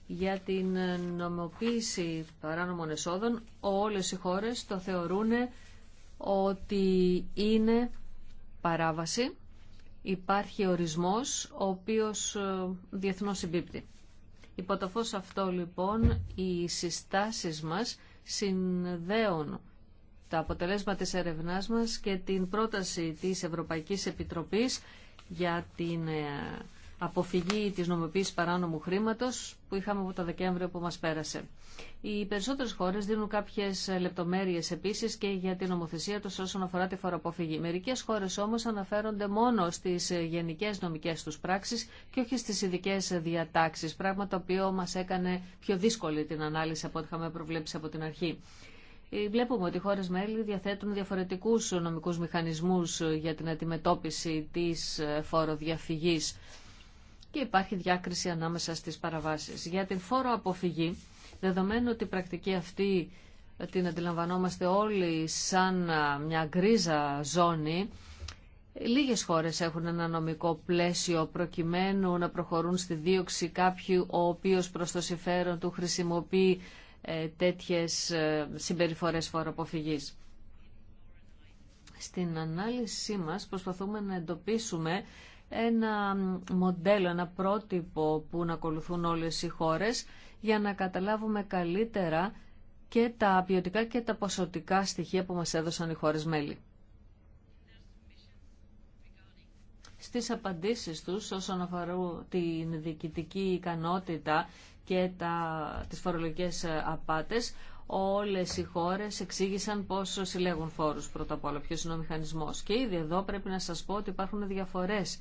D: για την νομοποίηση παράνομων εσόδων όλες οι χώρες το θεωρούν ότι είναι παράβαση. Υπάρχει ορισμός ο οποίος ε, διεθνώς συμπίπτει. Υπό το φως αυτό λοιπόν οι συστάσεις μας συνδέουν τα αποτελέσματα της ερευνάς μας και την πρόταση της Ευρωπαϊκής Επιτροπής για την ε, αποφυγή της νομοποίησης παράνομου χρήματος που είχαμε από το Δεκέμβριο που μας πέρασε. Οι περισσότερες χώρες δίνουν κάποιες λεπτομέρειες επίσης και για την νομοθεσία τους όσον αφορά τη φοροαποφυγή. Μερικές χώρες όμως αναφέρονται μόνο στις γενικές νομικές τους πράξεις και όχι στις ειδικέ διατάξεις, πράγμα το οποίο μας έκανε πιο δύσκολη την ανάλυση από ό,τι είχαμε προβλέψει από την αρχή. Ε, βλέπουμε ότι οι χώρε μέλη διαθέτουν διαφορετικού νομικού μηχανισμού για την αντιμετώπιση τη ε, φοροδιαφυγή και υπάρχει διάκριση ανάμεσα στις παραβάσεις. Για την φόρο αποφυγή, δεδομένου ότι η πρακτική αυτή την αντιλαμβανόμαστε όλοι σαν μια γκρίζα ζώνη, Λίγες χώρες έχουν ένα νομικό πλαίσιο προκειμένου να προχωρούν στη δίωξη κάποιου ο οποίος προς το συμφέρον του χρησιμοποιεί ε, τέτοιες ε, συμπεριφορές αποφυγής. Στην ανάλυση μας προσπαθούμε να εντοπίσουμε ένα μοντέλο, ένα πρότυπο που να ακολουθούν όλες οι χώρες για να καταλάβουμε καλύτερα και τα ποιοτικά και τα ποσοτικά στοιχεία που μας έδωσαν οι χώρες μέλη. Στις απαντήσεις τους όσον αφορά την διοικητική ικανότητα και τα, τις φορολογικές απάτες, όλες οι χώρες εξήγησαν πόσο συλλέγουν φόρους πρώτα απ' όλα, ποιος είναι ο μηχανισμός. Και ήδη εδώ πρέπει να σας πω ότι υπάρχουν διαφορές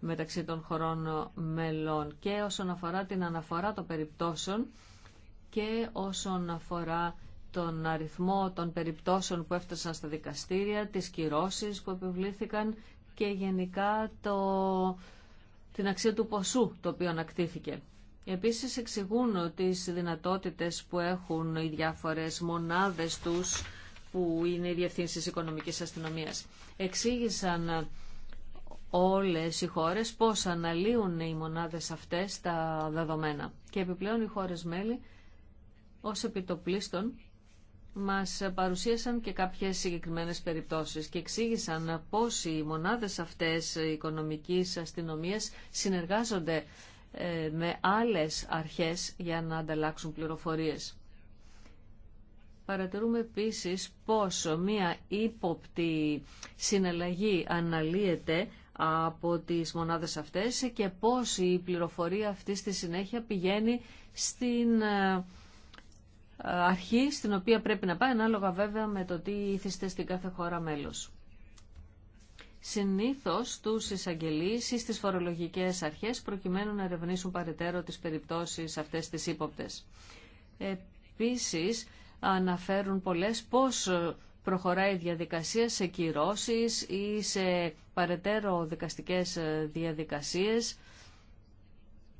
D: μεταξύ των χωρών μελών και όσον αφορά την αναφορά των περιπτώσεων και όσον αφορά τον αριθμό των περιπτώσεων που έφτασαν στα δικαστήρια, τις κυρώσεις που επιβλήθηκαν και γενικά το, την αξία του ποσού το οποίο ανακτήθηκε. Επίσης εξηγούν τις δυνατότητες που έχουν οι διάφορες μονάδες τους που είναι οι διευθύνσεις οικονομικής αστυνομίας. Εξήγησαν όλες οι χώρες πώς αναλύουν οι μονάδες αυτές τα δεδομένα. Και επιπλέον οι χώρες μέλη ως επιτοπλίστων μας παρουσίασαν και κάποιες συγκεκριμένες περιπτώσεις και εξήγησαν πώς οι μονάδες αυτές οικονομικής αστυνομίας συνεργάζονται ε, με άλλες αρχές για να ανταλλάξουν πληροφορίες. Παρατηρούμε επίσης πόσο μία ύποπτη συναλλαγή αναλύεται από τις μονάδες αυτές και πώς η πληροφορία αυτή στη συνέχεια πηγαίνει στην ε, αρχή στην οποία πρέπει να πάει ανάλογα βέβαια με το τι ήθιστε στην κάθε χώρα μέλος. Συνήθως τους εισαγγελείς ή στις φορολογικές αρχές προκειμένου να ερευνήσουν παρετέρω τις περιπτώσεις αυτές τις ύποπτες. Επίσης αναφέρουν πολλές πώς προχωράει η διαδικασία σε κυρώσεις ή σε παρετέρω δικαστικές διαδικασίες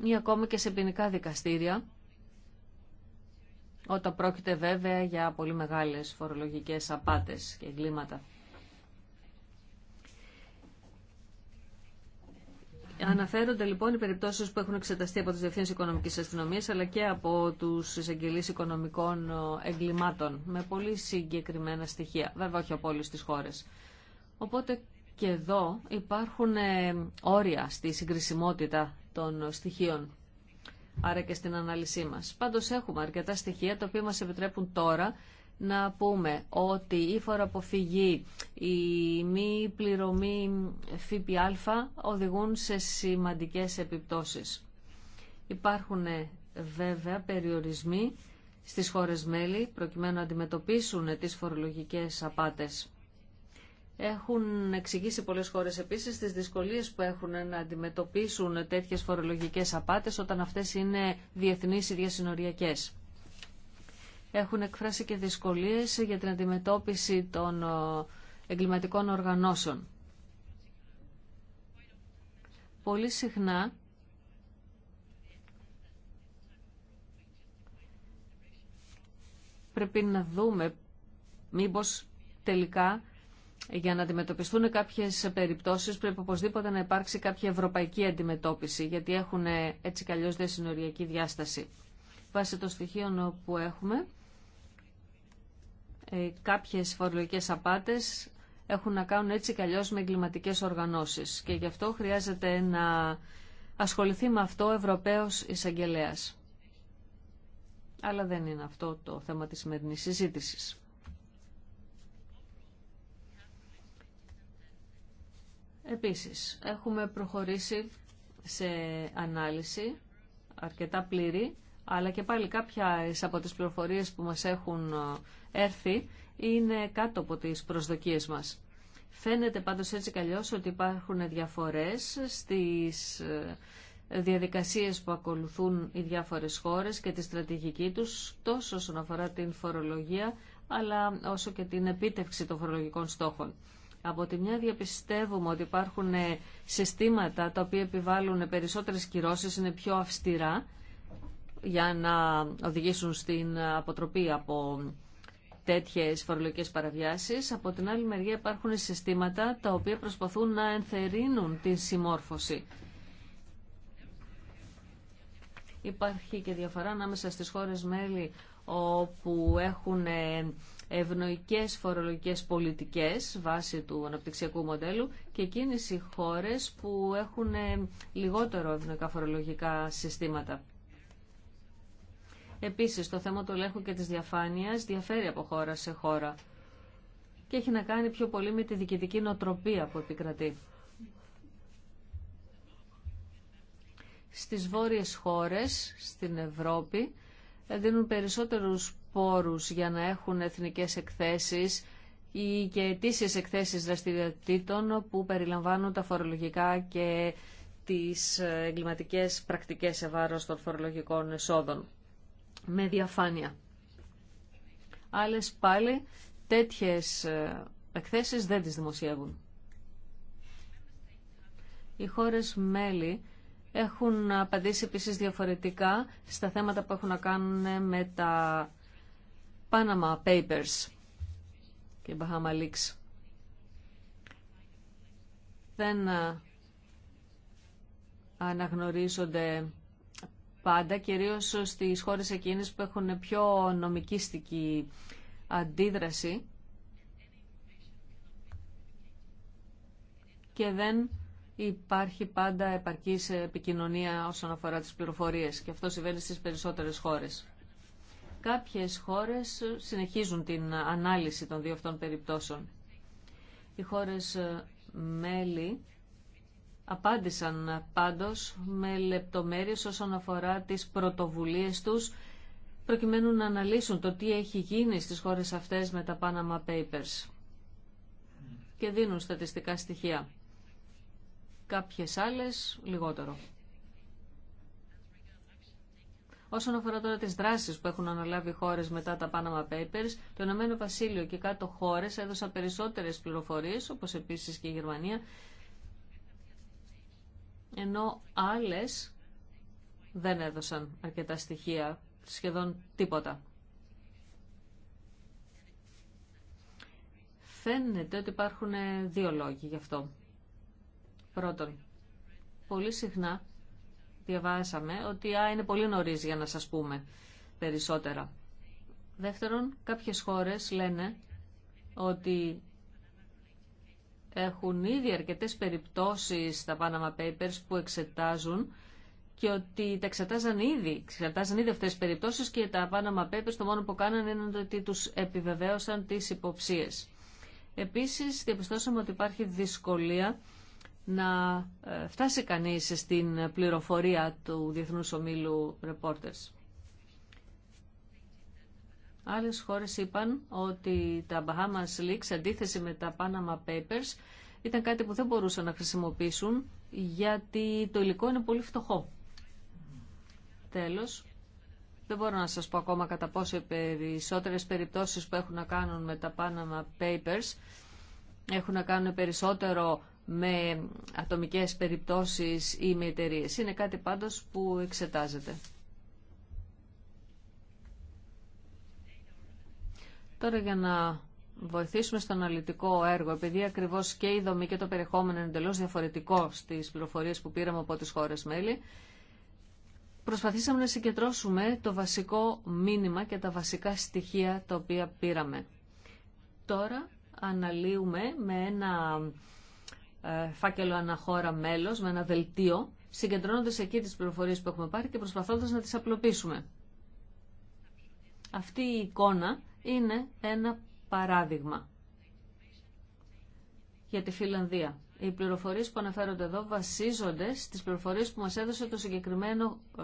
D: ή ακόμα και σε ποινικά δικαστήρια όταν πρόκειται βέβαια για πολύ μεγάλες φορολογικές απάτες και εγκλήματα. Αναφέρονται λοιπόν οι περιπτώσει που έχουν εξεταστεί από τι Διευθύνσει Οικονομική Αστυνομία αλλά και από του εισαγγελεί οικονομικών ε, εγκλημάτων με πολύ συγκεκριμένα στοιχεία. Βέβαια, όχι από όλε τι χώρε. Οπότε και εδώ υπάρχουν ε, όρια στη συγκρισιμότητα των στοιχείων. Άρα και στην ανάλυση μας. Πάντως έχουμε αρκετά στοιχεία τα οποία μας επιτρέπουν τώρα να πούμε ότι η φοροαποφυγή, η μη πληρωμή ΦΠΑ οδηγούν σε σημαντικές επιπτώσεις. Υπάρχουν ε, βέβαια περιορισμοί στις χώρες μέλη προκειμένου να αντιμετωπίσουν τις φορολογικές απάτες. Έχουν εξηγήσει πολλές χώρες επίσης τις δυσκολίες που έχουν να αντιμετωπίσουν τέτοιες φορολογικές απάτες όταν αυτές είναι διεθνείς ή διασυνοριακές έχουν εκφράσει και δυσκολίες για την αντιμετώπιση των ε, εγκληματικών οργανώσεων. Πολύ συχνά πρέπει να δούμε μήπως τελικά για να αντιμετωπιστούν κάποιες περιπτώσεις πρέπει οπωσδήποτε να υπάρξει κάποια ευρωπαϊκή αντιμετώπιση γιατί έχουν ε, έτσι κι αλλιώς διασυνοριακή διάσταση βάσει των στοιχείων που έχουμε, ε, κάποιες φορολογικές απάτες έχουν να κάνουν έτσι κι αλλιώς με εγκληματικές οργανώσεις και γι' αυτό χρειάζεται να ασχοληθεί με αυτό ο Ευρωπαίος εισαγγελέα. Αλλά δεν είναι αυτό το θέμα της σημερινής συζήτησης. Επίσης, έχουμε προχωρήσει σε ανάλυση αρκετά πλήρη αλλά και πάλι κάποια από τις πληροφορίες που μας έχουν ε, έρθει είναι κάτω από τις προσδοκίες μας. Φαίνεται πάντως έτσι καλλιώς ότι υπάρχουν διαφορές στις ε, διαδικασίες που ακολουθούν οι διάφορες χώρες και τη στρατηγική τους τόσο όσον αφορά την φορολογία αλλά όσο και την επίτευξη των φορολογικών στόχων. Από τη μια διαπιστεύουμε ότι υπάρχουν ε, συστήματα τα οποία επιβάλλουν περισσότερες κυρώσεις, είναι πιο αυστηρά για να οδηγήσουν στην αποτροπή από τέτοιε φορολογικές παραβιάσεις. Από την άλλη μεριά υπάρχουν συστήματα τα οποία προσπαθούν να ενθερίνουν τη συμμόρφωση. Υπάρχει και διαφορά ανάμεσα στις χώρες μέλη όπου έχουν ευνοϊκές φορολογικές πολιτικές βάσει του αναπτυξιακού μοντέλου και εκείνες οι χώρες που έχουν λιγότερο ευνοϊκά φορολογικά συστήματα. Επίσης, το θέμα του ελέγχου και της διαφάνειας διαφέρει από χώρα σε χώρα και έχει να κάνει πιο πολύ με τη διοικητική νοοτροπία που επικρατεί. Στις βόρειες χώρες, στην Ευρώπη, δίνουν περισσότερους πόρους για να έχουν εθνικές εκθέσεις ή και αιτήσεις εκθέσεις δραστηριοτήτων που περιλαμβάνουν τα φορολογικά και τις εγκληματικές πρακτικές σε βάρος των φορολογικών εσόδων με διαφάνεια. Άλλες πάλι τέτοιες ε, εκθέσεις δεν τις δημοσιεύουν. Οι χώρες μέλη έχουν απαντήσει επίσης διαφορετικά στα θέματα που έχουν να κάνουν με τα Panama Papers και Bahama Leaks. Δεν ε, αναγνωρίζονται πάντα, κυρίως στις χώρες εκείνες που έχουν πιο νομικήστική αντίδραση και δεν υπάρχει πάντα επαρκής επικοινωνία όσον αφορά τις πληροφορίες και αυτό συμβαίνει στις περισσότερες χώρες. Κάποιες χώρες συνεχίζουν την ανάλυση των δύο αυτών περιπτώσεων. Οι χώρες μέλη Απάντησαν πάντως με λεπτομέρειες όσον αφορά τις πρωτοβουλίες τους προκειμένου να αναλύσουν το τι έχει γίνει στις χώρες αυτές με τα Panama Papers και δίνουν στατιστικά στοιχεία. Κάποιες άλλες λιγότερο. Όσον αφορά τώρα τις δράσεις που έχουν αναλάβει οι χώρες μετά τα Panama Papers, το Ηνωμένο Βασίλειο και κάτω χώρες έδωσαν περισσότερες πληροφορίες, όπως επίσης και η Γερμανία, ενώ άλλες δεν έδωσαν αρκετά στοιχεία, σχεδόν τίποτα. Φαίνεται ότι υπάρχουν δύο λόγοι γι' αυτό. Πρώτον, πολύ συχνά διαβάσαμε ότι α, είναι πολύ νωρίς για να σας πούμε περισσότερα. Δεύτερον, κάποιες χώρες λένε ότι έχουν ήδη αρκετές περιπτώσεις στα Panama Papers που εξετάζουν και ότι τα εξετάζαν ήδη, εξετάζαν ήδη αυτές τις περιπτώσεις και τα Panama Papers το μόνο που κάνανε είναι ότι τους επιβεβαίωσαν τις υποψίες. Επίσης, διαπιστώσαμε ότι υπάρχει δυσκολία να ε, φτάσει κανείς στην πληροφορία του Διεθνούς Ομίλου Reporters. Άλλες χώρες είπαν ότι τα Bahamas Leaks, αντίθεση με τα Panama Papers, ήταν κάτι που δεν μπορούσαν να χρησιμοποιήσουν γιατί το υλικό είναι πολύ φτωχό. Τέλος, δεν μπορώ να σας πω ακόμα κατά πόσο οι περισσότερες περιπτώσεις που έχουν να κάνουν με τα Panama Papers έχουν να κάνουν περισσότερο με ατομικές περιπτώσεις ή με εταιρείε. Είναι κάτι πάντως που εξετάζεται. Τώρα για να βοηθήσουμε στο αναλυτικό έργο, επειδή ακριβώς και η δομή και το περιεχόμενο είναι εντελώ διαφορετικό στις πληροφορίες που πήραμε από τι χώρε μέλη, προσπαθήσαμε να συγκεντρώσουμε το βασικό μήνυμα και τα βασικά στοιχεία τα οποία πήραμε. Τώρα αναλύουμε με ένα ε, φάκελο αναχώρα μέλος, με ένα δελτίο, συγκεντρώνοντας εκεί τις πληροφορίες που έχουμε πάρει και προσπαθώντας να τις απλοποιήσουμε. Αυτή η εικόνα είναι ένα παράδειγμα για τη Φιλανδία. Οι πληροφορίες που αναφέρονται εδώ βασίζονται στις πληροφορίες που μας έδωσε το συγκεκριμένο ε,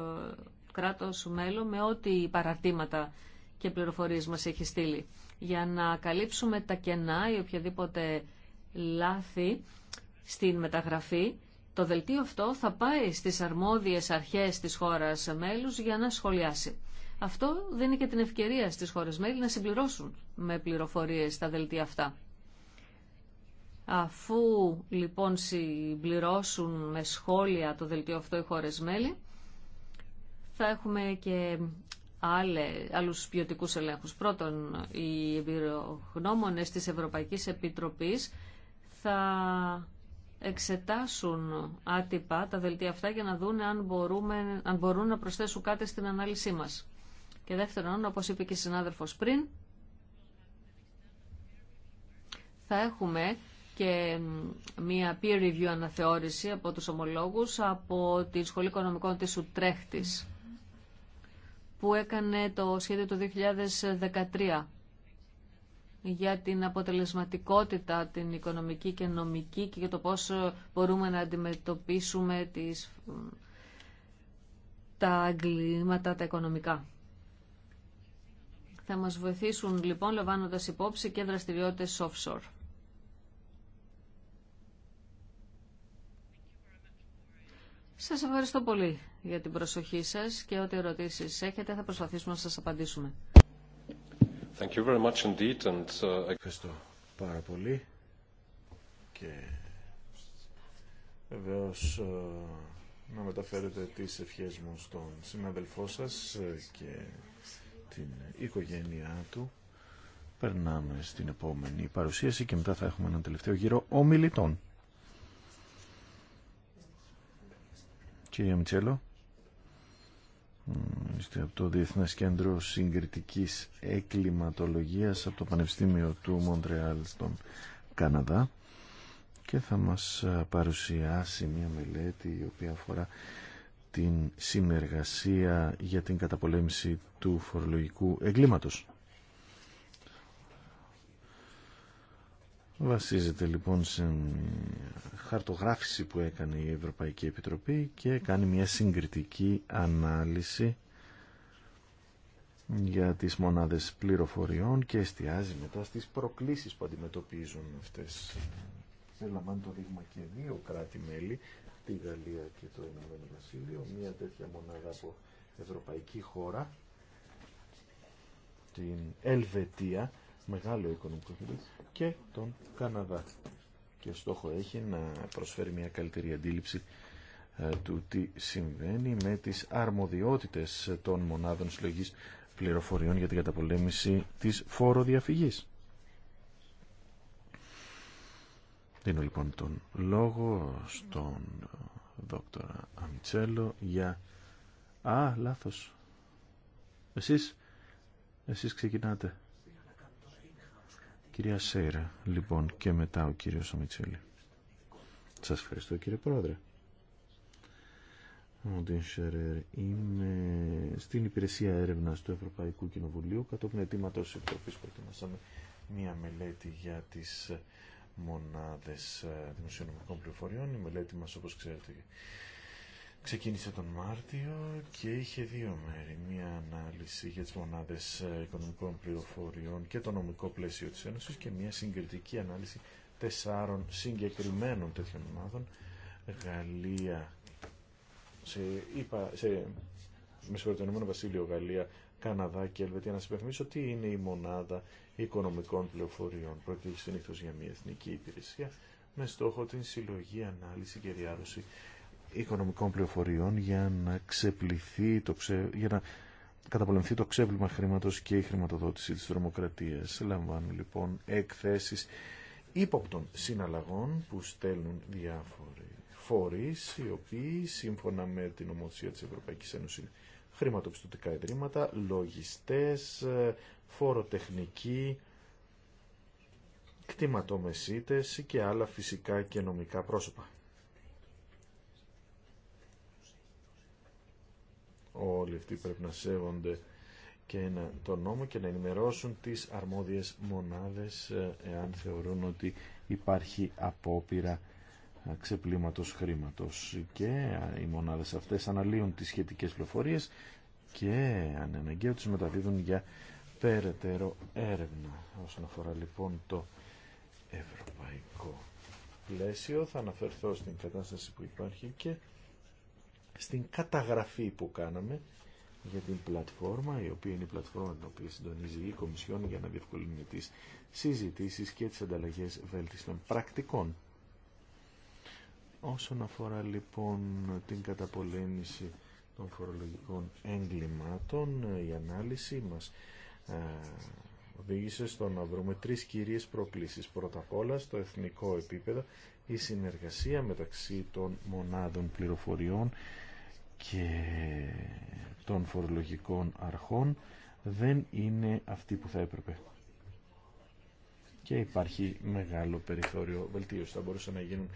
D: κράτος μέλο με ό,τι παρατήματα και πληροφορίες μας έχει στείλει. Για να καλύψουμε τα κενά ή οποιαδήποτε λάθη στην μεταγραφή, το δελτίο αυτό θα πάει στις αρμόδιες αρχές της χώρας μέλους για να σχολιάσει. Αυτό δίνει και την ευκαιρία στις χώρες μέλη να συμπληρώσουν με πληροφορίες τα δελτία αυτά. Αφού λοιπόν συμπληρώσουν με σχόλια το δελτίο αυτό οι χώρες μέλη, θα έχουμε και άλλε, άλλους ποιοτικού ελέγχους. Πρώτον, οι εμπειρογνώμονες της Ευρωπαϊκής Επιτροπής θα εξετάσουν άτυπα τα δελτία αυτά για να δουν αν, μπορούμε, αν μπορούν να προσθέσουν κάτι στην ανάλυση μας. Και δεύτερον, όπως είπε και η συνάδελφος πριν, θα έχουμε και μία peer review αναθεώρηση από τους ομολόγους από τη Σχολή Οικονομικών της Ουτρέχτης που έκανε το σχέδιο το 2013 για την αποτελεσματικότητα, την οικονομική και νομική και για το πώς μπορούμε να αντιμετωπίσουμε τις, τα εγκλήματα, τα οικονομικά. Θα μας βοηθήσουν λοιπόν λαμβάνοντας υπόψη και δραστηριότητες offshore. Σας ευχαριστώ πολύ για την προσοχή σας και ό,τι ερωτήσεις έχετε θα προσπαθήσουμε να σας απαντήσουμε.
A: Thank you very much indeed and... Uh, ευχαριστώ
E: πάρα πολύ και βεβαίω ε, να μεταφέρετε τις ευχές μου στον συναδελφό σας ε, και την οικογένειά του. Περνάμε στην επόμενη παρουσίαση και μετά θα έχουμε ένα τελευταίο γύρο ομιλητών. Κύριε Μιτσέλο, είστε από το Διεθνές Κέντρο Συγκριτικής Εκκληματολογίας από το Πανεπιστήμιο του Μοντρεάλ στον Καναδά και θα μας παρουσιάσει μια μελέτη η οποία αφορά την συνεργασία για την καταπολέμηση του φορολογικού εγκλήματος. Βασίζεται λοιπόν σε χαρτογράφηση που έκανε η Ευρωπαϊκή Επιτροπή και κάνει μια συγκριτική ανάλυση για τις μονάδες πληροφοριών και εστιάζει μετά στις προκλήσεις που αντιμετωπίζουν αυτές. να το δείγμα και δύο κράτη-μέλη τη Γαλλία και το Ηνωμένο Βασίλειο, μια τέτοια μονάδα από ευρωπαϊκή χώρα, την Ελβετία, μεγάλο οικονομικό κέντρο, και τον Καναδά. Και στόχο έχει να προσφέρει μια καλύτερη αντίληψη ε, του τι συμβαίνει με τις αρμοδιότητες των μονάδων συλλογής πληροφοριών για την καταπολέμηση της φοροδιαφυγής. Δίνω λοιπόν τον λόγο στον δόκτωρα Αμιτσέλο για... Α, λάθος. Εσείς, εσείς ξεκινάτε. Κυρία Σέιρα, λοιπόν, και μετά ο κύριος Αμιτσέλη. Σας ευχαριστώ κύριε Πρόεδρε. είναι στην υπηρεσία έρευνας του Ευρωπαϊκού Κοινοβουλίου κατόπιν αιτήματος επιτροπής που μια μελέτη για τις μονάδες ε, δημοσιονομικών πληροφοριών. Η μελέτη μας, όπως ξέρετε, ξεκίνησε τον Μάρτιο και είχε δύο μέρη. Μία ανάλυση για τις μονάδες ε, οικονομικών πληροφοριών και το νομικό πλαίσιο της Ένωσης και μία συγκριτική ανάλυση τεσσάρων συγκεκριμένων τέτοιων ομάδων. Γαλλία, σε, είπα, σε, με συγχωρείτε, Βασίλειο, Γαλλία, Καναδά και Ελβετία. Να σα τι είναι η μονάδα οικονομικών πληροφοριών. Πρόκειται συνήθω για μια εθνική υπηρεσία με στόχο την συλλογή, ανάλυση και διάδοση οικονομικών πληροφοριών για να, ξεπληθεί το ξε... για να καταπολεμηθεί το ξέπλυμα χρήματος και η χρηματοδότηση της δρομοκρατίας. Λαμβάνουν λοιπόν εκθέσεις ύποπτων συναλλαγών που στέλνουν διάφοροι φορείς οι οποίοι σύμφωνα με την ομοθεσία της Ευρωπαϊκής Ένωσης χρηματοπιστωτικά ιδρύματα, λογιστές, ε, φοροτεχνικοί, κτηματομεσίτες και άλλα φυσικά και νομικά πρόσωπα. Όλοι αυτοί πρέπει να σέβονται και να, τον νόμο και να ενημερώσουν τις αρμόδιες μονάδες ε, εάν θεωρούν ότι υπάρχει απόπειρα ξεπλήματος χρήματος και οι μονάδες αυτές αναλύουν τις σχετικές πληροφορίες και αν τους μεταδίδουν για περαιτέρω έρευνα όσον αφορά λοιπόν το ευρωπαϊκό πλαίσιο θα αναφερθώ στην κατάσταση που υπάρχει και στην καταγραφή που κάναμε για την πλατφόρμα η οποία είναι η πλατφόρμα την οποία συντονίζει η Κομισιόν για να διευκολύνει τις συζητήσεις και τις ανταλλαγές βέλτιστων πρακτικών Όσον αφορά λοιπόν την καταπολέμηση των φορολογικών εγκλημάτων, η ανάλυση μας ε, οδήγησε στο να βρούμε τρεις κυρίες προκλήσεις. Πρώτα απ' όλα στο εθνικό επίπεδο η συνεργασία μεταξύ των μονάδων πληροφοριών και των φορολογικών αρχών δεν είναι αυτή που θα έπρεπε. Και υπάρχει μεγάλο περιθώριο βελτίωση. Θα μπορούσαν να γίνουν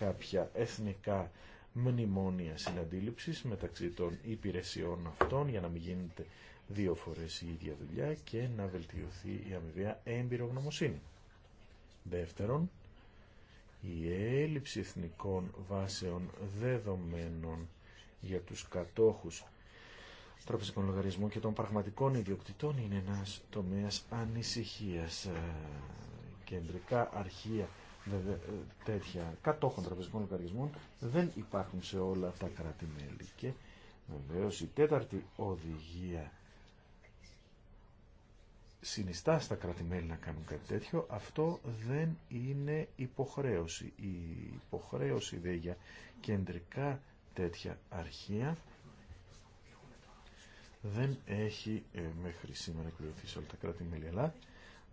E: κάποια εθνικά μνημόνια συναντήληψης μεταξύ των υπηρεσιών αυτών για να μην γίνεται δύο φορές η ίδια δουλειά και να βελτιωθεί η αμοιβαία γνωμοσύνη. Δεύτερον, η έλλειψη εθνικών βάσεων δεδομένων για τους κατόχους τραπεζικών λογαριασμών και των πραγματικών ιδιοκτητών είναι ένας τομέας ανησυχίας. Ε, κεντρικά αρχεία ναι, ε, τέτοια κατόχων τραπεζικών λογαριασμών δεν υπάρχουν σε όλα τα κράτη-μέλη. Και βεβαίως η τέταρτη οδηγία συνιστά στα κράτη-μέλη να κάνουν κάτι τέτοιο. Αυτό δεν είναι υποχρέωση. Η υποχρέωση δε για κεντρικά τέτοια αρχεία δεν έχει ε, μέχρι σήμερα εκπληρωθεί σε όλα τα κράτη-μέλη.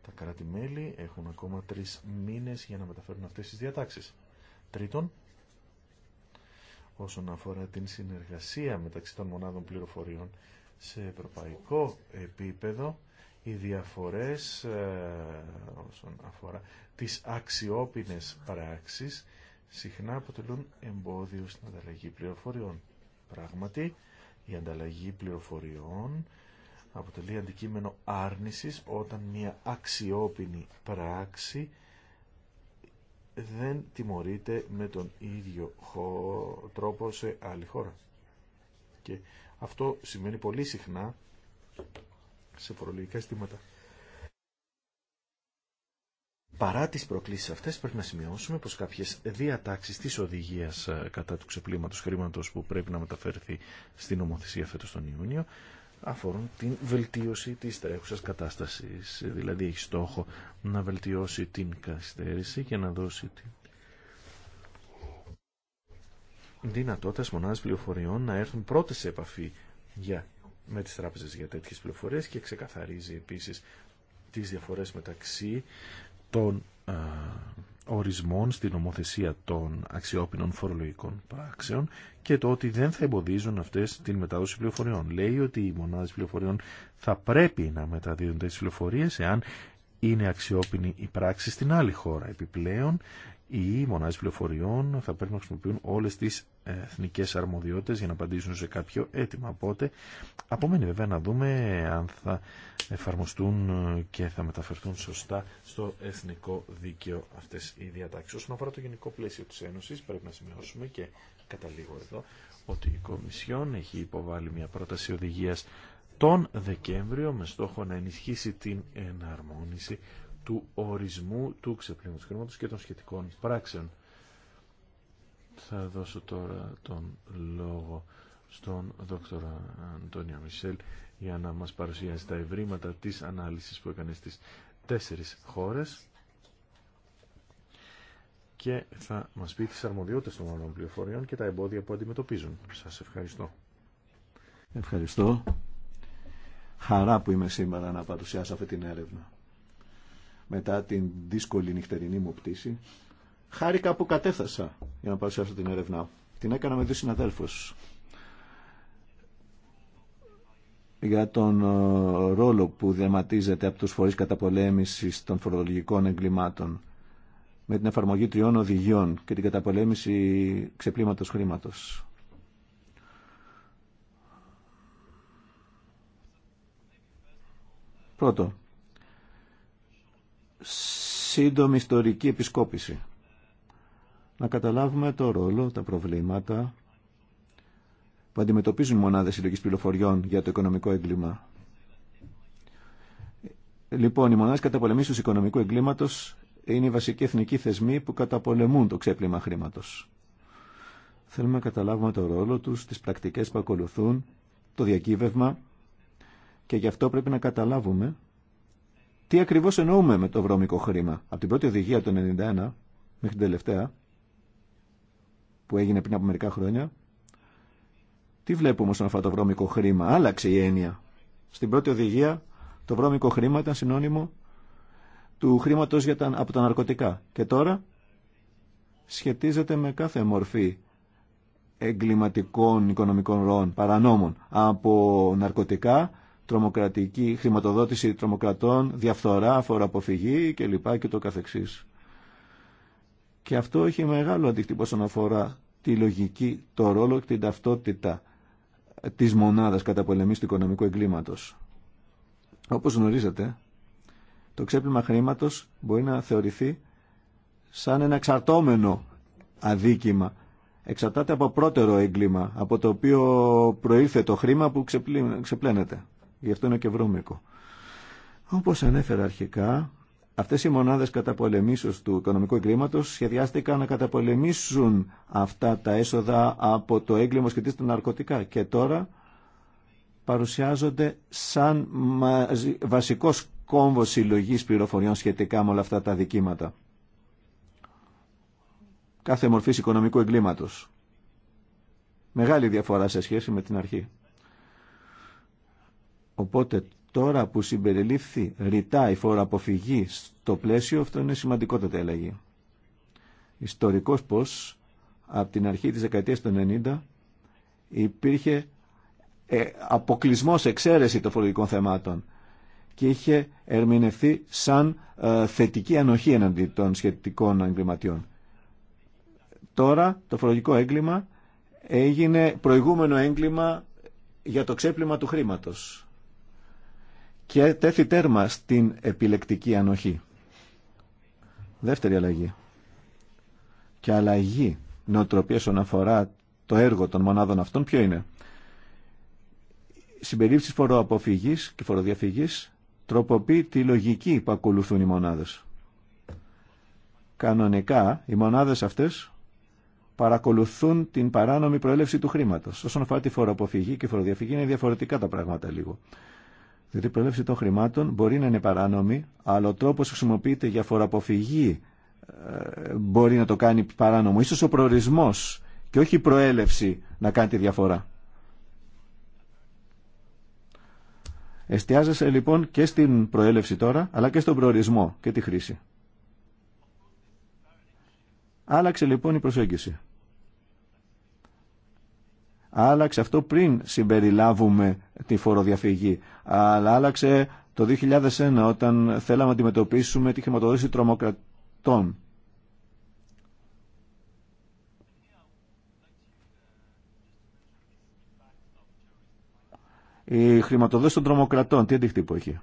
E: Τα κράτη-μέλη έχουν ακόμα τρει μήνες για να μεταφέρουν αυτές τι διατάξεις. Τρίτον, όσον αφορά την συνεργασία μεταξύ των μονάδων πληροφοριών σε ευρωπαϊκό επίπεδο, οι διαφορές ε, όσον αφορά τις αξιόπινες πράξεις συχνά αποτελούν εμπόδιο στην ανταλλαγή πληροφοριών. Πράγματι, η ανταλλαγή πληροφοριών αποτελεί αντικείμενο άρνησης όταν μια αξιόπινη πράξη δεν τιμωρείται με τον ίδιο τρόπο σε άλλη χώρα. Και αυτό σημαίνει πολύ συχνά σε φορολογικά αισθήματα. Παρά τις προκλήσεις αυτές πρέπει να σημειώσουμε πως κάποιες διατάξεις της οδηγίας ε, κατά του ξεπλήματος χρήματος που πρέπει να μεταφέρθει στην νομοθεσία φέτος τον Ιούνιο αφορούν την βελτίωση της τρέχουσας κατάστασης. Δηλαδή έχει στόχο να βελτιώσει την καθυστέρηση και να δώσει την δυνατότητα μονάδες πληροφοριών να έρθουν πρώτε σε επαφή για, με τις τράπεζες για τέτοιες πληροφορίες και ξεκαθαρίζει επίσης τις διαφορές μεταξύ των ορισμών στην ομοθεσία των αξιόπινων φορολογικών πράξεων και το ότι δεν θα εμποδίζουν αυτές την μετάδοση πληροφοριών. Λέει ότι οι μονάδες πληροφοριών θα πρέπει να μεταδίδουν τις πληροφορίες εάν είναι αξιόπινη η πράξη στην άλλη χώρα. Επιπλέον, οι μονάδε πληροφοριών θα πρέπει να χρησιμοποιούν όλες τις εθνικές αρμοδιότητες για να απαντήσουν σε κάποιο αίτημα. Οπότε, απομένει βέβαια να δούμε αν θα εφαρμοστούν και θα μεταφερθούν σωστά στο εθνικό δίκαιο αυτές οι διατάξει. Όσον αφορά το γενικό πλαίσιο της Ένωσης, πρέπει να σημειώσουμε και καταλήγω εδώ ότι η Κομισιόν έχει υποβάλει μια πρόταση οδηγία τον Δεκέμβριο με στόχο να ενισχύσει την εναρμόνιση του ορισμού του ξεπλήματος χρήματος και των σχετικών πράξεων. Θα δώσω τώρα τον λόγο στον Δ. Αντώνια Μισελ για να μας παρουσιάσει τα ευρήματα της ανάλυσης που έκανε στις τέσσερις χώρες και θα μας πει τις αρμοδιότητες των άλλων πληροφοριών και τα εμπόδια που αντιμετωπίζουν. Σας ευχαριστώ.
B: Ευχαριστώ. Χαρά που είμαι σήμερα να παρουσιάσω αυτή την έρευνα μετά την δύσκολη νυχτερινή μου πτήση. Χάρηκα που κατέθασα για να παρουσιάσω την έρευνά. Την έκανα με δύο συναδέλφους. για τον ε, ρόλο που διαματίζεται από τους φορείς καταπολέμησης των φορολογικών εγκλημάτων με την εφαρμογή τριών οδηγιών και την καταπολέμηση ξεπλήματος χρήματος. Πρώτο, σύντομη ιστορική επισκόπηση. Να καταλάβουμε το ρόλο, τα προβλήματα που αντιμετωπίζουν μονάδες συλλογής πληροφοριών για το οικονομικό έγκλημα. Λοιπόν, οι μονάδες καταπολεμήσεις του οικονομικού εγκλήματος είναι οι βασικοί εθνικοί θεσμοί που καταπολεμούν το ξέπλυμα χρήματος. Θέλουμε να καταλάβουμε το ρόλο τους, τις πρακτικές που ακολουθούν, το διακύβευμα και γι' αυτό πρέπει να καταλάβουμε τι ακριβώς εννοούμε με το βρώμικο χρήμα. Από την πρώτη οδηγία του 1991 μέχρι την τελευταία, που έγινε πριν από μερικά χρόνια, τι βλέπουμε όσον αφορά το βρώμικο χρήμα. Άλλαξε η έννοια. Στην πρώτη οδηγία το βρώμικο χρήμα ήταν συνώνυμο του χρήματος για τα, από τα ναρκωτικά. Και τώρα σχετίζεται με κάθε μορφή εγκληματικών οικονομικών ροών, παρανόμων, από ναρκωτικά τρομοκρατική χρηματοδότηση τρομοκρατών, διαφθορά, φοροαποφυγή κλπ. Και, το καθεξής. και αυτό έχει μεγάλο αντίκτυπο όσον αφορά τη λογική, το ρόλο και την ταυτότητα της μονάδας κατά πολεμής του οικονομικού εγκλήματος. Όπως γνωρίζετε, το ξέπλυμα χρήματος μπορεί να θεωρηθεί σαν ένα εξαρτώμενο αδίκημα. Εξαρτάται από πρώτερο έγκλημα, από το οποίο προήλθε το χρήμα που ξεπλένεται. Γι' αυτό είναι και βρώμικο. Όπως ανέφερα αρχικά, αυτές οι μονάδες καταπολεμήσεως του οικονομικού εγκλήματος σχεδιάστηκαν να καταπολεμήσουν αυτά τα έσοδα από το έγκλημα σχετικά τα ναρκωτικά και τώρα παρουσιάζονται σαν βασικός κόμβος συλλογή πληροφοριών σχετικά με όλα αυτά τα δικήματα. Κάθε μορφή οικονομικού εγκλήματος. Μεγάλη διαφορά σε σχέση με την αρχή. Οπότε τώρα που συμπεριλήφθη ρητά η φόρα αποφυγή στο πλαίσιο, αυτό είναι σημαντικότατα έλεγε. Ιστορικός πως από την αρχή της δεκαετίας του 90 υπήρχε ε, αποκλεισμός εξαίρεση των φορολογικών θεμάτων και είχε ερμηνευθεί σαν ε, θετική ανοχή εναντί των σχετικών εγκληματιών. Τώρα το φορολογικό έγκλημα έγινε προηγούμενο έγκλημα για το ξέπλυμα του χρήματος και τέθη τέρμα στην επιλεκτική ανοχή. Δεύτερη αλλαγή. Και αλλαγή νοοτροπία όσον αφορά το έργο των μονάδων αυτών ποιο είναι. Συμπερίληψη φοροαποφυγής και φοροδιαφυγής τροποποιεί τη λογική που ακολουθούν οι μονάδες. Κανονικά οι μονάδες αυτές παρακολουθούν την παράνομη προέλευση του χρήματος. Όσον αφορά τη φοροαποφυγή και φοροδιαφυγή είναι διαφορετικά τα πράγματα λίγο. Διότι η προέλευση των χρημάτων μπορεί να είναι παράνομη, αλλά ο τρόπο που χρησιμοποιείται για φοροαποφυγή ε, μπορεί να το κάνει παράνομο. Ίσως ο προορισμό και όχι η προέλευση να κάνει τη διαφορά. Εστιάζεσαι λοιπόν και στην προέλευση τώρα, αλλά και στον προορισμό και τη χρήση. Άλλαξε λοιπόν η προσέγγιση άλλαξε αυτό πριν συμπεριλάβουμε τη φοροδιαφυγή. Αλλά άλλαξε το 2001 όταν θέλαμε να αντιμετωπίσουμε τη χρηματοδότηση τρομοκρατών. Η χρηματοδότηση των τρομοκρατών, τι αντίκτυπο είχε.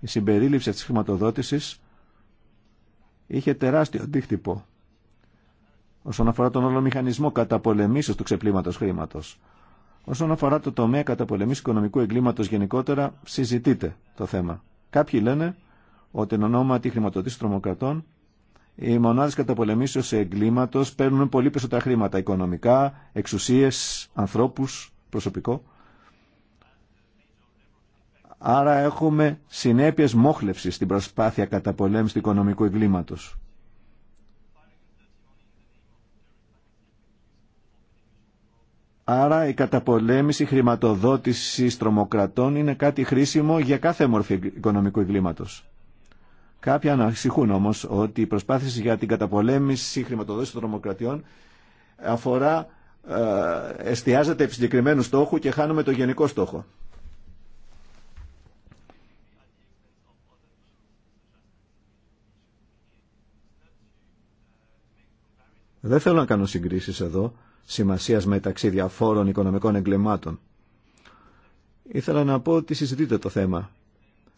B: Η συμπερίληψη της χρηματοδότησης είχε τεράστιο αντίκτυπο όσον αφορά τον όλο μηχανισμό καταπολεμήσεως του ξεπλήματος χρήματος. Όσον αφορά το τομέα καταπολεμής οικονομικού εγκλήματος γενικότερα, συζητείται το θέμα. Κάποιοι λένε ότι εν ονόματι χρηματοδότηση τρομοκρατών οι μονάδες καταπολεμήσεως εγκλήματος παίρνουν πολύ περισσότερα χρήματα οικονομικά, εξουσίες, ανθρώπους, προσωπικό. Άρα έχουμε συνέπειες μόχλευσης στην προσπάθεια καταπολέμησης του οικονομικού εγκλήματος. Άρα η καταπολέμηση χρηματοδότησης τρομοκρατών είναι κάτι χρήσιμο για κάθε μορφή οικονομικού εγκλήματο. Κάποιοι ανασυχούν όμω, ότι η προσπάθεια για την καταπολέμηση χρηματοδότησης των τρομοκρατιών αφορά, ε, εστιάζεται επί συγκεκριμένου στόχου και χάνουμε το γενικό στόχο. Δεν θέλω να κάνω συγκρίσεις εδώ, σημασίας μεταξύ διαφόρων οικονομικών εγκλημάτων. Ήθελα να πω ότι συζητείτε το θέμα.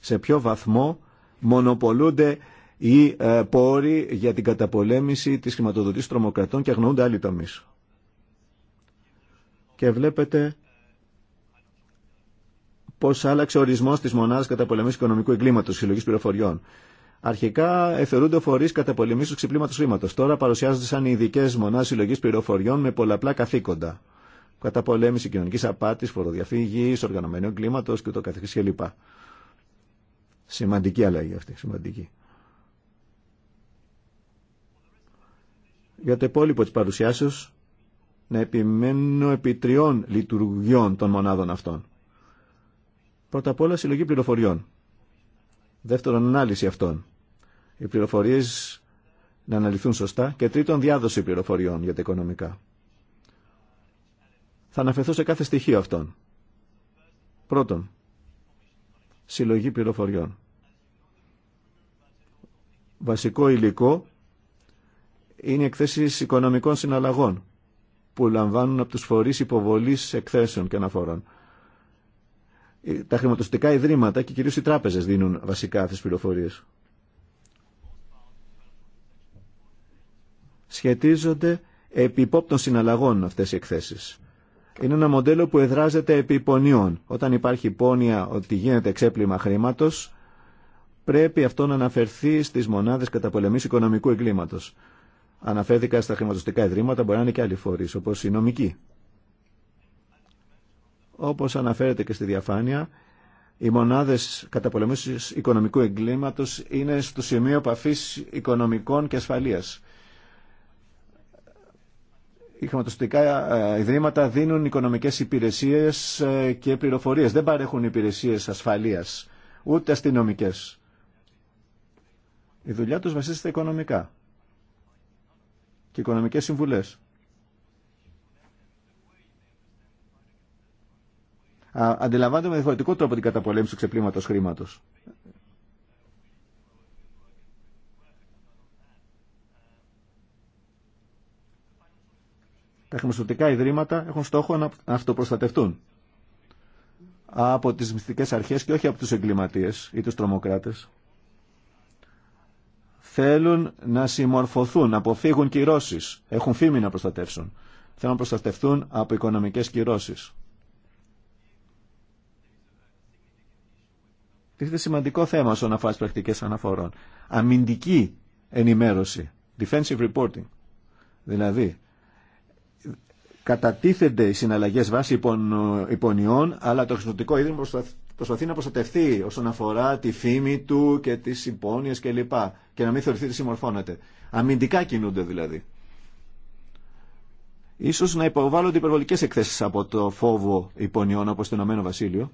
B: Σε ποιο βαθμό μονοπολούνται οι ε, πόροι για την καταπολέμηση της χρηματοδοτής τρομοκρατών και αγνοούνται άλλοι τομείς. Και βλέπετε πώς άλλαξε ο ορισμός της μονάδας καταπολεμής οικονομικού εγκλήματος συλλογής πληροφοριών. Αρχικά θεωρούνται φορεί κατα του ξυπλήματο χρήματο. Τώρα παρουσιάζονται σαν ειδικέ μονάδε συλλογή πληροφοριών με πολλαπλά καθήκοντα. Κατά πολέμηση κοινωνική απάτη, φοροδιαφύγη, οργανωμένου κλίματο κ.ο.κ. Σημαντική αλλαγή αυτή. Σημαντική. Για το υπόλοιπο τη παρουσιάσεω να επιμένω επί τριών λειτουργιών των μονάδων αυτών. Πρώτα απ' όλα συλλογή πληροφοριών Δεύτερον, ανάλυση αυτών. Οι πληροφορίε να αναλυθούν σωστά. Και τρίτον, διάδοση πληροφοριών για τα οικονομικά. Θα αναφερθώ σε κάθε στοιχείο αυτών. Πρώτον, συλλογή πληροφοριών. Βασικό υλικό είναι εκθέσεις οικονομικών συναλλαγών που λαμβάνουν από τους φορείς υποβολής εκθέσεων και αναφορών τα χρηματοστικά ιδρύματα και κυρίως οι τράπεζες δίνουν βασικά αυτές τις πληροφορίες. Σχετίζονται επί υπόπτων συναλλαγών αυτές οι εκθέσεις. Είναι ένα μοντέλο που εδράζεται επί πονιών. Όταν υπάρχει πόνια ότι γίνεται εξέπλημα χρήματος, πρέπει αυτό να αναφερθεί στις μονάδες καταπολεμής οικονομικού εγκλήματος. Αναφέρθηκα στα χρηματοστικά ιδρύματα, μπορεί να είναι και άλλοι φορείς, όπως οι νομικοί. Όπως αναφέρεται και στη διαφάνεια, οι μονάδες καταπολεμήσεως οικονομικού εγκλήματος είναι στο σημείο επαφή οικονομικών και ασφαλείας. Οι χρηματοστικά ε, ιδρύματα δίνουν οικονομικές υπηρεσίες ε, και πληροφορίες. Δεν παρέχουν υπηρεσίες ασφαλείας, ούτε αστυνομικέ. Η δουλειά τους βασίζεται οικονομικά και οικονομικές συμβουλές. Αντιλαμβάνεται με διαφορετικό τρόπο την καταπολέμηση του ξεπλήματος χρήματος. Τα χρηματοδοτικά ιδρύματα έχουν στόχο να αυτοπροστατευτούν από τις μυστικές αρχές και όχι από τους εγκληματίες ή τους τρομοκράτες. Θέλουν να συμμορφωθούν, να αποφύγουν κυρώσεις. Έχουν φήμη να προστατεύσουν. Θέλουν να προστατευτούν από οικονομικές κυρώσεις. τίθεται σημαντικό θέμα όσον αφορά τι πρακτικέ αναφορών. Αμυντική ενημέρωση, defensive reporting. Δηλαδή, κατατίθενται οι συναλλαγέ βάσει υπονοιών, αλλά το χρησιμοποιητικό Ίδρυμα προσπαθεί να προστατευτεί όσον αφορά τη φήμη του και τι υπόνοιε κλπ. Και να μην θεωρηθεί ότι συμμορφώνεται. Αμυντικά κινούνται δηλαδή. Ίσως να υποβάλλονται υπερβολικές εκθέσεις από το φόβο υπονοιών όπως το Ηνωμένο Βασίλειο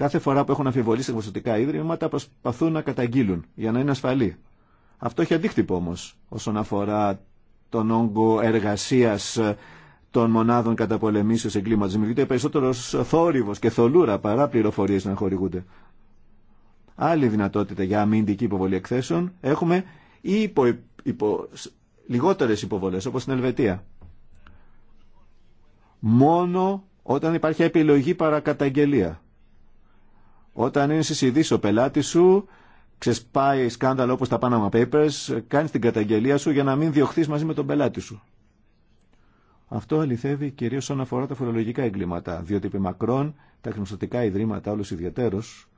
B: Κάθε φορά που έχουν αμφιβολήσει σε χρηματοδοτικά ίδρυματα προσπαθούν να καταγγείλουν για να είναι ασφαλή. Αυτό έχει αντίκτυπο όμω όσον αφορά τον όγκο εργασία ε, των μονάδων καταπολεμήσεω εγκλήματο. Δημιουργείται περισσότερο θόρυβο και θολούρα παρά πληροφορίε να χορηγούνται. Άλλη δυνατότητα για αμυντική υποβολή εκθέσεων έχουμε υπο, υπο, λιγότερε υποβολέ όπω στην Ελβετία. Μόνο όταν υπάρχει επιλογή παρακαταγγελία όταν είναι συσυδής ο πελάτης σου, ξεσπάει σκάνδαλο όπως τα Panama Papers, κάνεις την καταγγελία σου για να μην διωχθείς μαζί με τον πελάτη σου. Αυτό αληθεύει κυρίως όσον αφορά τα φορολογικά εγκλήματα, διότι επί μακρόν τα χρηματοδοτικά ιδρύματα όλους ιδιαίτερος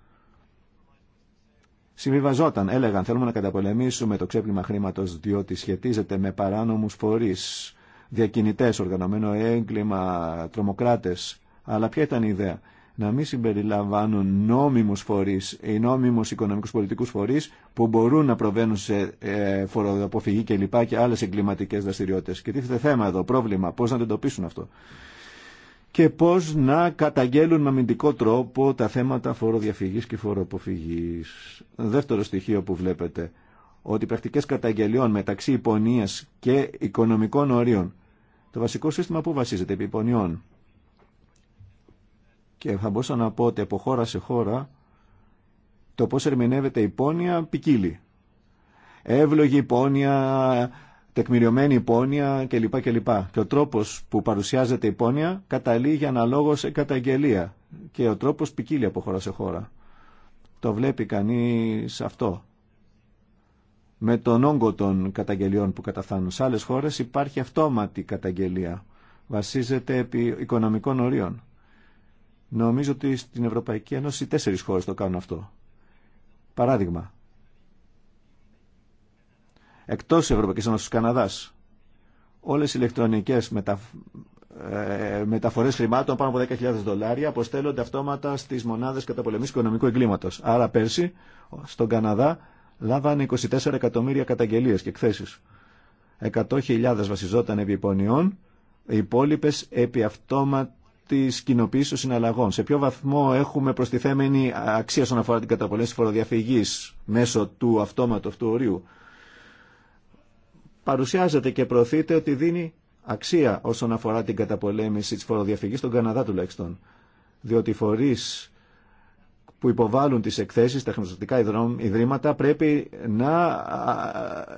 B: συμβιβαζόταν, έλεγαν θέλουμε να καταπολεμήσουμε το ξέπλυμα χρήματος διότι σχετίζεται με παράνομους φορείς, διακινητές, οργανωμένο έγκλημα, τρομοκράτες. Αλλά ποια ήταν η ιδέα να μην συμπεριλαμβάνουν νόμιμους φορείς ή νόμιμους οικονομικούς πολιτικούς φορείς που μπορούν να προβαίνουν σε ε, και λοιπά και άλλες εγκληματικές δραστηριότητες. Και τίθεται θέμα εδώ, πρόβλημα, πώς να αντιμετωπίσουν αυτό. Και πώς να καταγγέλουν με αμυντικό τρόπο τα θέματα φοροδιαφυγής και φοροποφυγή. Δεύτερο στοιχείο που βλέπετε, ότι οι πρακτικές καταγγελιών μεταξύ υπονίας και οικονομικών ορίων το βασικό σύστημα που βασίζεται επί υπονοιών και θα μπορούσα να πω ότι από χώρα σε χώρα το πώς ερμηνεύεται η πόνοια ποικίλει. Εύλογη πόνοια, τεκμηριωμένη πόνοια κλπ. Και ο τρόπος που παρουσιάζεται η πόνοια καταλήγει αναλόγως σε καταγγελία και ο τρόπος ποικίλει από χώρα σε χώρα. Το βλέπει κανείς αυτό. Με τον όγκο των καταγγελιών που καταφθάνουν σε άλλες χώρες υπάρχει αυτόματη καταγγελία. Βασίζεται επί οικονομικών ορίων. Νομίζω ότι στην Ευρωπαϊκή Ένωση τέσσερις χώρες το κάνουν αυτό. Παράδειγμα. Εκτός Ευρωπαϊκής Ένωσης Καναδάς, όλες οι ηλεκτρονικές μετα... Ε, μεταφορές χρημάτων πάνω από 10.000 δολάρια αποστέλλονται αυτόματα στις μονάδες καταπολεμής οικονομικού εγκλήματος. Άρα πέρσι στον Καναδά λάβανε 24 εκατομμύρια καταγγελίες και εκθέσεις. 100.000 βασιζόταν επί υπονοιών, οι υπόλοιπε επί αυτόματα τη κοινοποίηση των συναλλαγών. Σε ποιο βαθμό έχουμε προστιθέμενη αξία όσον αφορά την καταπολέμηση φοροδιαφυγή μέσω του αυτόματου αυτού ορίου. Παρουσιάζεται και προωθείται ότι δίνει αξία όσον αφορά την καταπολέμηση τη φοροδιαφυγή στον Καναδά τουλάχιστον. Διότι οι φορεί που υποβάλλουν τις εκθέσεις, τα χρηματοδοτικά ιδρύματα, πρέπει να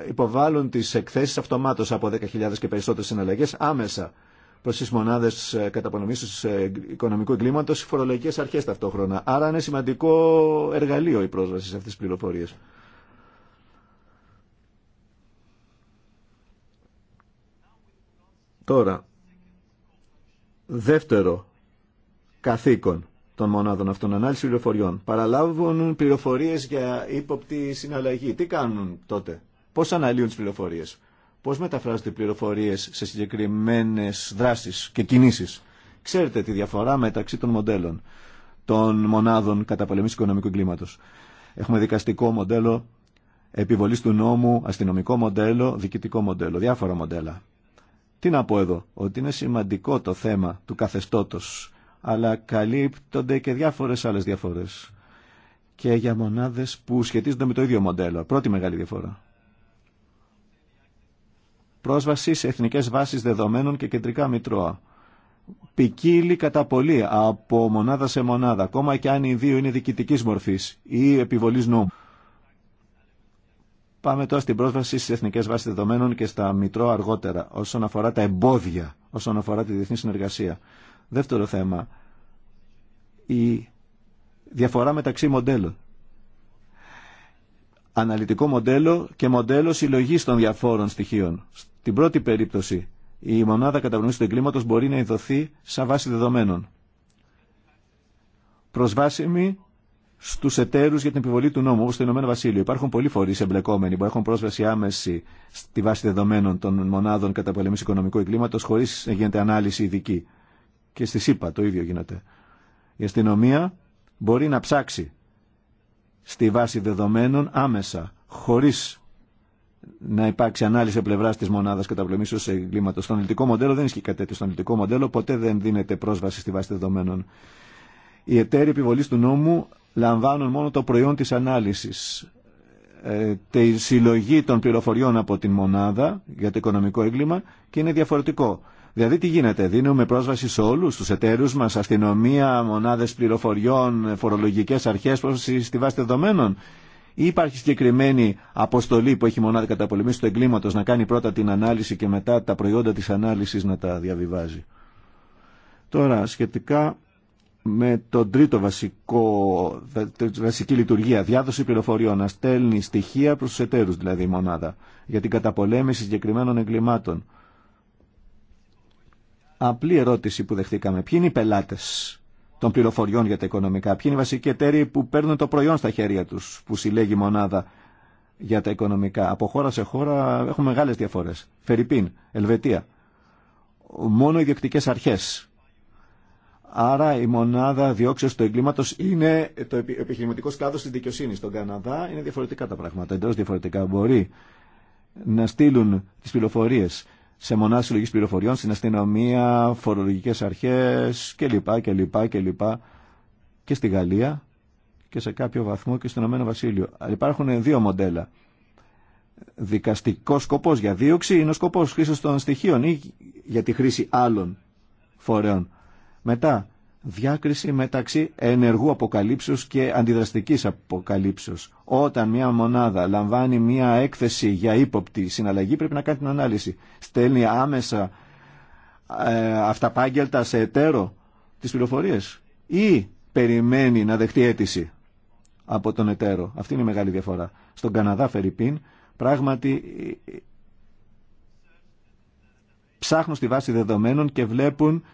B: υποβάλλουν τις εκθέσεις αυτομάτως από 10.000 και περισσότερες συναλλαγές άμεσα προ τι μονάδε καταπονομή του ε, οικονομικού εγκλήματο, οι φορολογικέ αρχέ ταυτόχρονα. Άρα είναι σημαντικό εργαλείο η πρόσβαση σε αυτέ τι πληροφορίε. Τώρα, δεύτερο καθήκον των μονάδων αυτών, ανάλυση πληροφοριών. Παραλάβουν πληροφορίε για ύποπτη συναλλαγή. Τι κάνουν τότε, πώ αναλύουν τι πληροφορίε πώς μεταφράζονται οι πληροφορίες σε συγκεκριμένες δράσεις και κινήσεις. Ξέρετε τη διαφορά μεταξύ των μοντέλων των μονάδων κατά καταπολεμής οικονομικού κλίματος. Έχουμε δικαστικό μοντέλο, επιβολής του νόμου, αστυνομικό μοντέλο, διοικητικό μοντέλο, διάφορα μοντέλα. Τι να πω εδώ, ότι είναι σημαντικό το θέμα του καθεστώτος, αλλά καλύπτονται και διάφορες άλλες διαφορές. Και για μονάδες που σχετίζονται με το ίδιο μοντέλο. Πρώτη μεγάλη διαφορά πρόσβαση σε εθνικές βάσεις δεδομένων και κεντρικά μητρώα. Ποικίλει κατά πολύ από μονάδα σε μονάδα, ακόμα και αν οι δύο είναι διοικητική μορφής ή επιβολή νόμου. Πάμε τώρα στην πρόσβαση στι εθνικέ βάσει δεδομένων και στα Μητρώα αργότερα, όσον αφορά τα εμπόδια, όσον αφορά τη διεθνή συνεργασία. Δεύτερο θέμα, η διαφορά μεταξύ μοντέλων αναλυτικό μοντέλο και μοντέλο συλλογή των διαφόρων στοιχείων. Στην πρώτη περίπτωση, η μονάδα κατανομή του εγκλήματο μπορεί να ειδωθεί σαν βάση δεδομένων. Προσβάσιμη στου εταίρου για την επιβολή του νόμου, όπω το Ηνωμένο Βασίλειο. Υπάρχουν πολλοί φορεί εμπλεκόμενοι που έχουν πρόσβαση άμεση στη βάση δεδομένων των μονάδων καταπολεμή οικονομικού εγκλήματο, χωρί να γίνεται ανάλυση ειδική. Και στη ΣΥΠΑ το ίδιο γίνεται. Η αστυνομία μπορεί να ψάξει στη βάση δεδομένων άμεσα, χωρίς να υπάρξει ανάλυση πλευρά τη μονάδα καταπλωμίσεω εγκλήματο. Στον ελληνικό μοντέλο δεν ισχύει κάτι τέτοιο. Στον ελληνικό μοντέλο ποτέ δεν δίνεται πρόσβαση στη βάση δεδομένων. Οι εταίροι επιβολή του νόμου λαμβάνουν μόνο το προϊόν τη ανάλυση. Ε, τη συλλογή των πληροφοριών από την μονάδα για το οικονομικό έγκλημα και είναι διαφορετικό. Δηλαδή τι γίνεται, δίνουμε πρόσβαση σε όλους τους εταίρους μας, αστυνομία, μονάδες πληροφοριών, φορολογικές αρχές, πρόσβαση στη βάση δεδομένων. Ή υπάρχει συγκεκριμένη αποστολή που έχει μονάδα καταπολεμής του εγκλήματος να κάνει πρώτα την ανάλυση και μετά τα προϊόντα της ανάλυσης να τα διαβιβάζει. Τώρα, σχετικά με τον τρίτο βασικό, βασική λειτουργία, διάδοση πληροφοριών, να στέλνει στοιχεία προς τους εταίρους δηλαδή η μονάδα, για την καταπολέμηση συγκεκριμένων εγκλημάτων απλή ερώτηση που δεχτήκαμε. Ποιοι είναι οι πελάτε των πληροφοριών για τα οικονομικά, ποιοι είναι οι βασικοί εταίροι που παίρνουν το προϊόν στα χέρια του που συλλέγει μονάδα για τα οικονομικά. Από χώρα σε χώρα έχουμε μεγάλε διαφορέ, Φερρυπίν, Ελβετία. Μόνο οι διοκτικέ αρχέ. Άρα η μονάδα διώξεω του εγκλήματο είναι το επιχειρηματικό κλάδο τη δικαιοσύνη. Στον Καναδά είναι διαφορετικά τα πράγματα. Εντελώ διαφορετικά. Μπορεί να στείλουν τι πληροφορίε σε μονάδε συλλογή πληροφοριών, στην αστυνομία, φορολογικέ αρχέ κλπ, και κλπ. Και στη Γαλλία και σε κάποιο βαθμό και στο Ηνωμένο Βασίλειο. Υπάρχουν δύο μοντέλα. Δικαστικό σκοπό για δίωξη είναι ο σκοπό χρήση των στοιχείων ή για τη χρήση άλλων φορέων. Μετά, διάκριση μεταξύ ενεργού αποκαλύψεως και αντιδραστικής αποκαλύψεως. Όταν μια μονάδα λαμβάνει μια έκθεση για ύποπτη συναλλαγή πρέπει να κάνει την ανάλυση. Στέλνει άμεσα ε, αυταπάγγελτα σε εταίρο τις πληροφορίες ή περιμένει να δεχτεί αίτηση από τον εταίρο. Αυτή είναι η μεγάλη διαφορά. Στον Καναδά, Φερρυπίν, πράγματι ψάχνουν στη βάση δεδομένων και βλέπουν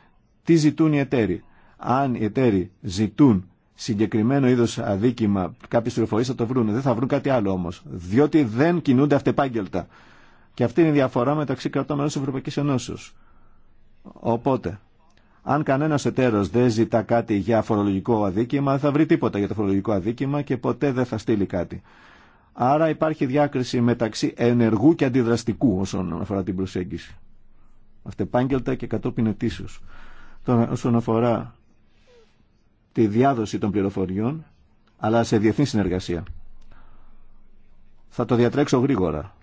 B: τι ζητούν οι εταίροι. Αν οι εταίροι ζητούν συγκεκριμένο είδο αδίκημα, κάποιε πληροφορίε θα το βρουν. Δεν θα βρουν κάτι άλλο όμω. Διότι δεν κινούνται αυτεπάγγελτα. Και αυτή είναι η διαφορά μεταξύ κρατών μέλων τη Ευρωπαϊκή Ενώσεω. Οπότε, αν κανένα εταίρο δεν ζητά κάτι για φορολογικό αδίκημα, δεν θα βρει τίποτα για το φορολογικό αδίκημα και ποτέ δεν θα στείλει κάτι. Άρα υπάρχει διάκριση μεταξύ ενεργού και αντιδραστικού όσον αφορά την προσέγγιση. Αυτεπάγγελτα και κατόπιν ετήσεως. Τώρα, όσον αφορά τη διάδοση των πληροφοριών, αλλά σε διεθνή συνεργασία. Θα το διατρέξω γρήγορα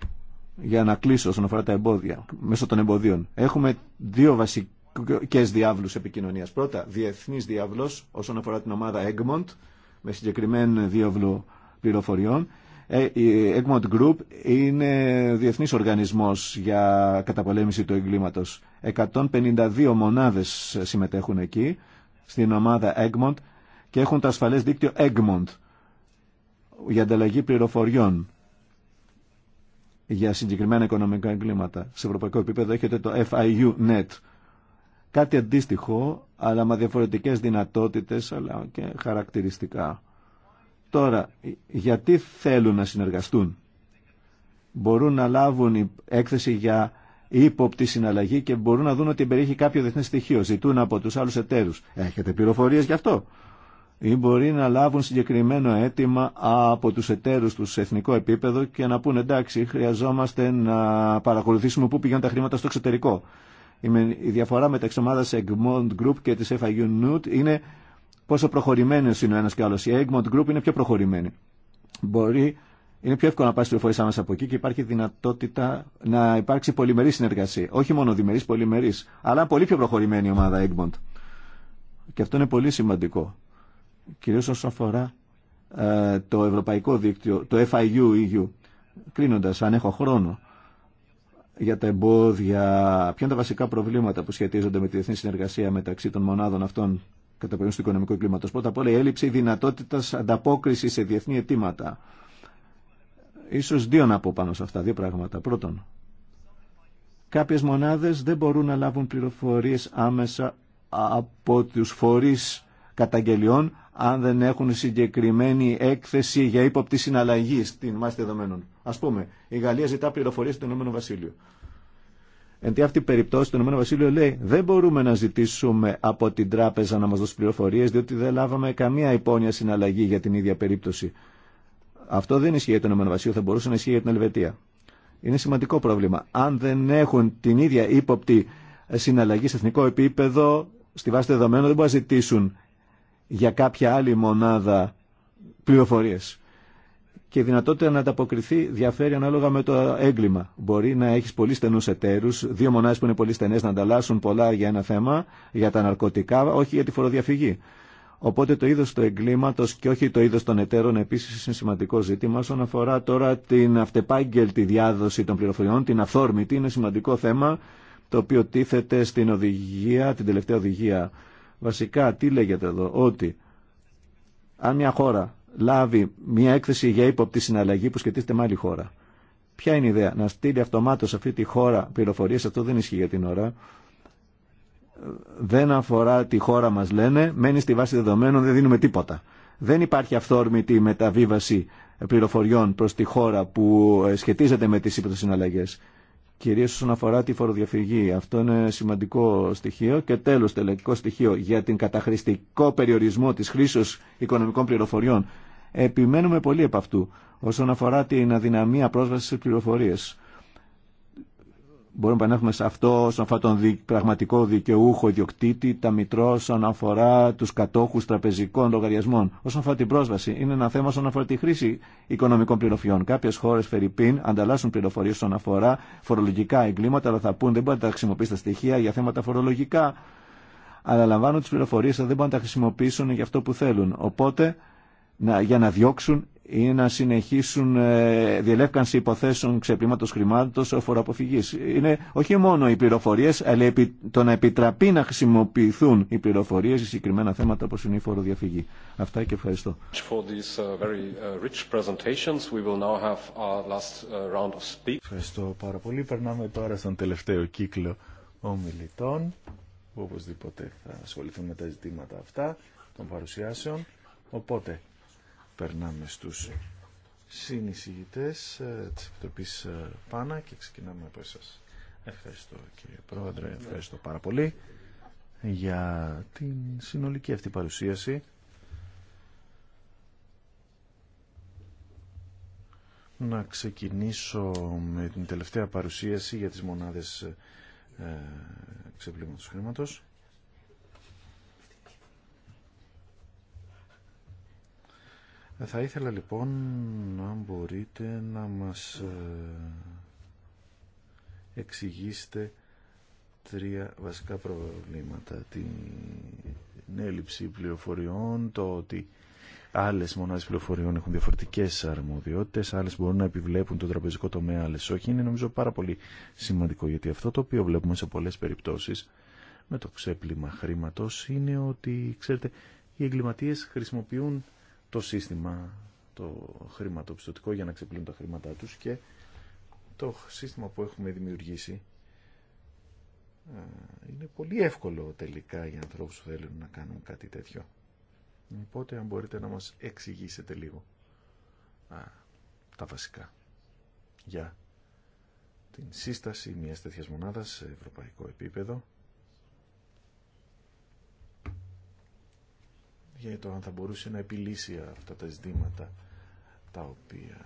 B: για να κλείσω όσον αφορά τα εμπόδια, μέσω των εμποδίων. Έχουμε δύο βασικέ διάβλου επικοινωνία. Πρώτα, διεθνή διάβλο όσον αφορά την ομάδα Egmont, με συγκεκριμένο διάβλο πληροφοριών. Ε, η Egmont Group είναι διεθνής οργανισμός για καταπολέμηση του εγκλήματος. 152 μονάδες συμμετέχουν εκεί στην ομάδα Egmont και έχουν το ασφαλές δίκτυο Egmont για ανταλλαγή πληροφοριών για συγκεκριμένα οικονομικά εγκλήματα. Σε ευρωπαϊκό επίπεδο έχετε το FIU-NET. Κάτι αντίστοιχο, αλλά με διαφορετικές δυνατότητες, αλλά και χαρακτηριστικά. Τώρα, γιατί θέλουν να συνεργαστούν. Μπορούν να λάβουν έκθεση για ύποπτη συναλλαγή και μπορούν να δουν ότι περιέχει κάποιο διεθνέ στοιχείο. Ζητούν από του άλλου εταίρου. Έχετε πληροφορίε γι' αυτό. Ή μπορεί να λάβουν συγκεκριμένο αίτημα από του εταίρου του σε εθνικό επίπεδο και να πούνε εντάξει, χρειαζόμαστε να παρακολουθήσουμε πού πηγαίνουν τα χρήματα στο εξωτερικό. Η διαφορά μεταξύ ομάδα Egmont Group και τη FIU Nut είναι πόσο προχωρημένο είναι ο ένα και άλλο. Η Egmont Group είναι πιο προχωρημένη. Μπορεί είναι πιο εύκολο να πάει πληροφορίε άμεσα από εκεί και υπάρχει δυνατότητα να υπάρξει πολυμερή συνεργασία. Όχι μόνο διμερή, πολυμερή, αλλά πολύ πιο προχωρημένη η ομάδα Egmont. Και αυτό είναι πολύ σημαντικό. Κυρίω όσον αφορά ε, το ευρωπαϊκό δίκτυο, το FIU-EU. Κλείνοντα, αν έχω χρόνο για τα εμπόδια, ποια είναι τα βασικά προβλήματα που σχετίζονται με τη διεθνή συνεργασία μεταξύ των μονάδων αυτών κατά περίπτωση του οικονομικού κλίματο. Πρώτα απ' όλα η έλλειψη δυνατότητα ανταπόκριση σε διεθνή αιτήματα. Ίσως δύο να πω πάνω σε αυτά, δύο πράγματα. Πρώτον, κάποιες μονάδες δεν μπορούν να λάβουν πληροφορίες άμεσα από τους φορείς καταγγελιών αν δεν έχουν συγκεκριμένη έκθεση για ύποπτη συναλλαγή στην μάση δεδομένων. Ας πούμε, η Γαλλία ζητά πληροφορίες στον Ηνωμένο Βασίλειο. Εν τη αυτή περιπτώσει, το Ηνωμένο Βασίλειο λέει δεν μπορούμε να ζητήσουμε από την τράπεζα να μα δώσει πληροφορίε, διότι δεν λάβαμε καμία υπόνοια συναλλαγή για την ίδια περίπτωση. Αυτό δεν ισχύει για το Ηνωμένο Βασίλειο, θα μπορούσε να ισχύει για την Ελβετία. Είναι σημαντικό πρόβλημα. Αν δεν έχουν την ίδια ύποπτη συναλλαγή σε εθνικό επίπεδο, στη βάση δεδομένων δεν μπορούν να ζητήσουν για κάποια άλλη μονάδα πληροφορίε. Και η δυνατότητα να ανταποκριθεί διαφέρει ανάλογα με το έγκλημα. Μπορεί να έχει πολύ στενού εταίρου, δύο μονάδε που είναι πολύ στενέ να ανταλλάσσουν πολλά για ένα θέμα, για τα ναρκωτικά, όχι για τη φοροδιαφυγή. Οπότε το είδος του εγκλήματος και όχι το είδος των εταίρων επίσης είναι σημαντικό ζήτημα. Όσον αφορά τώρα την αυτεπάγγελτη διάδοση των πληροφοριών, την αυθόρμητη, είναι σημαντικό θέμα το οποίο τίθεται στην οδηγία, την τελευταία οδηγία. Βασικά, τι λέγεται εδώ, ότι αν μια χώρα λάβει μια έκθεση για ύποπτη συναλλαγή που σχετίζεται με άλλη χώρα, ποια είναι η ιδέα, να στείλει αυτομάτως αυτή τη χώρα πληροφορίες, αυτό δεν ισχύει για την ώρα, δεν αφορά τη χώρα μας λένε, μένει στη βάση δεδομένων, δεν δίνουμε τίποτα. Δεν υπάρχει αυθόρμητη μεταβίβαση πληροφοριών προς τη χώρα που ε, σχετίζεται με τις υπηρεσίες κυρίως όσον αφορά τη φοροδιαφυγή. Αυτό είναι σημαντικό στοιχείο. Και τέλος, τελετικό στοιχείο για την καταχρηστικό περιορισμό της χρήσης οικονομικών πληροφοριών. Επιμένουμε πολύ από αυτού όσον αφορά την αδυναμία πρόσβασης στις πληροφορίες. Μπορούμε να επανέλθουμε σε αυτό όσον αφορά τον δι... πραγματικό δικαιούχο ιδιοκτήτη, τα μητρό όσον αφορά του κατόχου τραπεζικών λογαριασμών. Όσον αφορά την πρόσβαση, είναι ένα θέμα όσον αφορά τη χρήση οικονομικών πληροφοριών. Κάποιε χώρε, Φερρυπίν, ανταλλάσσουν πληροφορίε όσον αφορά φορολογικά εγκλήματα, αλλά θα πούν δεν μπορεί να χρησιμοποιήσει τα στοιχεία για θέματα φορολογικά. Αλλά λαμβάνουν τι πληροφορίε, αλλά δεν μπορούν να τα χρησιμοποιήσουν για αυτό που θέλουν. Οπότε, να, για να διώξουν ή να συνεχίσουν ε, διελεύκανση υποθέσεων ξεπλήματο χρημάτων σε αποφυγή. Είναι όχι μόνο οι πληροφορίε, αλλά επί, το να επιτραπεί να χρησιμοποιηθούν οι πληροφορίε σε συγκεκριμένα θέματα όπω είναι η φοροδιαφυγή. Αυτά και ευχαριστώ.
E: Ευχαριστώ πάρα πολύ. Περνάμε τώρα στον τελευταίο κύκλο ομιλητών που οπωσδήποτε θα ασχοληθούν με τα ζητήματα αυτά των παρουσιάσεων. Οπότε, περνάμε στους συνεισηγητές ε, τη Επιτροπής ε, Πάνα και ξεκινάμε από εσάς. Ευχαριστώ κύριε Πρόεδρε, ευχαριστώ πάρα πολύ για την συνολική αυτή παρουσίαση. Να ξεκινήσω με την τελευταία παρουσίαση για τις μονάδες ε, ξεπλήματος χρήματος. Θα ήθελα λοιπόν να μπορείτε να μας ε, εξηγήσετε τρία βασικά προβλήματα. Την έλλειψη πληροφοριών, το ότι άλλες μονάδες πληροφοριών έχουν διαφορετικές αρμοδιότητες, άλλες μπορούν να επιβλέπουν το τραπεζικό τομέα, άλλες όχι. Είναι νομίζω πάρα πολύ σημαντικό γιατί αυτό το οποίο βλέπουμε σε πολλές περιπτώσεις με το ξέπλυμα χρήματος είναι ότι, ξέρετε, οι εγκληματίες χρησιμοποιούν το σύστημα το χρηματοπιστωτικό για να ξεπλύνουν τα χρήματά τους και το σύστημα που έχουμε δημιουργήσει ε, είναι πολύ εύκολο τελικά για ανθρώπους που θέλουν να κάνουν κάτι τέτοιο. Οπότε αν μπορείτε να μας εξηγήσετε λίγο τα βασικά για την σύσταση μιας τέτοιας μονάδας σε ευρωπαϊκό επίπεδο για το αν θα μπορούσε να επιλύσει αυτά τα ζητήματα τα οποία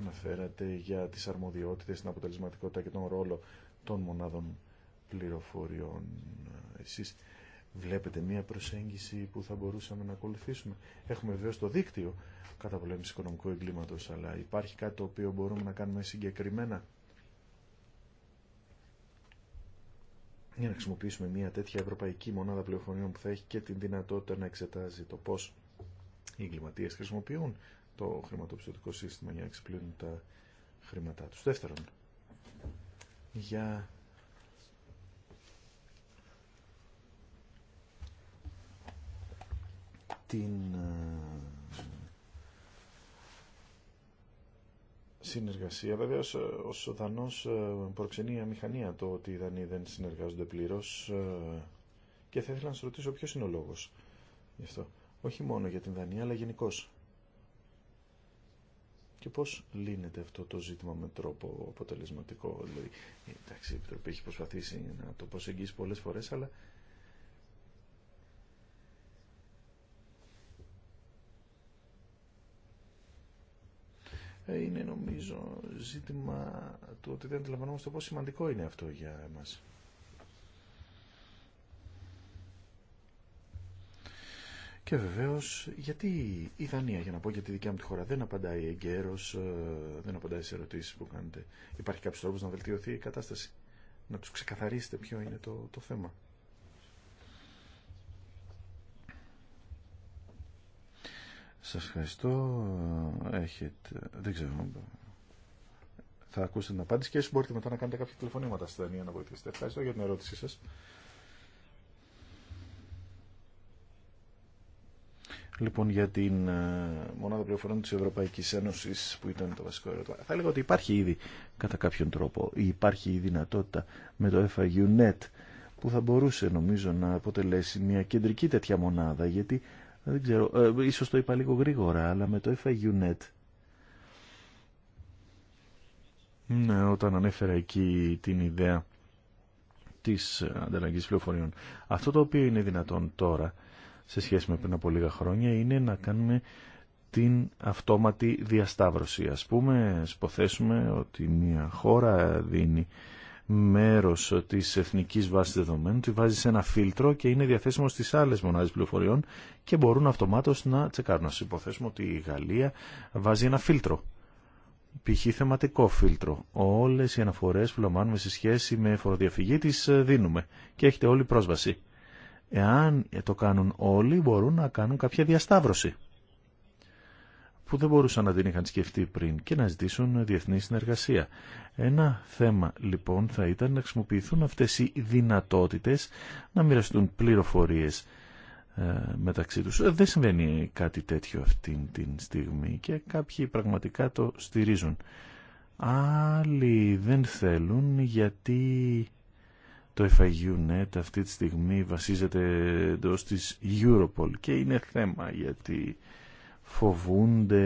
E: αναφέρατε για τις αρμοδιότητες, την αποτελεσματικότητα και τον ρόλο των μονάδων πληροφοριών. Εσείς βλέπετε μία προσέγγιση που θα μπορούσαμε να ακολουθήσουμε. Έχουμε βεβαίως το δίκτυο κατά πολέμηση οικονομικού εγκλήματος, αλλά υπάρχει κάτι το οποίο μπορούμε να κάνουμε συγκεκριμένα για να χρησιμοποιήσουμε μια τέτοια ευρωπαϊκή μονάδα πληροφοριών που θα έχει και την δυνατότητα να εξετάζει το πώς οι εγκληματίες χρησιμοποιούν το χρηματοπιστωτικό σύστημα για να εξυπλύνουν τα χρήματά τους. Δεύτερον, για την ε, συνεργασία. βέβαια, ε, ο Δανό ε, προξενεί αμηχανία το ότι οι Δανείοι δεν συνεργάζονται πλήρω ε, και θα ήθελα να σα ρωτήσω ποιο είναι ο λόγο γι' αυτό. Όχι μόνο για την Δανία, αλλά γενικώ. Και πώ λύνεται αυτό το ζήτημα με τρόπο αποτελεσματικό. Δηλαδή, εντάξει, η Επιτροπή έχει προσπαθήσει να το προσεγγίσει πολλέ φορέ, αλλά είναι νομίζω ζήτημα του ότι δεν αντιλαμβανόμαστε πόσο σημαντικό είναι αυτό για εμάς. Και βεβαίως, γιατί η Δανία, για να πω για τη δικιά μου τη χώρα, δεν απαντάει εγκαίρως, ε, δεν απαντάει σε ερωτήσεις που κάνετε. Υπάρχει κάποιος τρόπος να βελτιωθεί η κατάσταση. Να τους ξεκαθαρίσετε ποιο είναι το, το θέμα. Σας ευχαριστώ. Έχετε... Δεν ξέρω. Θα ακούσετε την απάντηση και εσείς μπορείτε μετά να κάνετε κάποια τηλεφωνήματα στη Δανία να βοηθήσετε. Ευχαριστώ για την ερώτησή σας. Λοιπόν, για την ε, μονάδα πληροφορών της Ευρωπαϊκής Ένωσης που ήταν το βασικό ερώτημα. Θα έλεγα ότι υπάρχει ήδη κατά κάποιον τρόπο, η υπάρχει η δυνατότητα με το FIUNET που θα μπορούσε νομίζω να αποτελέσει μια κεντρική τέτοια μονάδα γιατί δεν ξέρω, ε, ίσως το είπα λίγο γρήγορα, αλλά με το FIUNET. Ναι, όταν ανέφερα εκεί την ιδέα της ανταλλαγής πληροφοριών. Αυτό το οποίο είναι δυνατόν τώρα, σε σχέση με πριν από λίγα χρόνια, είναι να κάνουμε την αυτόματη διασταύρωση. Ας πούμε, σποθέσουμε ότι μια χώρα δίνει μέρος της εθνικής βάσης δεδομένων, τη βάζει σε ένα φίλτρο και είναι διαθέσιμο στις άλλες μονάδες πληροφοριών και μπορούν αυτομάτως να τσεκάρουν. Να σας υποθέσουμε ότι η Γαλλία βάζει ένα φίλτρο, π.χ. θεματικό φίλτρο. Όλες οι αναφορές που λαμβάνουμε σε σχέση με φοροδιαφυγή τις ε, δίνουμε και έχετε όλη πρόσβαση. Εάν το κάνουν όλοι μπορούν να κάνουν κάποια διασταύρωση που δεν μπορούσαν να την είχαν σκεφτεί πριν και να ζητήσουν διεθνή συνεργασία. Ένα θέμα λοιπόν θα ήταν να χρησιμοποιηθούν αυτές οι δυνατότητες να μοιραστούν πληροφορίες ε, μεταξύ τους. Ε, δεν συμβαίνει κάτι τέτοιο αυτή την στιγμή και κάποιοι πραγματικά το στηρίζουν. Άλλοι δεν θέλουν γιατί το FIUNET αυτή τη στιγμή βασίζεται εντό της Europol και είναι θέμα γιατί φοβούνται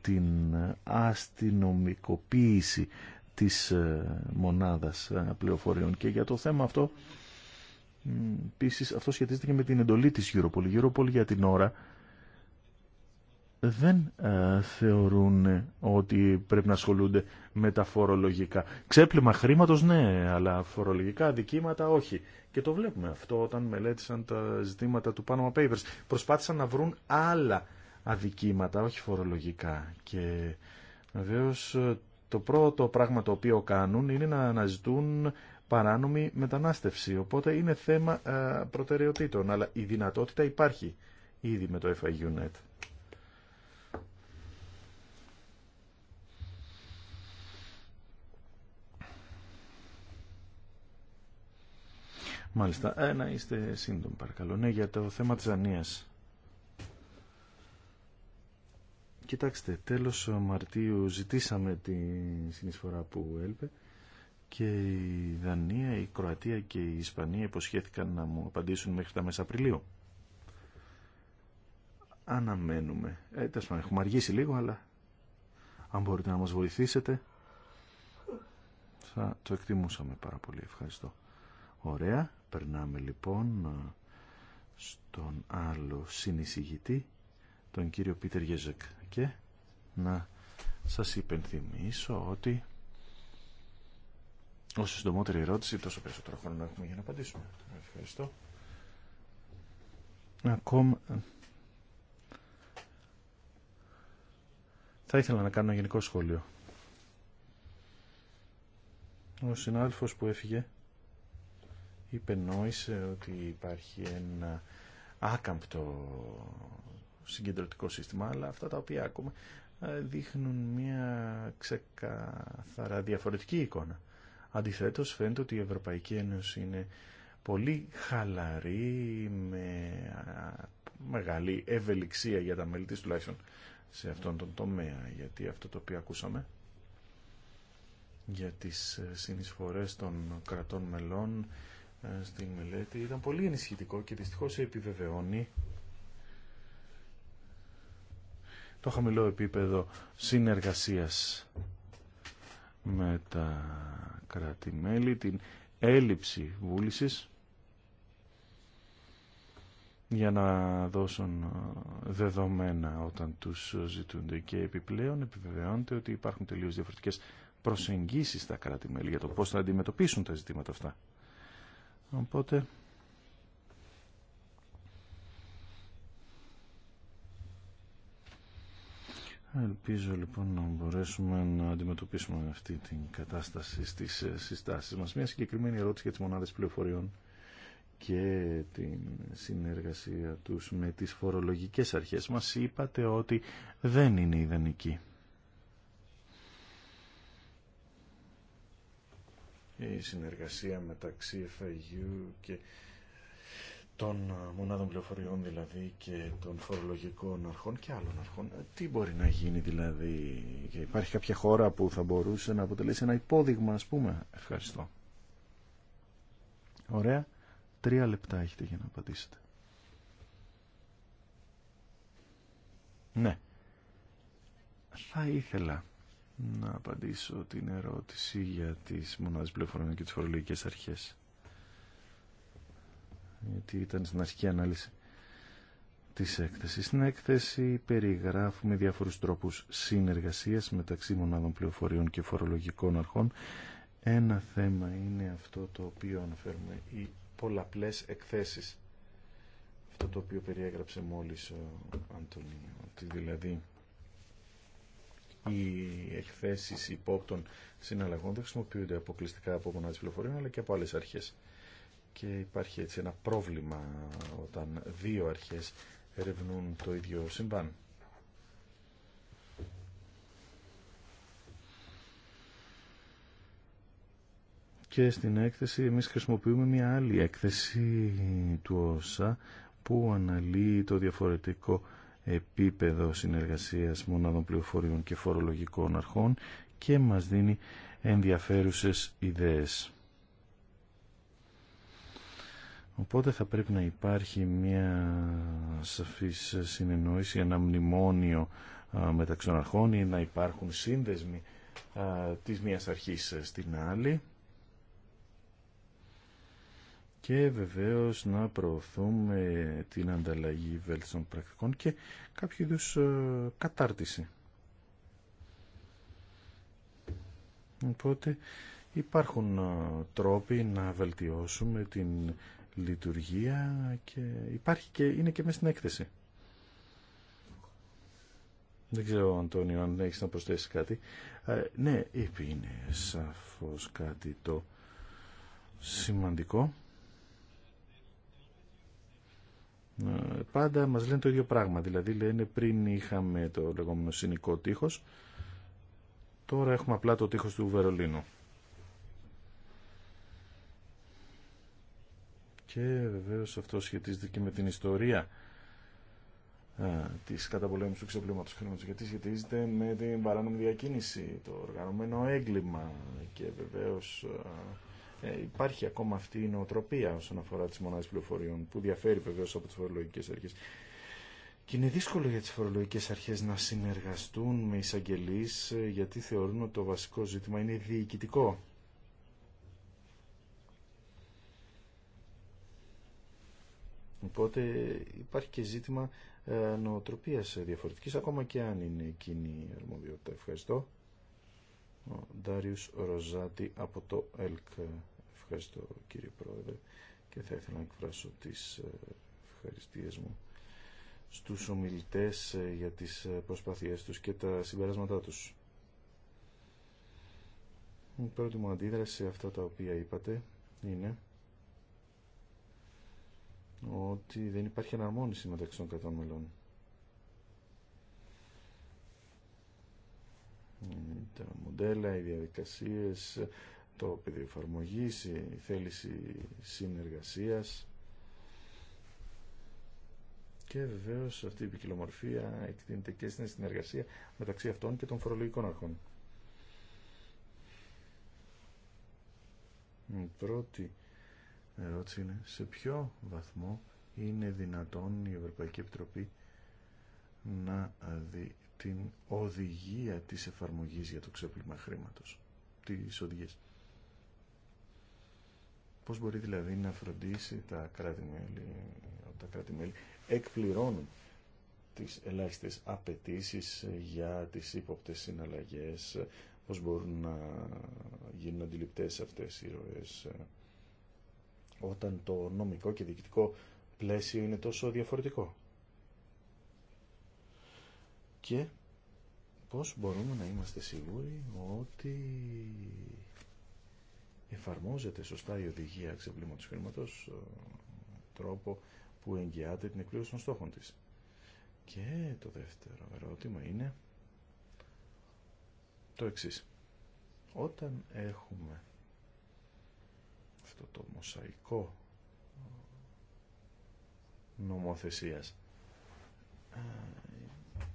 E: την αστυνομικοποίηση της ε, μονάδας ε, πληροφοριών και για το θέμα αυτό επίσης αυτό σχετίζεται και με την εντολή της Europol. Η για την ώρα δεν ε, θεωρούν ότι πρέπει να ασχολούνται με τα φορολογικά. Ξέπλυμα χρήματος ναι, αλλά φορολογικά δικήματα όχι. Και το βλέπουμε αυτό όταν μελέτησαν τα ζητήματα του Panama Papers. Προσπάθησαν να βρουν άλλα αδικήματα, όχι φορολογικά. Και βεβαίω το πρώτο πράγμα το οποίο κάνουν είναι να αναζητούν παράνομη μετανάστευση. Οπότε είναι θέμα προτεραιοτήτων, αλλά η δυνατότητα υπάρχει ήδη με το FIUNET. Μάλιστα. Ε, να είστε σύντομοι παρακαλώ. Ναι, για το θέμα της Ανίας. Κοιτάξτε, τέλος Μαρτίου ζητήσαμε τη συνεισφορά που έλπε και η Δανία, η Κροατία και η Ισπανία υποσχέθηκαν να μου απαντήσουν μέχρι τα μέσα Απριλίου. Αναμένουμε. Ε, έχουμε αργήσει λίγο, αλλά αν μπορείτε να μας βοηθήσετε θα το εκτιμούσαμε πάρα πολύ. Ευχαριστώ. Ωραία. Περνάμε λοιπόν ε, στον άλλο συνεισηγητή, τον κύριο Πίτερ Γεζεκ και να σας υπενθυμίσω ότι όσο συντομότερη ερώτηση τόσο περισσότερο χρόνο έχουμε για να απαντήσουμε. Ευχαριστώ. Ακόμα... Θα ήθελα να κάνω ένα γενικό σχόλιο. Ο συνάδελφος που έφυγε υπενόησε ότι υπάρχει ένα άκαμπτο συγκεντρωτικό σύστημα, αλλά αυτά τα οποία ακούμε ε, δείχνουν μια ξεκαθαρά διαφορετική εικόνα. Αντιθέτως φαίνεται ότι η Ευρωπαϊκή Ένωση είναι πολύ χαλαρή, με μεγάλη ευελιξία για τα μέλη της τουλάχιστον σε αυτόν τον τομέα, γιατί αυτό το οποίο ακούσαμε για τις ε, συνεισφορές των κρατών μελών ε, στην μελέτη ήταν πολύ ενισχυτικό και δυστυχώς επιβεβαιώνει το χαμηλό επίπεδο συνεργασίας με τα κράτη-μέλη, την έλλειψη βούλησης για να δώσουν δεδομένα όταν τους ζητούνται και επιπλέον επιβεβαιώνεται ότι υπάρχουν τελείως διαφορετικές προσεγγίσεις στα κράτη-μέλη για το πώς θα αντιμετωπίσουν τα ζητήματα αυτά. Οπότε Ελπίζω λοιπόν να μπορέσουμε να αντιμετωπίσουμε αυτή την κατάσταση στις ε, συστάσεις μας. Μια συγκεκριμένη ερώτηση για τις μονάδες πληροφοριών και την συνεργασία τους με τις φορολογικές αρχές μας. Είπατε ότι δεν είναι ιδανική. Η συνεργασία μεταξύ FAU και των ε, μονάδων πληροφοριών δηλαδή και των φορολογικών αρχών και άλλων αρχών. Ε, τι μπορεί να γίνει δηλαδή και υπάρχει κάποια χώρα που θα μπορούσε να αποτελέσει ένα υπόδειγμα ας πούμε. Ευχαριστώ. Ωραία. Τρία λεπτά έχετε για να απαντήσετε. Ναι. Θα ήθελα να απαντήσω την ερώτηση για τις μονάδες πληροφοριών και τις φορολογικές αρχές γιατί ήταν στην αρχική ανάλυση της έκθεσης. Στην έκθεση περιγράφουμε διάφορους τρόπους συνεργασίας μεταξύ μονάδων πληροφοριών και φορολογικών αρχών. Ένα θέμα είναι αυτό το οποίο αναφέρουμε, οι πολλαπλές εκθέσεις. Αυτό το οποίο περιέγραψε μόλις ο Αντωνίου, ότι δηλαδή οι εκθέσεις υπόπτων συναλλαγών δεν χρησιμοποιούνται αποκλειστικά από μονάδε πληροφοριών αλλά και από άλλε αρχέ και υπάρχει έτσι ένα πρόβλημα όταν δύο αρχές ερευνούν το ίδιο συμβάν. Και στην έκθεση εμείς χρησιμοποιούμε μια άλλη έκθεση του ΩΣΑ που αναλύει το διαφορετικό επίπεδο συνεργασίας μονάδων πληροφοριών και φορολογικών αρχών και μας δίνει ενδιαφέρουσες ιδέες. Οπότε θα πρέπει να υπάρχει μια σαφής συνεννόηση, ένα μνημόνιο μεταξύ των αρχών ή να υπάρχουν σύνδεσμοι της μίας αρχής στην άλλη και βεβαίως να προωθούμε την ανταλλαγή βέλτιστων πρακτικών και κάποιο είδου κατάρτιση. Οπότε υπάρχουν τρόποι να βελτιώσουμε την λειτουργία και υπάρχει και είναι και μέσα στην έκθεση. Δεν ξέρω, Αντώνιο, αν έχεις να προσθέσεις κάτι. Ε, ναι, είπε είναι σαφώς κάτι το σημαντικό. Ε, πάντα μας λένε το ίδιο πράγμα. Δηλαδή λένε πριν είχαμε το λεγόμενο συνικό τείχος, τώρα έχουμε απλά το τείχος του Βερολίνου. και βεβαίως αυτό σχετίζεται και με την ιστορία της καταπολέμησης του ξεπλήματος χρήματος γιατί σχετίζεται με την παράνομη διακίνηση, το οργανωμένο έγκλημα και βεβαίως ε, υπάρχει ακόμα αυτή η νοοτροπία όσον αφορά τις μονάδες πληροφοριών που διαφέρει βεβαίως από τις φορολογικές αρχές. Και είναι δύσκολο για τις φορολογικές αρχές να συνεργαστούν με εισαγγελείς ε, γιατί θεωρούν ότι το βασικό ζήτημα είναι διοικητικό Οπότε υπάρχει και ζήτημα ε, νοοτροπίας διαφορετικής, ακόμα και αν είναι εκείνη η αρμοδιότητα. Ευχαριστώ. Ο Ντάριο Ροζάτη από το ΕΛΚ. Ευχαριστώ κύριε Πρόεδρε και θα ήθελα να εκφράσω τις ε, ευχαριστίες μου στους ομιλητές ε, για τις προσπάθειές τους και τα συμπεράσματά τους. Η πρώτη μου αντίδραση σε αυτά τα οποία είπατε είναι ότι δεν υπάρχει αναρμόνιση μεταξύ των κρατών μελών. Τα μοντέλα, οι διαδικασίες, το πεδίο η θέληση συνεργασίας και βεβαίω αυτή η ποικιλομορφία εκτείνεται και στην συνεργασία μεταξύ αυτών και των φορολογικών αρχών. Η πρώτη ερώτηση είναι σε ποιο βαθμό είναι δυνατόν η Ευρωπαϊκή Επιτροπή να δει την οδηγία της εφαρμογής για το ξέπλυμα χρήματος, τις οδηγίες. Πώς μπορεί δηλαδή να φροντίσει τα κράτη-μέλη, τα κράτη-μέλη εκπληρώνουν τις ελάχιστες απαιτήσεις για τις ύποπτες συναλλαγές, πώς μπορούν να γίνουν αντιληπτές αυτές οι ροές όταν το νομικό και διοικητικό πλαίσιο είναι τόσο διαφορετικό. Και πώς μπορούμε να είμαστε σίγουροι ότι εφαρμόζεται σωστά η οδηγία ξεπλήματος χρήματος τρόπο που εγγυάται την εκπλήρωση των στόχων της. Και το δεύτερο ερώτημα είναι το εξής. Όταν έχουμε το μοσαϊκό ε, νομοθεσίας ε,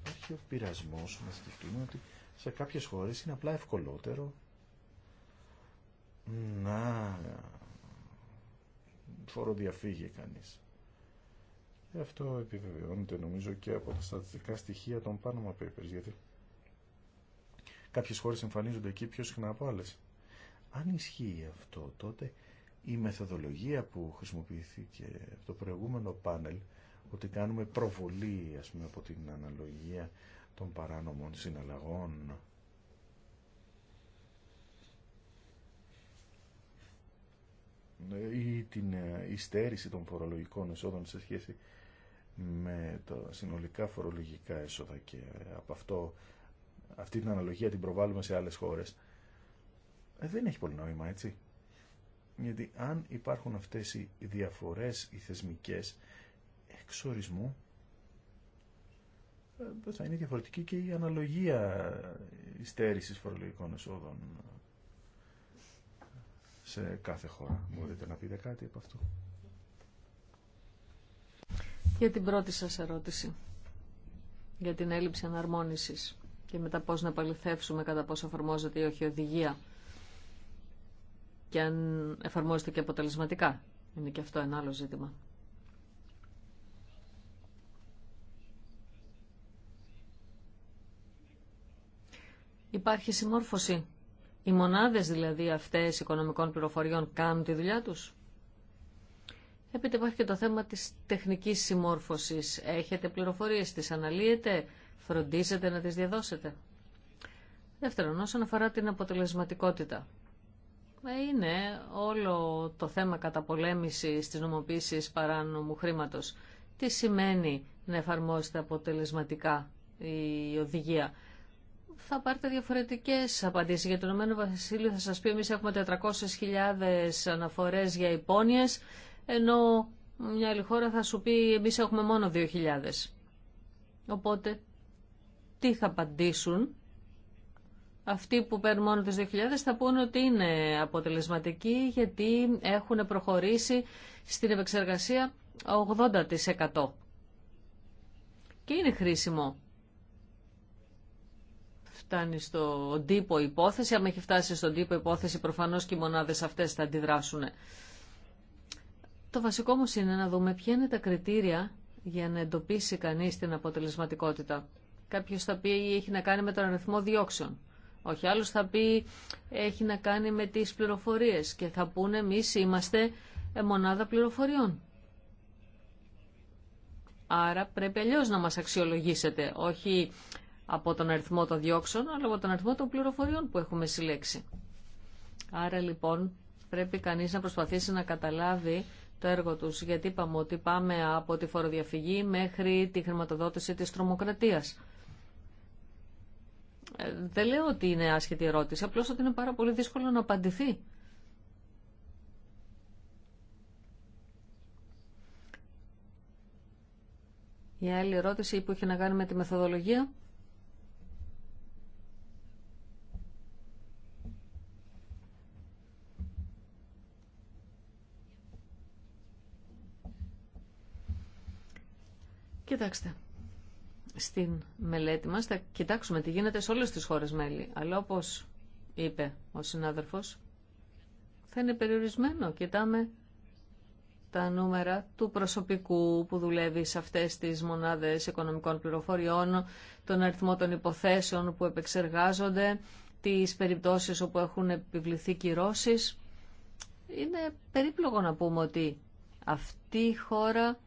E: υπάρχει ο πειρασμός να σκεφτούμε ότι σε κάποιες χώρες είναι απλά ευκολότερο να φοροδιαφύγει κανείς. Και αυτό επιβεβαιώνεται νομίζω και από τα στατιστικά στοιχεία των Panama Papers, γιατί κάποιες χώρες εμφανίζονται εκεί πιο συχνά από άλλες. Αν ισχύει αυτό, τότε η μεθοδολογία που χρησιμοποιήθηκε και το προηγούμενο πάνελ ότι κάνουμε προβολή ας πούμε, από την αναλογία των παράνομων συναλλαγών ε, ή την ε, υστέρηση των φορολογικών εσόδων σε σχέση με τα συνολικά φορολογικά έσοδα και από αυτό αυτή την αναλογία την προβάλλουμε σε άλλες χώρες ε, δεν έχει πολύ νόημα έτσι γιατί αν υπάρχουν αυτές οι διαφορές, οι θεσμικές, εξορισμού, ε, θα είναι διαφορετική και η αναλογία στέρησης φορολογικών εσόδων σε κάθε χώρα. Μπορείτε να πείτε κάτι από αυτό.
D: Για την πρώτη σας ερώτηση, για την έλλειψη αναρμόνησης και μετά πώς να παληθεύσουμε κατά πώς εφαρμόζεται αφορμόζεται η οχι και αν εφαρμόζεται και αποτελεσματικά. Είναι και αυτό ένα άλλο ζήτημα. Υπάρχει συμμόρφωση. Οι μονάδες δηλαδή αυτές οικονομικών πληροφοριών κάνουν τη δουλειά τους. Έπειτα υπάρχει και το θέμα της τεχνικής συμμόρφωσης. Έχετε πληροφορίες, τις αναλύετε, φροντίζετε να τις διαδώσετε. Δεύτερον, όσον αφορά την αποτελεσματικότητα. Ε, είναι όλο το θέμα καταπολέμησης της νομοποίησης παράνομου χρήματος. Τι σημαίνει να εφαρμόσετε αποτελεσματικά η οδηγία. Θα πάρετε διαφορετικές απαντήσεις. Για το Ηνωμένο Βασίλειο θα σας πει εμείς έχουμε 400.000 αναφορές για υπόνοιες, ενώ μια άλλη χώρα θα σου πει εμείς έχουμε μόνο 2.000. Οπότε, τι θα απαντήσουν αυτοί που παίρνουν μόνο τις 2.000 θα πούνε ότι είναι αποτελεσματικοί γιατί έχουν προχωρήσει στην επεξεργασία 80%. Και είναι χρήσιμο. Φτάνει στον τύπο υπόθεση. Αν έχει φτάσει στον τύπο υπόθεση, προφανώς και οι μονάδες αυτές θα αντιδράσουν. Το βασικό όμως είναι να δούμε ποια είναι τα κριτήρια για να εντοπίσει κανείς την αποτελεσματικότητα. Κάποιος θα πει έχει να κάνει με τον αριθμό διώξεων. Όχι, άλλος θα πει έχει να κάνει με τις πληροφορίες και θα πούνε εμείς είμαστε ε, μονάδα πληροφοριών. Άρα πρέπει αλλιώ να μας αξιολογήσετε, όχι από τον αριθμό των διώξεων, αλλά από τον αριθμό των πληροφοριών που έχουμε συλλέξει. Άρα λοιπόν πρέπει κανείς να προσπαθήσει να καταλάβει το έργο τους, γιατί είπαμε ότι πάμε από τη φοροδιαφυγή μέχρι τη χρηματοδότηση της τρομοκρατίας δεν λέω ότι είναι άσχετη ερώτηση, απλώς ότι είναι πάρα πολύ δύσκολο να απαντηθεί. Η άλλη ερώτηση που είχε να κάνει με τη μεθοδολογία. Κοιτάξτε. Στην μελέτη μας θα κοιτάξουμε τι γίνεται σε όλες τις χώρες μέλη. Αλλά όπως είπε ο συνάδελφος, θα είναι περιορισμένο. Κοιτάμε τα νούμερα του προσωπικού που δουλεύει σε αυτές τις μονάδες οικονομικών πληροφοριών, τον αριθμό των υποθέσεων που επεξεργάζονται, τις περιπτώσεις όπου έχουν επιβληθεί κυρώσεις. Είναι περίπλογο να πούμε ότι αυτή η χώρα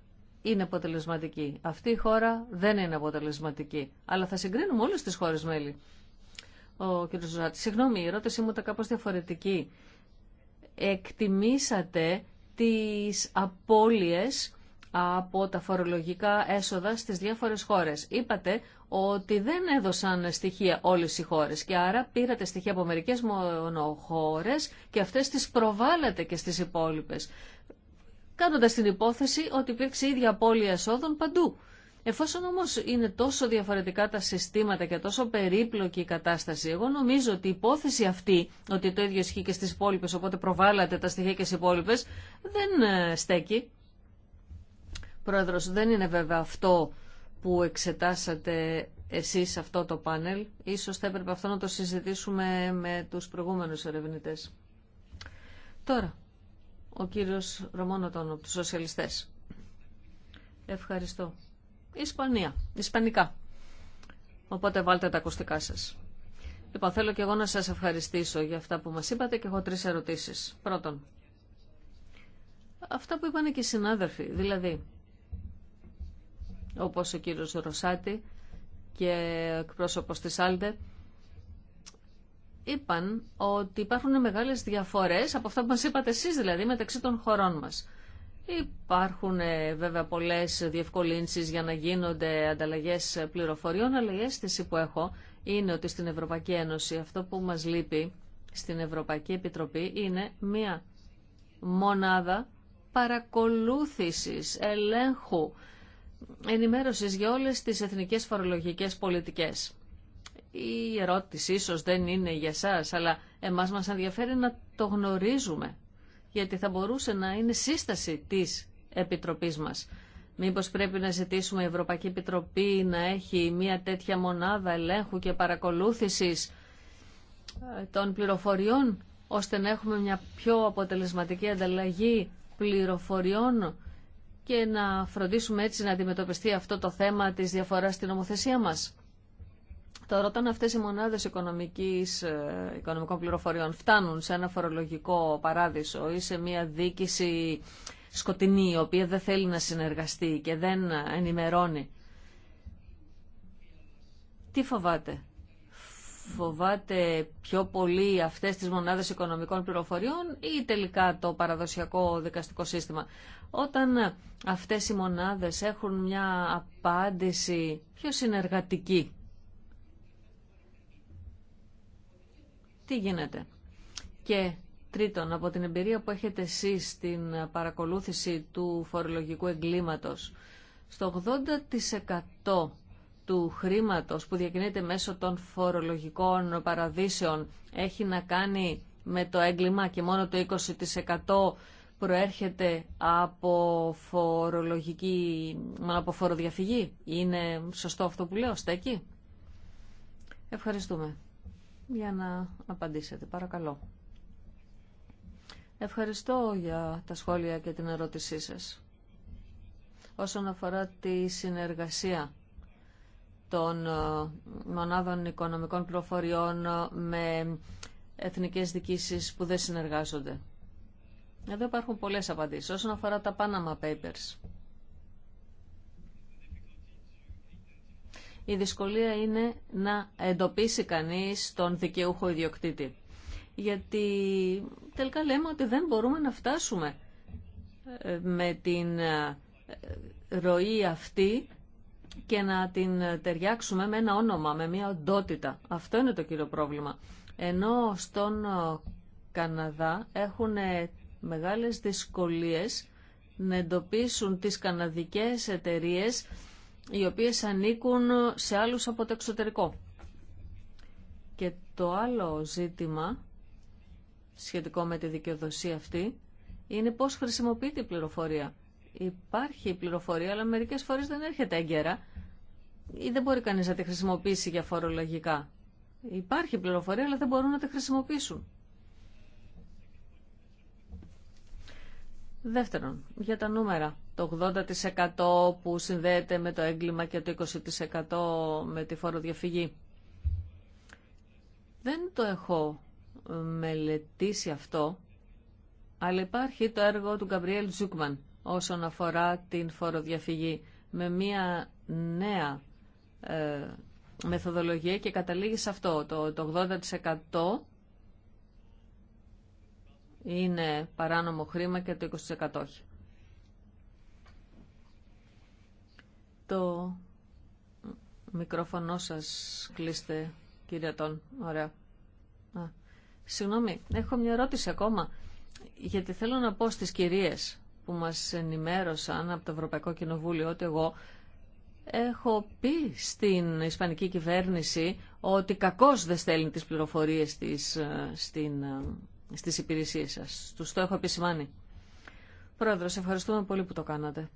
D: είναι αποτελεσματική. Αυτή η χώρα δεν είναι αποτελεσματική. Αλλά θα συγκρίνουμε όλε τις χώρες μέλη. Ο κ. συγγνώμη, η ερώτησή μου ήταν κάπως διαφορετική. Εκτιμήσατε τις απώλειες από τα φορολογικά έσοδα στις διάφορες χώρες. Είπατε ότι δεν έδωσαν στοιχεία όλες οι χώρες και άρα πήρατε στοιχεία από μερικές μόνο χώρες και αυτές τις προβάλλατε και στις υπόλοιπες. Κάνοντα την υπόθεση ότι υπήρξε ίδια απώλεια εσόδων παντού. Εφόσον όμως είναι τόσο διαφορετικά τα συστήματα και τόσο περίπλοκη η κατάσταση, εγώ νομίζω ότι η υπόθεση αυτή, ότι το ίδιο ισχύει και στι υπόλοιπε, οπότε προβάλλατε τα στοιχεία και στις υπόλοιπε, δεν ε, στέκει. Πρόεδρο, δεν είναι βέβαια αυτό που εξετάσατε εσεί αυτό το πάνελ. Ίσως θα έπρεπε αυτό να το συζητήσουμε με του προηγούμενου ερευνητέ. Τώρα, ο κύριος Ρωμόνατον από τους σοσιαλιστές. Ευχαριστώ. Ισπανία. Ισπανικά. Οπότε βάλτε τα ακουστικά σας. Λοιπόν, θέλω και εγώ να σας ευχαριστήσω για αυτά που μας είπατε και έχω τρεις ερωτήσεις. Πρώτον, αυτά που είπαν και οι συνάδελφοι, δηλαδή, όπως ο κύριος Ρωσάτη και εκπρόσωπος της Άλντε, είπαν ότι υπάρχουν μεγάλες διαφορές από αυτά που μας είπατε εσείς δηλαδή μεταξύ των χωρών μας. Υπάρχουν ε, βέβαια πολλές διευκολύνσεις για να γίνονται ανταλλαγές πληροφοριών, αλλά η αίσθηση που έχω είναι ότι στην Ευρωπαϊκή Ένωση αυτό που μας λείπει στην Ευρωπαϊκή Επιτροπή είναι μία μονάδα παρακολούθησης, ελέγχου, ενημέρωσης για όλες τις εθνικές φορολογικές πολιτικές. Η ερώτηση ίσως δεν είναι για σας, αλλά εμάς μας ενδιαφέρει να το γνωρίζουμε, γιατί θα μπορούσε να είναι σύσταση της Επιτροπής μας. Μήπως πρέπει να ζητήσουμε η Ευρωπαϊκή Επιτροπή να έχει μια τέτοια μονάδα ελέγχου και παρακολούθησης ε, των πληροφοριών, ώστε να έχουμε μια πιο αποτελεσματική ανταλλαγή πληροφοριών και να φροντίσουμε έτσι να αντιμετωπιστεί αυτό το θέμα της διαφοράς στην νομοθεσία μας. Τώρα όταν αυτές οι μονάδες οικονομικής, ε, οικονομικών πληροφοριών φτάνουν σε ένα φορολογικό παράδεισο ή σε μια δίκηση σκοτεινή η οποία δεν θέλει να συνεργαστεί και δεν ενημερώνει, τι φοβάται. Φοβάται πιο πολύ αυτές τις μονάδες οικονομικών πληροφοριών ή τελικά το παραδοσιακό δικαστικό σύστημα. Όταν αυτές οι μονάδες έχουν μια απάντηση πιο συνεργατική τι γίνεται. Και τρίτον, από την εμπειρία που έχετε εσείς στην παρακολούθηση του φορολογικού εγκλήματος, στο 80% του χρήματος που διακινείται μέσω των φορολογικών παραδείσεων έχει να κάνει με το έγκλημα και μόνο το 20% προέρχεται από φορολογική, από φοροδιαφυγή. Είναι σωστό αυτό που λέω, στέκει. Ευχαριστούμε για να απαντήσετε. Παρακαλώ. Ευχαριστώ για τα σχόλια και την ερώτησή σας. Όσον αφορά τη συνεργασία των ε, μονάδων οικονομικών προφοριών ε, με εθνικές δικήσεις που δεν συνεργάζονται. Εδώ υπάρχουν πολλές απαντήσεις. Όσον αφορά τα Panama Papers, η δυσκολία είναι να εντοπίσει κανείς τον δικαιούχο ιδιοκτήτη. Γιατί τελικά λέμε ότι δεν μπορούμε να φτάσουμε ε, με την ε, ροή αυτή και να την ταιριάξουμε με ένα όνομα, με μια οντότητα. Αυτό είναι το κύριο πρόβλημα. Ενώ στον ε, Καναδά έχουν μεγάλες δυσκολίες να εντοπίσουν τις καναδικές εταιρείες οι οποίες ανήκουν σε άλλους από το εξωτερικό. Και το άλλο ζήτημα σχετικό με τη δικαιοδοσία αυτή είναι πώς χρησιμοποιείται η πληροφορία. Υπάρχει η πληροφορία, αλλά μερικές φορές δεν έρχεται έγκαιρα ή δεν μπορεί κανείς να τη χρησιμοποιήσει για φορολογικά. Υπάρχει πληροφορία, αλλά δεν μπορούν να τη χρησιμοποιήσουν. Δεύτερον, για τα νούμερα. Το 80% που συνδέεται με το έγκλημα και το 20% με τη φοροδιαφυγή. Δεν το έχω ε, μελετήσει αυτό, αλλά υπάρχει το έργο του Γκαμπριέλ Τζούκμαν όσον αφορά την φοροδιαφυγή με μια νέα ε, μεθοδολογία και καταλήγει σε αυτό. Το, το 80% είναι παράνομο χρήμα και το 20% όχι. Το μικρόφωνο σας κλείστε, κύριε Τόν. Ωραία. Α, συγγνώμη, έχω μια ερώτηση ακόμα, γιατί θέλω να πω στις κυρίες που μας ενημέρωσαν από το Ευρωπαϊκό Κοινοβούλιο ότι εγώ έχω πει στην Ισπανική κυβέρνηση ότι κακώς δεν στέλνει τις πληροφορίες της ε, στην ε, στις υπηρεσίες σας. Τους το έχω επισημάνει. σε ευχαριστούμε πολύ που το κάνατε.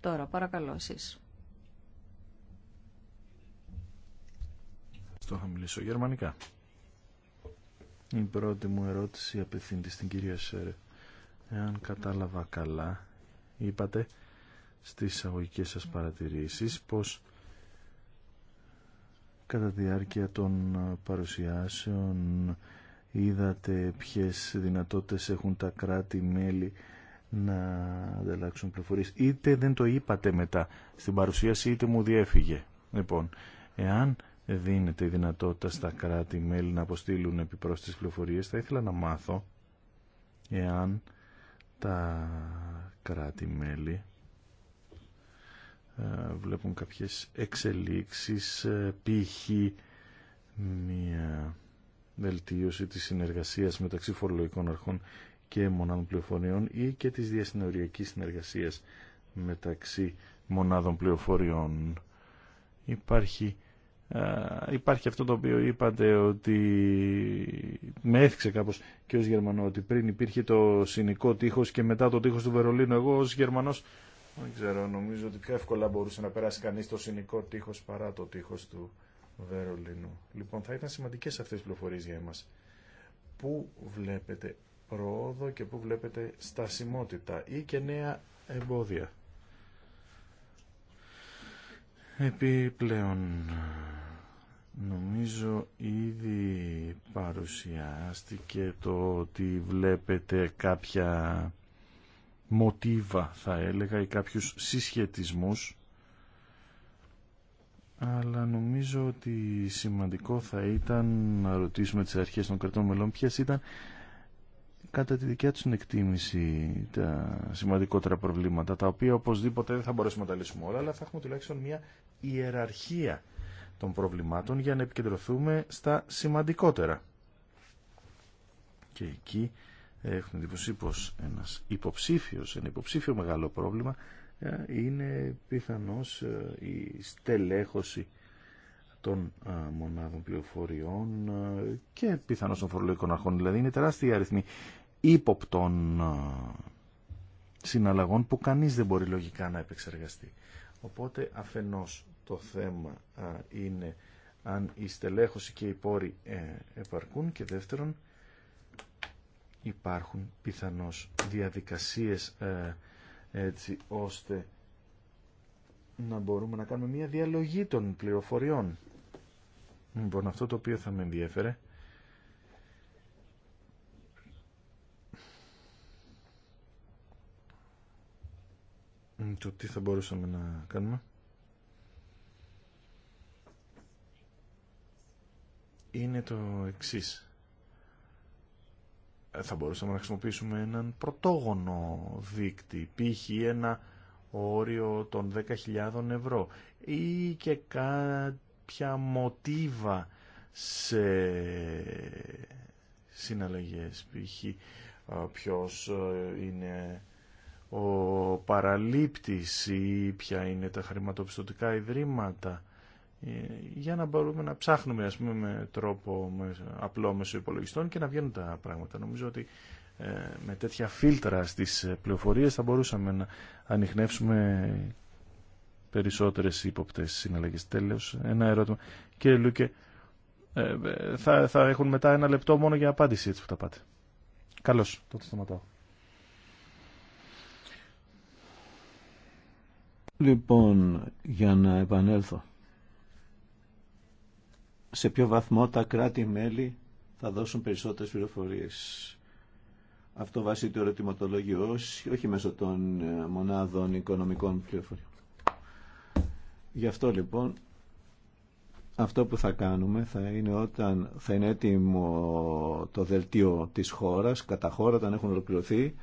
D: Τώρα, παρακαλώ εσείς.
E: Το θα μιλήσω γερμανικά. Η πρώτη μου ερώτηση απευθύνεται στην κυρία Σέρε. Εάν κατάλαβα καλά, είπατε στις εισαγωγικέ σας παρατηρήσεις πως κατά τη διάρκεια των παρουσιάσεων είδατε ποιες δυνατότητες έχουν τα κράτη-μέλη να ανταλλάξουν πληροφορίες. Είτε δεν το είπατε μετά στην παρουσίαση, είτε μου διέφυγε. Λοιπόν, εάν δίνεται η δυνατότητα στα κράτη-μέλη να αποστείλουν επιπρόσθετες πληροφορίες, θα ήθελα να μάθω εάν τα κράτη-μέλη ε, βλέπουν κάποιες εξελίξεις, ε, π.χ. μια βελτίωση της συνεργασίας μεταξύ φορολογικών αρχών και μονάδων πληροφοριών ή και της διασυνοριακής συνεργασίας μεταξύ μονάδων πληροφοριών. Υπάρχει, υπάρχει αυτό το οποίο είπατε ότι με έθιξε κάπως και ως Γερμανό ότι πριν υπήρχε το συνικό τείχος και μετά το τείχος του Βερολίνου. Εγώ ως Γερμανός δεν ξέρω, νομίζω ότι πιο εύκολα μπορούσε να περάσει κανείς το συνικό τείχος παρά το τείχος του Βερολίνου. Λοιπόν, θα ήταν σημαντικές αυτές οι πληροφορίες για εμάς. Πού βλέπετε πρόοδο και πού βλέπετε στασιμότητα ή και νέα εμπόδια. Επιπλέον, νομίζω ήδη παρουσιάστηκε το ότι βλέπετε κάποια μοτίβα θα έλεγα ή κάποιους συσχετισμούς αλλά νομίζω ότι σημαντικό θα ήταν να ρωτήσουμε τις αρχές των κρατών μελών ποιες ήταν κατά τη δικιά τους εκτίμηση τα σημαντικότερα προβλήματα τα οποία οπωσδήποτε δεν θα μπορέσουμε να τα λύσουμε όλα αλλά θα έχουμε τουλάχιστον μια ιεραρχία των προβλημάτων για να επικεντρωθούμε στα σημαντικότερα και εκεί έχουμε εντύπωση πως ένας υποψήφιος, ένα υποψήφιο μεγάλο πρόβλημα ε, είναι πιθανώς ε, η στελέχωση των ε, μονάδων πληροφοριών και πιθανώς των φορολογικών αρχών. Δηλαδή είναι τεράστιοι αριθμοί ύποπτων συναλλαγών που κανείς δεν μπορεί λογικά να επεξεργαστεί. Οπότε αφενός το θέμα είναι αν η στελέχωση και οι πόροι επαρκούν και δεύτερον υπάρχουν πιθανώς διαδικασίες έτσι ώστε να μπορούμε να κάνουμε μια διαλογή των πληροφοριών. Λοιπόν, αυτό το οποίο θα με ενδιέφερε το τι θα μπορούσαμε να κάνουμε είναι το εξής ε, θα μπορούσαμε να χρησιμοποιήσουμε έναν πρωτόγονο δίκτυ, π.χ. ένα όριο των 10.000 ευρώ ή και κάποια μοτίβα σε συναλλαγές, π.χ. ποιος ε, είναι ο παραλήπτης ή ποια είναι τα χρηματοπιστωτικά ιδρύματα ε, για να μπορούμε να ψάχνουμε ας πούμε, με τρόπο με, απλό μέσω υπολογιστών και να βγαίνουν τα πράγματα. Νομίζω ότι ε, με τέτοια φίλτρα στις ε, πληροφορίες θα μπορούσαμε να ανοιχνεύσουμε περισσότερες ύποπτες συναλλαγές. Τέλος, ένα ερώτημα. Κύριε Λούκε, ε, θα, θα έχουν μετά ένα λεπτό μόνο για απάντηση έτσι που τα πάτε. Καλώς, τότε σταματάω.
B: Λοιπόν, για να επανέλθω σε ποιο βαθμό τα κράτη-μέλη θα δώσουν περισσότερες πληροφορίες. Αυτό βάσει το ερωτηματολογίου, όχι μέσω των ε, μονάδων οικονομικών πληροφοριών. Γι' αυτό λοιπόν αυτό που θα κάνουμε θα είναι όταν θα είναι έτοιμο το δελτίο της χώρας, κατά χώρα όταν έχουν ολοκληρωθεί,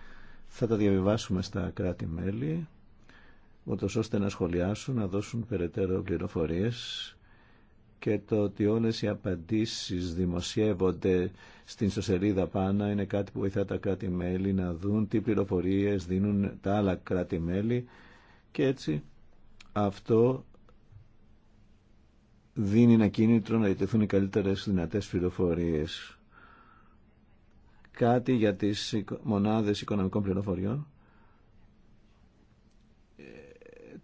B: θα τα διαβιβάσουμε στα κράτη-μέλη, ώστε να σχολιάσουν, να δώσουν περαιτέρω πληροφορίες και το ότι όλες οι απαντήσεις δημοσιεύονται στην ιστοσελίδα πάνω είναι κάτι που βοηθά τα κράτη-μέλη να δουν τι πληροφορίες δίνουν τα άλλα κράτη-μέλη και έτσι αυτό δίνει ένα κίνητρο να ιτεθούν οι καλύτερες δυνατές πληροφορίες. Κάτι για τις μονάδες οικονομικών πληροφοριών. Ε,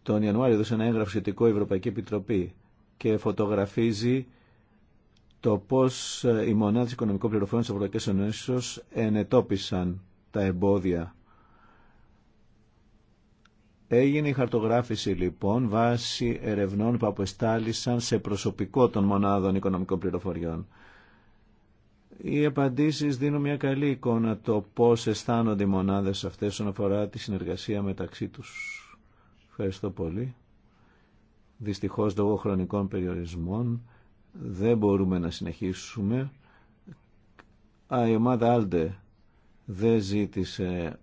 B: τον Ιανουάριο έδωσε ένα έγγραφο σχετικό Ευρωπαϊκή Επιτροπή και φωτογραφίζει το πώς ε, οι μονάδες οικονομικών πληροφοριών της Ευρωπαϊκής Ενώσεως ενετόπισαν τα εμπόδια. Έγινε η χαρτογράφηση λοιπόν βάσει ερευνών που αποστάλησαν σε προσωπικό των μονάδων οικονομικών πληροφοριών. Οι απαντήσεις δίνουν μια καλή εικόνα το πώς αισθάνονται οι μονάδες αυτές όσον αφορά τη συνεργασία μεταξύ τους. Ευχαριστώ πολύ. Δυστυχώς λόγω χρονικών περιορισμών δεν μπορούμε να συνεχίσουμε. Α, η ομάδα Άλντε δεν ζήτησε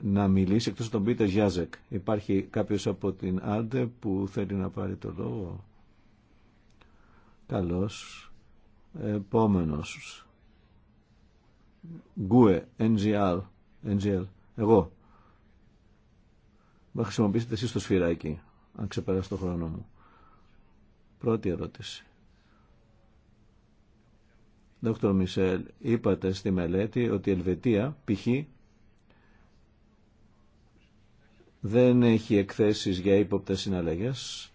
B: να μιλήσει εκτός τον Πίτερ Γιάζεκ. Υπάρχει κάποιος από την Άλντε που θέλει να πάρει το λόγο. Καλώς. Επόμενος. Γκουε, NGL, NGL. Εγώ. Μα χρησιμοποιήσετε εσείς το σφυράκι αν ξεπεράσει το χρόνο μου. Πρώτη ερώτηση. Δόκτωρ Μισελ, είπατε στη μελέτη ότι η Ελβετία, π.χ., δεν έχει εκθέσεις για ύποπτε συναλλαγές,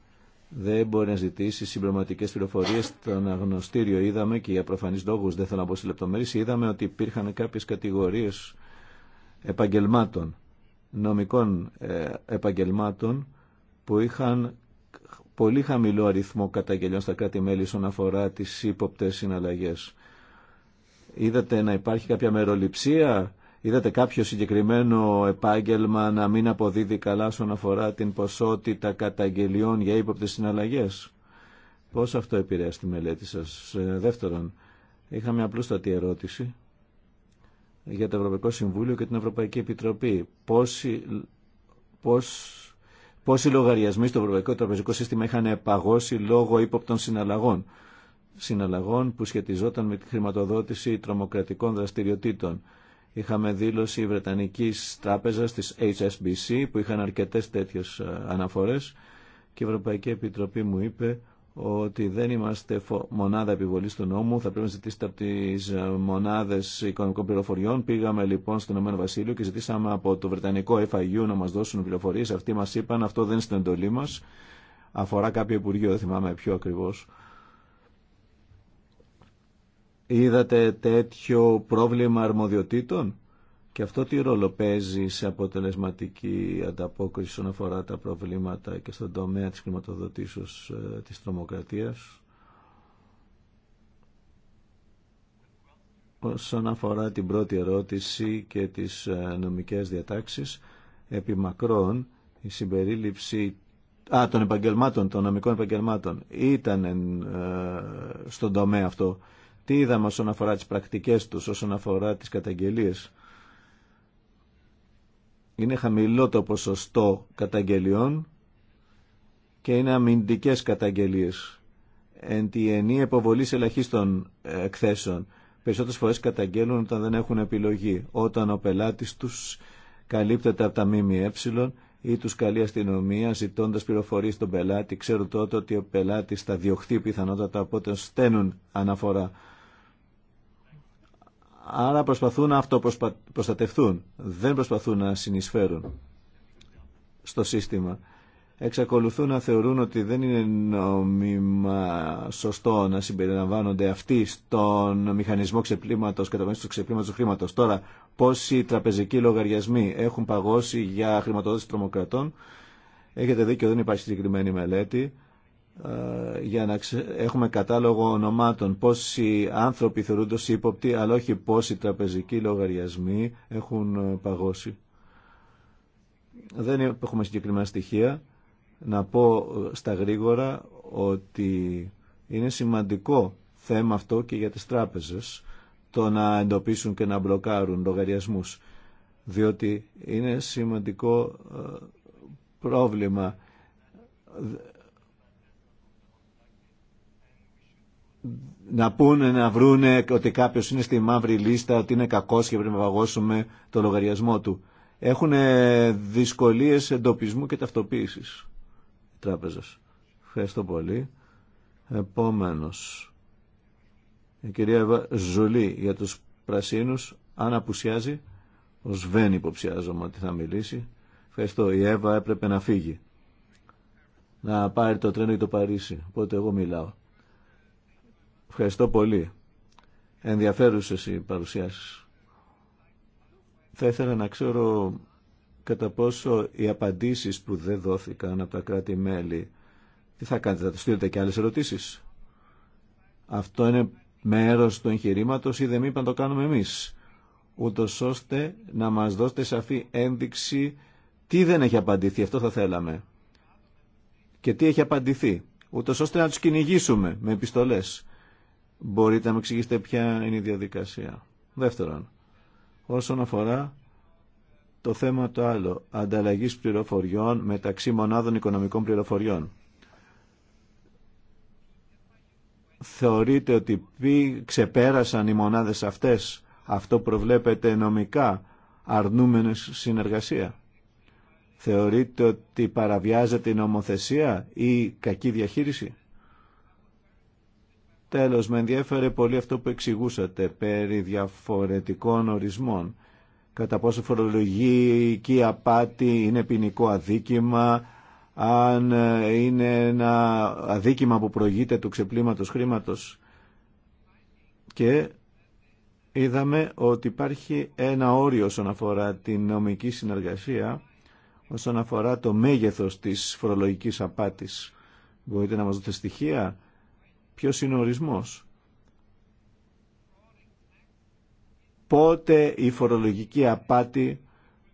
B: δεν μπορεί να ζητήσει συμπληρωματικέ πληροφορίε. Στον αναγνωστήριο είδαμε και για προφανεί λόγου, δεν θέλω να πω σε λεπτομέρειε, είδαμε ότι υπήρχαν κάποιε κατηγορίε επαγγελμάτων, νομικών ε, επαγγελμάτων, που είχαν πολύ χαμηλό αριθμό καταγγελιών στα κράτη-μέλη όσον αφορά τις ύποπτες συναλλαγές. Είδατε να υπάρχει κάποια μεροληψία, είδατε κάποιο συγκεκριμένο επάγγελμα να μην αποδίδει καλά όσον αφορά την ποσότητα καταγγελιών για ύποπτες συναλλαγές. Πώς αυτό επηρέασε τη μελέτη σας. Ε, δεύτερον, είχα μια απλούστατη ερώτηση για το Ευρωπαϊκό Συμβούλιο και την Ευρωπαϊκή Επιτροπή πόσοι λογαριασμοί στο Ευρωπαϊκό Τραπεζικό Σύστημα είχαν παγώσει λόγω ύποπτων συναλλαγών. Συναλλαγών που σχετιζόταν με τη χρηματοδότηση τρομοκρατικών δραστηριοτήτων. Είχαμε δήλωση βρετανική τράπεζα τη HSBC που είχαν αρκετές τέτοιες ε, αναφορές και η Ευρωπαϊκή Επιτροπή μου είπε ότι δεν είμαστε μονάδα επιβολής του νόμου, θα πρέπει να ζητήσετε από τις ε, μονάδες οικονομικών πληροφοριών. Πήγαμε λοιπόν στον Ηνωμένο Βασίλειο και ζητήσαμε από το Βρετανικό FIU να μας δώσουν πληροφορίες. Αυτοί μας είπαν αυτό δεν είναι στην εντολή μας, αφορά κάποιο Υπουργείο, δεν θυμάμαι ποιο ακριβώ Είδατε τέτοιο πρόβλημα αρμοδιοτήτων και αυτό τι ρόλο παίζει σε αποτελεσματική ανταπόκριση όσον αφορά τα προβλήματα και στον τομέα της χρηματοδοτήσεως ε, της τρομοκρατίας. Όσον αφορά την πρώτη ερώτηση και τις ε, νομικές διατάξεις, επί μακρόν η συμπερίληψη α, των επαγγελμάτων, των νομικών επαγγελμάτων ήταν ε, στον τομέα αυτό. Τι είδαμε όσον αφορά τις πρακτικές τους, όσον αφορά τις καταγγελίες είναι χαμηλό το ποσοστό καταγγελιών και είναι αμυντικές καταγγελίες. Εν τη ενή υποβολή ελαχίστων ε, εκθέσεων. Περισσότερες φορές καταγγέλουν όταν δεν έχουν επιλογή, όταν ο πελάτης τους καλύπτεται από τα ΜΜΕ ή τους καλεί αστυνομία ζητώντα πληροφορίες στον πελάτη. Ξέρουν τότε ότι ο πελάτης θα διωχθεί πιθανότατα, οπότε στέλνουν αναφορά. Άρα προσπαθούν να αυτοπροστατευτούν. Δεν προσπαθούν να συνεισφέρουν στο σύστημα. Εξακολουθούν να θεωρούν ότι δεν είναι νόμιμα σωστό να συμπεριλαμβάνονται αυτοί στον μηχανισμό ξεπλήματος, κατανοήσεις του ξεπλήματος του χρήματος. Τώρα, πόσοι τραπεζικοί λογαριασμοί έχουν παγώσει για χρηματοδότηση τρομοκρατών. Έχετε δίκιο, δεν υπάρχει συγκεκριμένη μελέτη. Ε, για να έχουμε κατάλογο ονομάτων πόσοι άνθρωποι θεωρούνται ως ύποπτοι αλλά όχι πόσοι τραπεζικοί λογαριασμοί έχουν ε, παγώσει. Δεν έχουμε συγκεκριμένα στοιχεία. Να πω ε, στα γρήγορα ότι είναι σημαντικό θέμα αυτό και για τις τράπεζες το να εντοπίσουν και να μπλοκάρουν λογαριασμούς διότι είναι σημαντικό πρόβλημα να πούνε, να βρούνε ότι κάποιος είναι στη μαύρη λίστα, ότι είναι κακός και πρέπει να παγώσουμε το λογαριασμό του. Έχουν δυσκολίες εντοπισμού και ταυτοποίησης τράπεζας. Ευχαριστώ πολύ. Επόμενος. Η κυρία Ζουλή για τους πρασίνους, αν απουσιάζει, ο υποψιάζομαι ότι θα μιλήσει. Ευχαριστώ. Η Εύα έπρεπε να φύγει. Να πάρει το τρένο για το Παρίσι. Οπότε εγώ μιλάω. Ευχαριστώ πολύ. Ενδιαφέρουσες οι παρουσιάσεις. Θα ήθελα να ξέρω κατά πόσο οι απαντήσεις που δεν δόθηκαν από τα κράτη-μέλη τι θα κάνετε, θα τους στείλετε και άλλες ερωτήσεις. Αυτό είναι μέρος του εγχειρήματο ή δεν είπα το κάνουμε εμείς. Ούτω ώστε να μας δώσετε σαφή ένδειξη τι δεν έχει απαντηθεί, αυτό θα θέλαμε. Και τι έχει απαντηθεί. Ούτω ώστε να τους κυνηγήσουμε με επιστολές Μπορείτε να μου εξηγήσετε ποια είναι η διαδικασία. Δεύτερον, όσον αφορά το θέμα το άλλο, ανταλλαγής πληροφοριών μεταξύ μονάδων οικονομικών πληροφοριών. Θεωρείτε ότι πει, ξεπέρασαν οι μονάδες αυτές, αυτό προβλέπεται νομικά, αρνούμενες συνεργασία. Θεωρείτε ότι παραβιάζεται η νομοθεσία ή κακή διαχείριση. Τέλος, με ενδιέφερε πολύ αυτό που εξηγούσατε περί διαφορετικών ορισμών. Κατά πόσο φορολογική απάτη είναι ποινικό αδίκημα, αν είναι ένα αδίκημα που προηγείται του ξεπλήματος χρήματος. Και είδαμε ότι υπάρχει ένα όριο όσον αφορά την νομική συνεργασία, όσον αφορά το μέγεθος της φορολογικής απάτης. Μπορείτε να μας δώσετε στοιχεία Ποιος είναι ο ορισμός. Πότε η φορολογική απάτη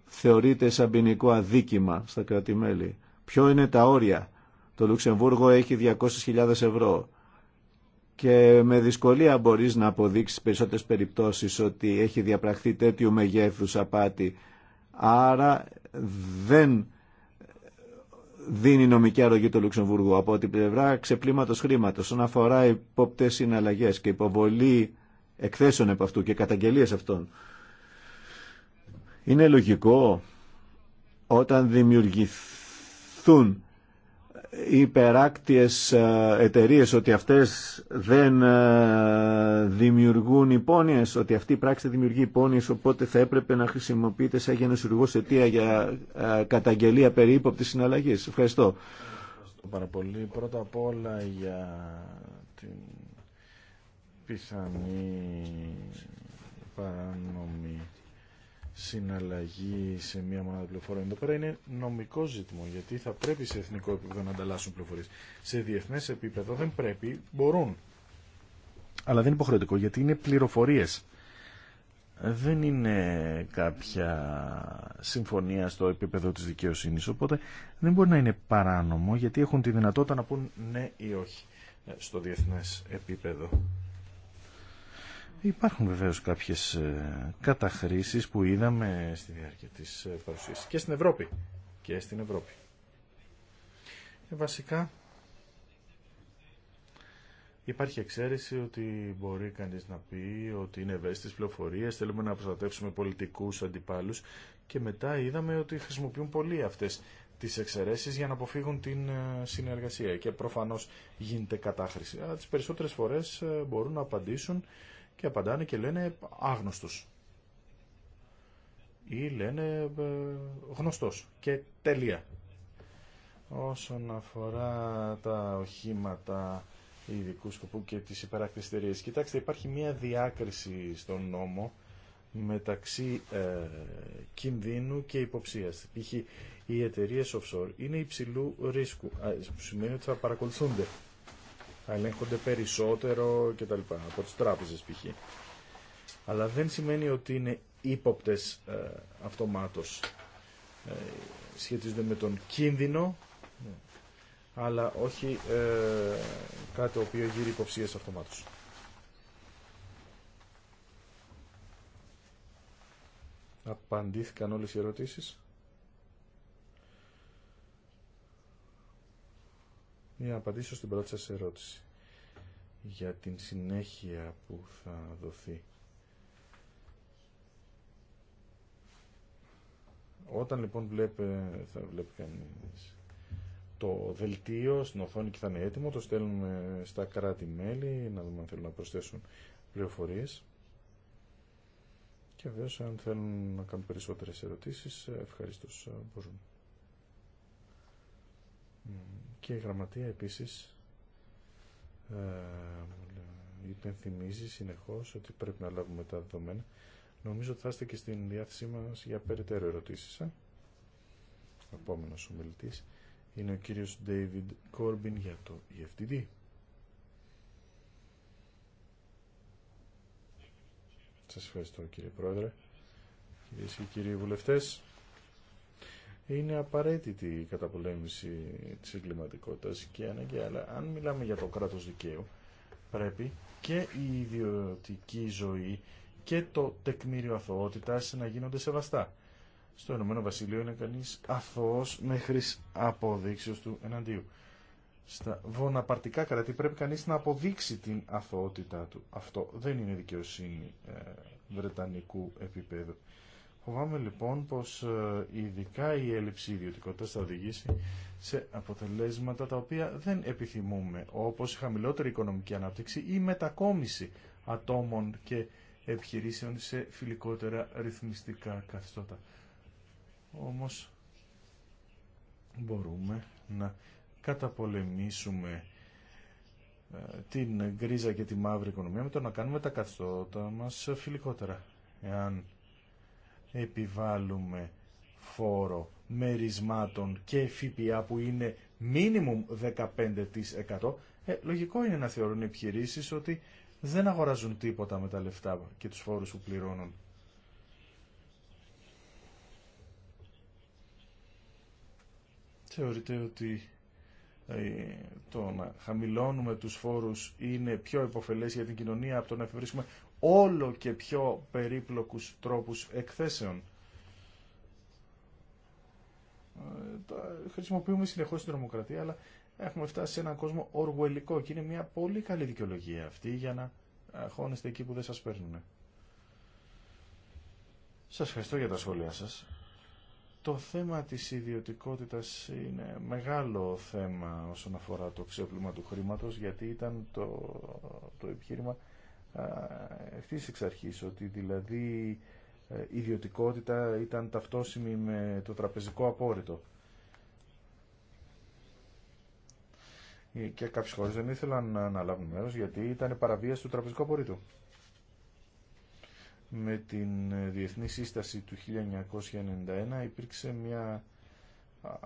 B: θεωρείται σαν ποινικό αδίκημα στα κράτη-μέλη. Ποιο είναι τα όρια. Το Λουξεμβούργο έχει 200.000 ευρώ και με δυσκολία μπορείς να αποδείξεις περισσότερες περιπτώσεις ότι έχει διαπραχθεί τέτοιου μεγέθους απάτη. Άρα δεν δίνει νομική αρρωγή του Λουξεμβούργου. Από την πλευρά ξεπλήματο χρήματο, όσον αφορά υπόπτε συναλλαγέ και υποβολή εκθέσεων από αυτού και καταγγελίε αυτών. Είναι λογικό όταν δημιουργηθούν υπεράκτιες ε, εταιρείε ότι αυτές δεν ε, δημιουργούν υπόνοιες, ότι αυτή η πράξη δημιουργεί υπόνοιες, οπότε θα έπρεπε να χρησιμοποιείται σαν γενοσυργός αιτία για ε, καταγγελία περί ύποπτης συναλλαγής. Ευχαριστώ.
E: Ευχαριστώ πάρα πολύ. Πρώτα απ' όλα για την πιθανή παράνομη συναλλαγή σε μία μονάδα πληροφοριών. Εδώ πέρα είναι νομικό ζήτημα, γιατί θα πρέπει σε εθνικό επίπεδο να ανταλλάσσουν πληροφορίε. Σε διεθνέ επίπεδο δεν πρέπει, μπορούν. Αλλά δεν είναι υποχρεωτικό, γιατί είναι πληροφορίε. Δεν είναι κάποια συμφωνία στο επίπεδο της δικαιοσύνης, οπότε δεν μπορεί να είναι παράνομο, γιατί έχουν τη δυνατότητα να πούν ναι ή όχι ε, στο διεθνές επίπεδο. Υπάρχουν βεβαίως κάποιες ε, καταχρήσεις που είδαμε στη διάρκεια της ε, παρουσίαση και στην Ευρώπη. Και στην Ευρώπη. Ε, βασικά υπάρχει εξαίρεση ότι μπορεί κανείς να πει ότι είναι ευαίσθητες πληροφορίες, θέλουμε να προστατεύσουμε πολιτικούς αντιπάλους και μετά είδαμε ότι χρησιμοποιούν πολύ αυτές τις εξαιρέσεις για να αποφύγουν την συνεργασία και προφανώς γίνεται κατάχρηση. Αλλά τις περισσότερες φορές μπορούν να απαντήσουν και απαντάνε και λένε άγνωστος ή λένε ε, γνωστός και τελεία. Όσον αφορά τα οχήματα ειδικού σκοπού και τις υπερακριστηρίες, κοιτάξτε υπάρχει μία διάκριση στον νόμο μεταξύ ε, κινδύνου και υποψίας. Π.χ. οι εταιρείε offshore είναι υψηλού ρίσκου, που σημαίνει ότι θα παρακολουθούνται θα ελέγχονται περισσότερο κτλ. από τις τράπεζες π.χ. Αλλά δεν σημαίνει ότι είναι ύποπτες ε, αυτομάτως. Ε, σχετίζονται με τον κίνδυνο, αλλά όχι ε, κάτι το οποίο γύρει υποψίες αυτομάτως. Απαντήθηκαν όλες οι ερωτήσεις. για να απαντήσω στην πρώτη σας ερώτηση για την συνέχεια που θα δοθεί. Όταν λοιπόν βλέπε, θα βλέπει κανείς το δελτίο στην οθόνη και θα είναι έτοιμο, το στέλνουμε στα κράτη-μέλη, να δούμε αν θέλουν να προσθέσουν πληροφορίες. Και βέβαια αν θέλουν να κάνουν περισσότερες ερωτήσεις, ευχαριστώ και η γραμματεία επίσης ε, υπενθυμίζει συνεχώς ότι πρέπει να λάβουμε τα δεδομένα. Νομίζω ότι θα είστε και στην διάθεσή μας για περαιτέρω ερωτήσεις. Ε? Ο επόμενος είναι ο κύριος David Corbin για το EFTD. Σας ευχαριστώ κύριε Πρόεδρε. Κυρίες και κύριοι βουλευτές, είναι απαραίτητη η καταπολέμηση της εγκληματικότητας και αναγκαία. Αλλά αν μιλάμε για το κράτος δικαίου, πρέπει και η ιδιωτική ζωή και το τεκμήριο αθωότητας να γίνονται σεβαστά. Στο Ηνωμένο Βασίλειο είναι κανείς αθώος μέχρι αποδείξεως του εναντίου. Στα βοναπαρτικά κρατή πρέπει κανείς να αποδείξει την αθωότητά του. Αυτό δεν είναι δικαιοσύνη ε, βρετανικού επίπεδου. Φοβάμαι λοιπόν πως ε, ειδικά η έλλειψη ιδιωτικότητα θα οδηγήσει σε αποτελέσματα τα οποία δεν επιθυμούμε, όπως η χαμηλότερη οικονομική ανάπτυξη ή μετακόμιση ατόμων και επιχειρήσεων σε φιλικότερα ρυθμιστικά καθιστώτα. Όμως μπορούμε να καταπολεμήσουμε ε, την γκρίζα και τη μαύρη οικονομία με το να κάνουμε τα καθιστώτα μας φιλικότερα. Εάν επιβάλλουμε φόρο μερισμάτων και ΦΠΑ που είναι μίνιμουμ 15% ε, λογικό είναι να θεωρούν οι επιχειρήσει ότι δεν αγοράζουν τίποτα με τα λεφτά και τους φόρους που πληρώνουν. Θεωρείτε ότι ε, το να χαμηλώνουμε τους φόρους είναι πιο υποφελές για την κοινωνία από το να εφευρίσκουμε όλο και πιο περίπλοκους τρόπους εκθέσεων. Ε, χρησιμοποιούμε συνεχώς την τρομοκρατία, αλλά έχουμε φτάσει σε έναν κόσμο οργουελικό και είναι μια πολύ καλή δικαιολογία αυτή για να χώνεστε εκεί που δεν σας παίρνουν. Σας ευχαριστώ για τα σχόλιά σας. Το θέμα της ιδιωτικότητας είναι μεγάλο θέμα όσον αφορά το ξέπλυμα του χρήματος γιατί ήταν το, το επιχείρημα ευθύς εξ αρχής, ότι δηλαδή ε, η ιδιωτικότητα ήταν ταυτόσιμη με το τραπεζικό απόρριτο. Ε, και κάποιες χώρες δεν ήθελαν να αναλάβουν μέρος γιατί ήταν παραβίαση του τραπεζικού απορρίτου. Με την ε, Διεθνή Σύσταση του 1991 υπήρξε μια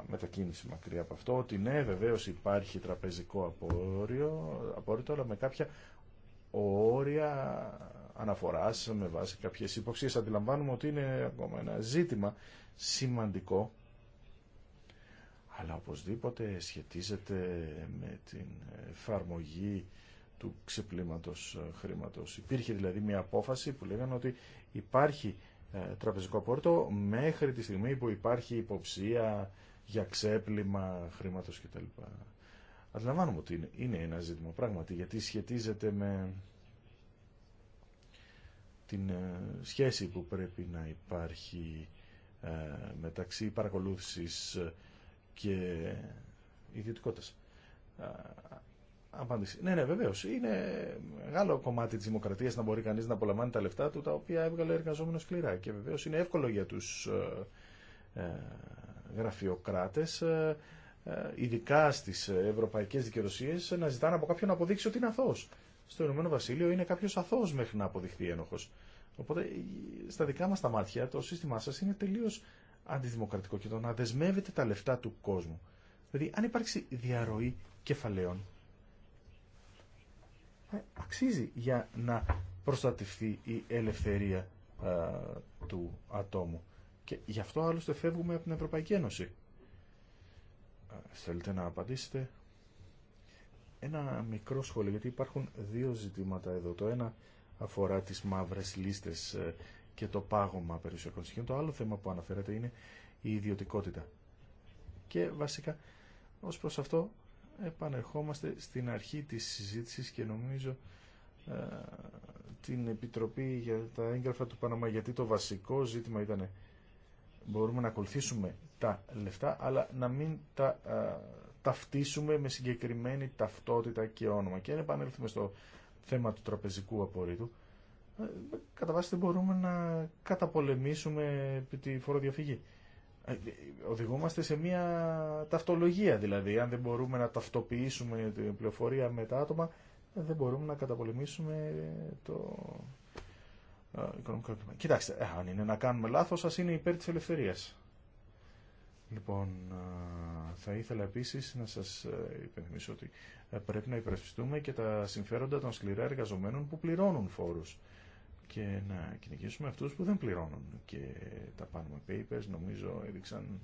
E: μετακίνηση μακριά από αυτό, ότι ναι βεβαίως υπάρχει τραπεζικό απόρριτο, αλλά με κάποια όρια αναφοράς με βάση κάποιες υποψίες. Αντιλαμβάνουμε ότι είναι ακόμα ένα ζήτημα σημαντικό αλλά οπωσδήποτε σχετίζεται με την εφαρμογή του ξεπλήματος χρήματος. Υπήρχε δηλαδή μια απόφαση που λέγανε ότι υπάρχει ε, τραπεζικό πόρτο μέχρι τη στιγμή που υπάρχει υποψία για ξέπλυμα χρήματος κτλ. Αντιλαμβάνομαι ότι είναι ένα ζήτημα πράγματι γιατί σχετίζεται με την ε, σχέση που πρέπει να υπάρχει ε, μεταξύ παρακολούθησης ε, και ιδιωτικότητας. Απάντηση. Ναι, ναι, βεβαίως. Είναι μεγάλο κομμάτι της δημοκρατίας να μπορεί κανείς να απολαμβάνει τα λεφτά του τα οποία έβγαλε εργαζόμενο σκληρά και βεβαίως είναι εύκολο για τους γραφειοκράτες ε, ειδικά στι ευρωπαϊκέ δικαιοδοσίες να ζητάνε από κάποιον να αποδείξει ότι είναι αθώος. Στο Ηνωμένο Βασίλειο είναι κάποιο αθώος μέχρι να αποδειχθεί ένοχο. Οπότε ε, στα δικά μα τα μάτια το σύστημά σα είναι τελείω αντιδημοκρατικό και το να δεσμεύετε τα λεφτά του κόσμου. Δηλαδή αν υπάρξει διαρροή κεφαλαίων ε, αξίζει για να προστατευτεί η ελευθερία του ατόμου. Και γι' αυτό άλλωστε φεύγουμε από την Ευρωπαϊκή Ένωση θέλετε να απαντήσετε ένα μικρό σχόλιο γιατί υπάρχουν δύο ζητήματα εδώ το ένα αφορά τις μαύρες λίστες ε, και το πάγωμα περιουσιακών στοιχείων το άλλο θέμα που αναφέρατε είναι η ιδιωτικότητα και βασικά ως προς αυτό επανερχόμαστε στην αρχή της συζήτησης και νομίζω ε, την Επιτροπή για τα έγγραφα του Παναμά γιατί το βασικό ζήτημα ήταν μπορούμε να ακολουθήσουμε τα λεφτά, αλλά να μην τα ταυτίσουμε με συγκεκριμένη ταυτότητα και όνομα. Και αν επανέλθουμε στο θέμα του τραπεζικού απορρίτου, ε, κατά βάση δεν μπορούμε να καταπολεμήσουμε τη φοροδιαφυγή. Ε, ε, οδηγούμαστε σε μια ταυτολογία δηλαδή. Αν δεν μπορούμε να ταυτοποιήσουμε την πληροφορία με τα άτομα, δεν μπορούμε να καταπολεμήσουμε το ε, Κοιτάξτε, ε, αν είναι να κάνουμε λάθος, σας είναι υπέρ της ελευθερίας. Λοιπόν, ε, θα ήθελα επίσης να σας υπενθυμίσω ότι πρέπει να υπερασπιστούμε και τα συμφέροντα των σκληρά εργαζομένων που πληρώνουν φόρους και να κυνηγήσουμε αυτούς που δεν πληρώνουν. Και τα Panama Papers νομίζω έδειξαν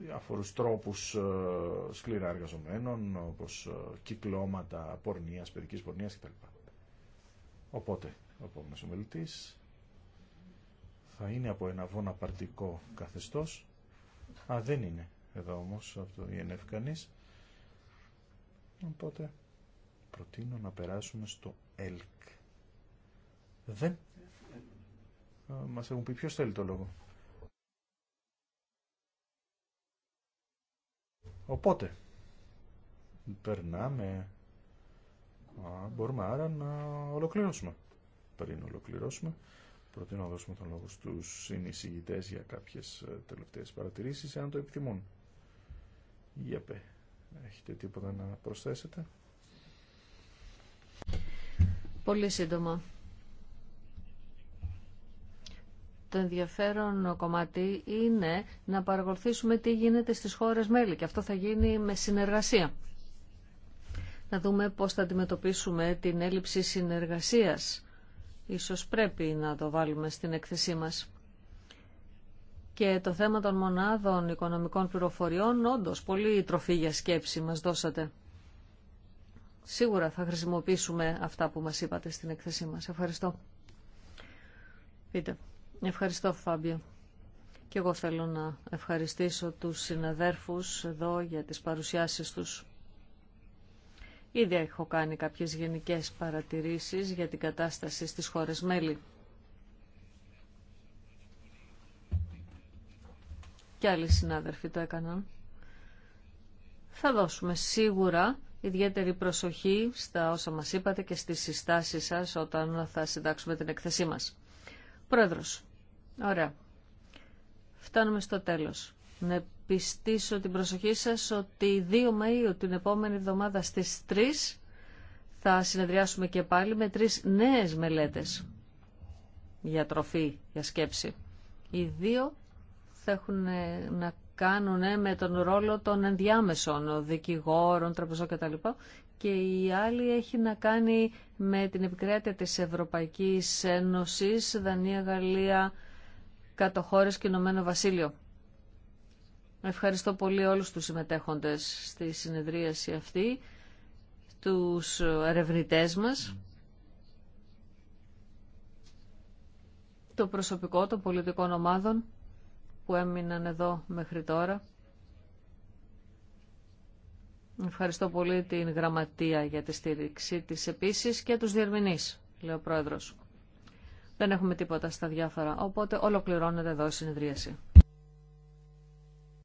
E: διάφορους τρόπους ε, σκληρά εργαζομένων όπως ε, κυκλώματα πορνείας, παιδικής πορνείας κτλ. Οπότε, ο επόμενος ομιλητής θα είναι από ένα βοναπαρτικό καθεστώς. Α, δεν είναι εδώ όμως από το ΙΕΝΕΦ Οπότε, προτείνω να περάσουμε στο ΕΛΚ. Δεν. Ε, μας έχουν πει ποιος θέλει το λόγο. Οπότε, περνάμε, μπορούμε άρα να ολοκληρώσουμε. Πριν ολοκληρώσουμε, προτείνω να δώσουμε τον λόγο στους συνεισηγητές για κάποιες ε, τελευταίες παρατηρήσεις, αν το επιθυμούν. Για ε ε, έχετε τίποτα να προσθέσετε.
D: Πολύ σύντομα. το ενδιαφέρον κομμάτι είναι να παρακολουθήσουμε τι γίνεται στις χώρες μέλη και αυτό θα γίνει με συνεργασία. Να δούμε πώς θα αντιμετωπίσουμε την έλλειψη συνεργασίας. Ίσως πρέπει να το βάλουμε στην έκθεσή μας. Και το θέμα των μονάδων οικονομικών πληροφοριών, όντως, πολύ τροφή για σκέψη μας δώσατε. Σίγουρα θα χρησιμοποιήσουμε αυτά που μας είπατε στην έκθεσή μας. Ευχαριστώ. Ευχαριστώ Φάμπιο. Και εγώ θέλω να ευχαριστήσω τους συναδέρφους εδώ για τις παρουσιάσεις τους. Ήδη έχω κάνει κάποιες γενικές παρατηρήσεις για την κατάσταση στις χώρες μέλη. Και άλλοι συνάδελφοι το έκαναν. Θα δώσουμε σίγουρα ιδιαίτερη προσοχή στα όσα μας είπατε και στις συστάσεις σας όταν θα συντάξουμε την εκθεσή μας. Πρόεδρος, Ωραία. Φτάνουμε στο τέλος. Να πιστήσω την προσοχή σας ότι 2 Μαΐου την επόμενη εβδομάδα στις 3 θα συνεδριάσουμε και πάλι με τρεις νέες μελέτες για τροφή, για σκέψη. Οι δύο θα έχουν ε, να κάνουν ε, με τον ρόλο των ενδιάμεσων δικηγόρων, τραπεζών κτλ. Και η άλλη έχει να κάνει με την επικράτεια της Ευρωπαϊκής Ένωσης, Δανία, Γαλλία, κάτω και Ηνωμένο Βασίλειο. Ευχαριστώ πολύ όλους τους συμμετέχοντες στη συνεδρίαση αυτή, τους ερευνητέ μας, το προσωπικό των πολιτικών ομάδων που έμειναν εδώ μέχρι τώρα. Ευχαριστώ πολύ την Γραμματεία για τη στήριξή της επίσης και τους διερμηνείς, λέει ο Πρόεδρος. Δεν έχουμε τίποτα στα διάφορα, οπότε ολοκληρώνεται εδώ η συνεδρίαση.